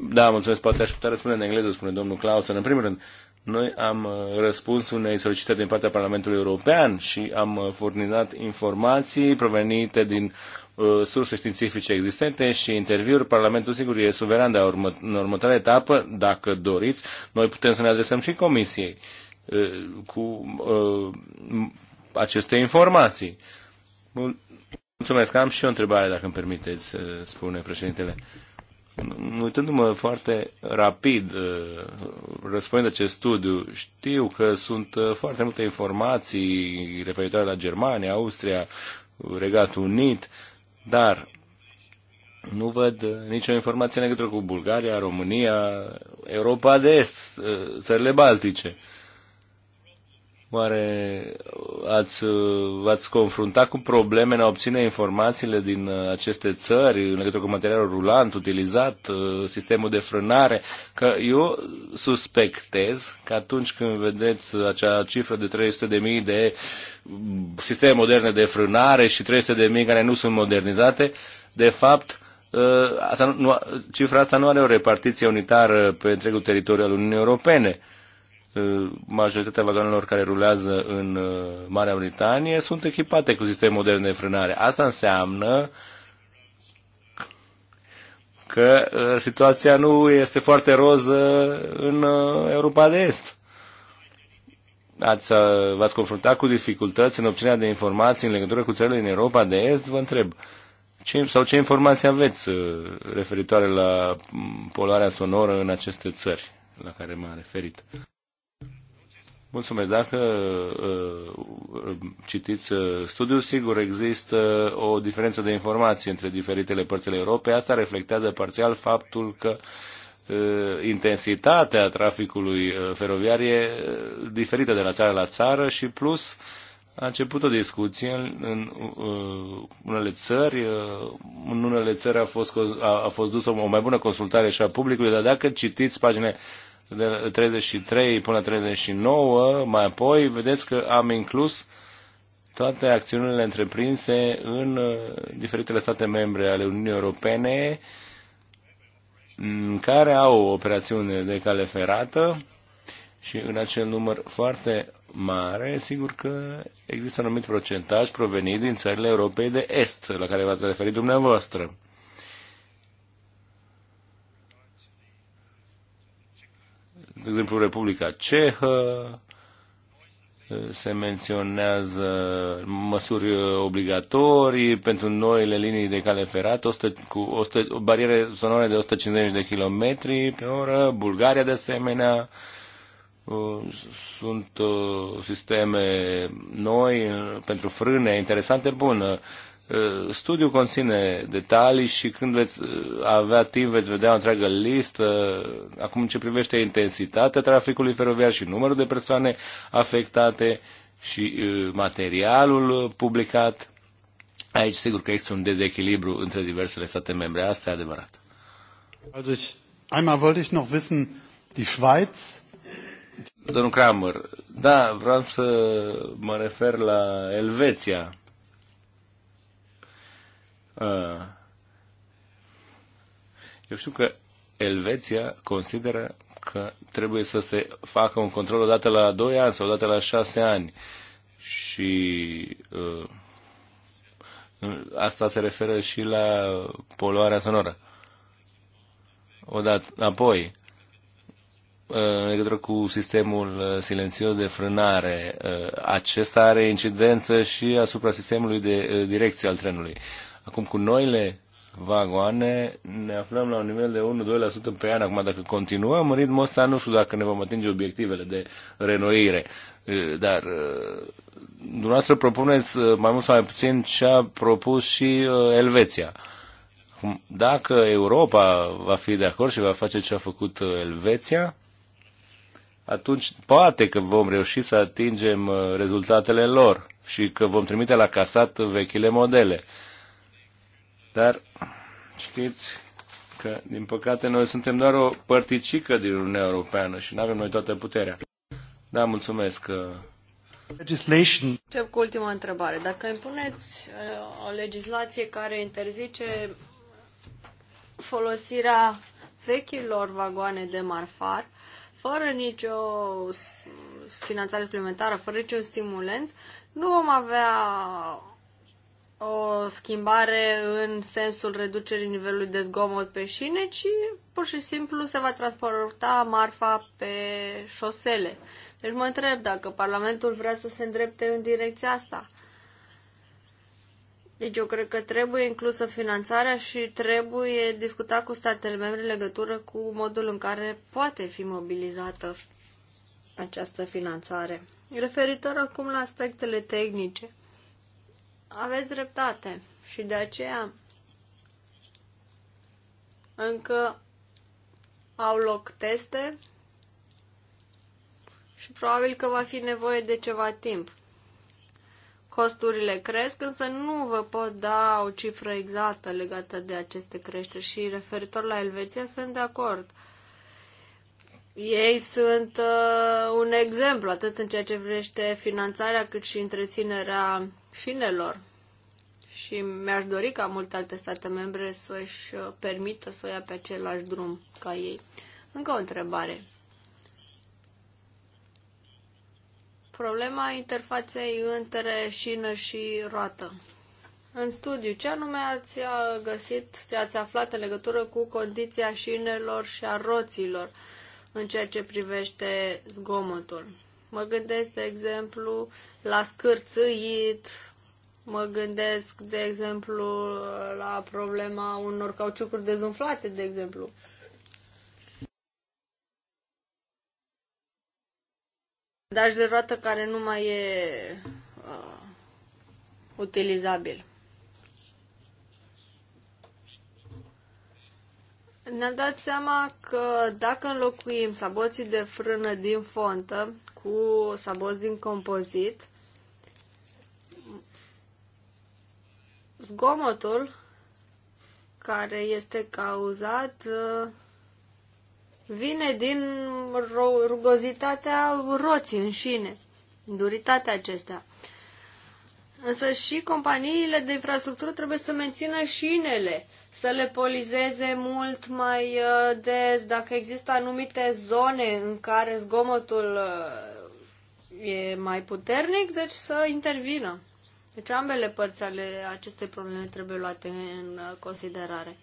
Da, mulțumesc. Poate aș putea răspunde în engleză, spune domnul Clausen. În primul rând, noi am uh, răspuns unei solicitări din partea Parlamentului European și am uh, furnizat informații provenite din uh, surse științifice existente și interviuri. Parlamentul, sigur, e suveran, dar urmă, în următoarea etapă, dacă doriți, noi putem să ne adresăm și Comisiei uh, cu uh, aceste informații. Mulțumesc. Am și o întrebare, dacă îmi permiteți, uh, spune președintele. Uh, Uitându-mă foarte rapid, uh, răspund acest studiu, știu că sunt uh, foarte multe informații referitoare la Germania, Austria, Regatul Unit, dar nu văd uh, nicio informație în legătură cu Bulgaria, România, Europa de Est, țările Baltice. Uh, Oare ați, v-ați confruntat cu probleme în a obține informațiile din uh, aceste țări în legătură cu materialul rulant utilizat, uh, sistemul de frânare? Că eu suspectez că atunci când vedeți acea cifră de 300.000 de sisteme moderne de frânare și 300.000 care nu sunt modernizate, de fapt, uh, asta nu, cifra asta nu are o repartiție unitară pe întregul teritoriu al Uniunii Europene Ă, majoritatea vagonelor care rulează în ă, Marea Britanie sunt echipate cu sisteme moderne de frânare. Asta înseamnă că ă, situația nu este foarte roză în Europa de Est. Ați, v-ați confruntat cu dificultăți în obținerea de informații în legătură cu țările din Europa de Est? Vă întreb. Ce, sau ce informații aveți referitoare la poluarea sonoră în aceste țări la care m-am referit? Mulțumesc. Dacă uh, uh citiți uh, studiul, sigur există o diferență de informații între diferitele părțile Europei. Asta reflectează parțial faptul că uh, intensitatea traficului uh, feroviar e diferită de la țară la țară și plus a început o discuție în, în uh, unele țări, uh, în unele țări a fost, a, a fost dusă o mai bună consultare și a publicului, dar dacă citiți paginile de 33 până la 39, mai apoi vedeți că am inclus toate acțiunile întreprinse în uh, diferitele state membre ale Uniunii Europene care au operațiune de cale ferată și în acel număr foarte mare, sigur că există un anumit procentaj provenit din țările europei de est, la care v-ați referit dumneavoastră. de exemplu, Republica Cehă, eh, se menționează măsuri obligatorii pentru noile linii de cale ferată, 100, cu 100, o bariere sonore de 150 de km pe oră, Bulgaria de asemenea, uh, sunt uh, sisteme noi uh, pentru frâne, interesante, bun. Uh, studiul conține detalii și când veți uh, avea timp veți vedea o întreagă listă. Acum ce privește intensitatea traficului feroviar și numărul de persoane afectate și uh, materialul publicat. Aici sigur că există un dezechilibru între diversele state membre. Asta e adevărat. Also ich, einmal wollte ich noch wissen, die Schweiz Domnul Kramer, da, vreau să mă refer la Elveția. Eu știu că Elveția consideră că trebuie să se facă un control odată la 2 ani sau odată la 6 ani. Și uh, asta se referă și la poluarea sonoră. Odată, apoi, în legătură cu sistemul silențios de frânare. Acesta are incidență și asupra sistemului de direcție al trenului. Acum, cu noile vagoane ne aflăm la un nivel de 1-2% pe an. Acum, dacă continuăm în ritmul ăsta, nu știu dacă ne vom atinge obiectivele de renoire. Dar dumneavoastră propuneți mai mult sau mai puțin ce a propus și Elveția. Dacă Europa va fi de acord și va face ce a făcut Elveția, atunci poate că vom reuși să atingem rezultatele lor și că vom trimite la casat vechile modele. Dar știți că, din păcate, noi suntem doar o părticică din Uniunea Europeană și nu avem noi toată puterea. Da, mulțumesc. Uh, Legislation. Încep cu ultima întrebare. Dacă impuneți uh, o legislație care interzice folosirea vechilor vagoane de marfar, fără nicio finanțare suplimentară, fără niciun stimulant, nu vom avea o schimbare în sensul reducerii nivelului de zgomot pe șine, ci pur și simplu se va transporta marfa pe șosele. Deci mă întreb dacă Parlamentul vrea să se îndrepte în direcția asta. Deci eu cred că trebuie inclusă finanțarea și trebuie discutat cu statele membre în legătură cu modul în care poate fi mobilizată această finanțare. Referitor acum la aspectele tehnice. Aveți dreptate și de aceea încă au loc teste și probabil că va fi nevoie de ceva timp. Costurile cresc, însă nu vă pot da o cifră exactă legată de aceste creșteri și referitor la Elveția sunt de acord. Uh, ei sunt uh, un exemplu, atât în ceea ce privește finanțarea, cât și întreținerea șinelor. Și mi-aș dori ca multe alte state membre să-și uh, permită să o ia pe același drum ca ei. Încă o întrebare. Problema interfaței între șină și roată. În studiu, ce anume ați uh, găsit, ce ați aflat în legătură cu condiția șinelor și a roților? în ceea ce privește zgomotul. Mă gândesc, de exemplu, la scârțâit, mă gândesc, de exemplu, la problema unor cauciucuri dezumflate, de exemplu. Dar de roată care nu mai e uh, utilizabil. ne-am dat seama că dacă înlocuim saboții de frână din fontă cu saboți din compozit, zgomotul care este cauzat uh, vine din rugozitatea roții în șine, duritatea acestea. Însă și companiile de infrastructură trebuie să mențină șinele, să le polizeze mult mai uh, des, dacă există anumite zone în care zgomotul uh, e mai puternic, deci să intervină. Deci ambele părți ale acestei probleme trebuie luate în uh, considerare.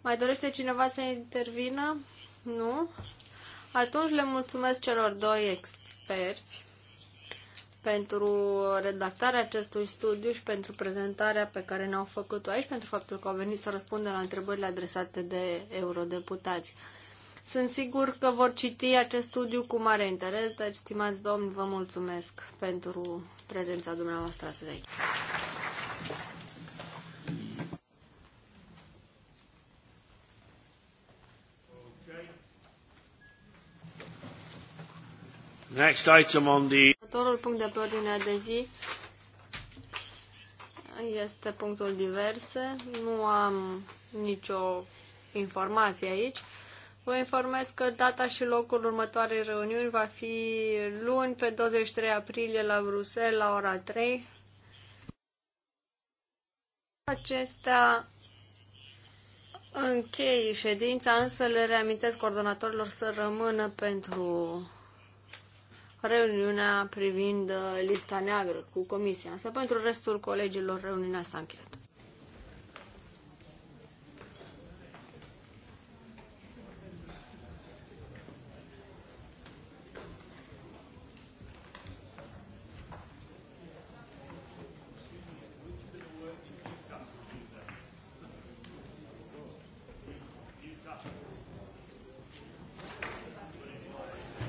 Mai dorește cineva să intervină? Nu? Atunci le mulțumesc celor doi experți pentru redactarea acestui studiu și pentru prezentarea pe care ne-au făcut-o aici, pentru faptul că au venit să răspundă la întrebările adresate de eurodeputați. Sunt sigur că vor citi acest studiu cu mare interes, deci, stimați domni, vă mulțumesc pentru prezența dumneavoastră astăzi aici. Next item on the Următorul punct de pe ordinea de zi este punctul diverse. Nu am nicio informație aici. Vă informez că data și locul următoarei reuniuni va fi luni, pe 23 aprilie, la Bruxelles, la ora 3. Acestea închei ședința, însă le reamintesc coordonatorilor să rămână pentru reuniunea privind uh, lista neagră cu comisia. Însă pentru restul colegilor reuniunea s-a încheiat.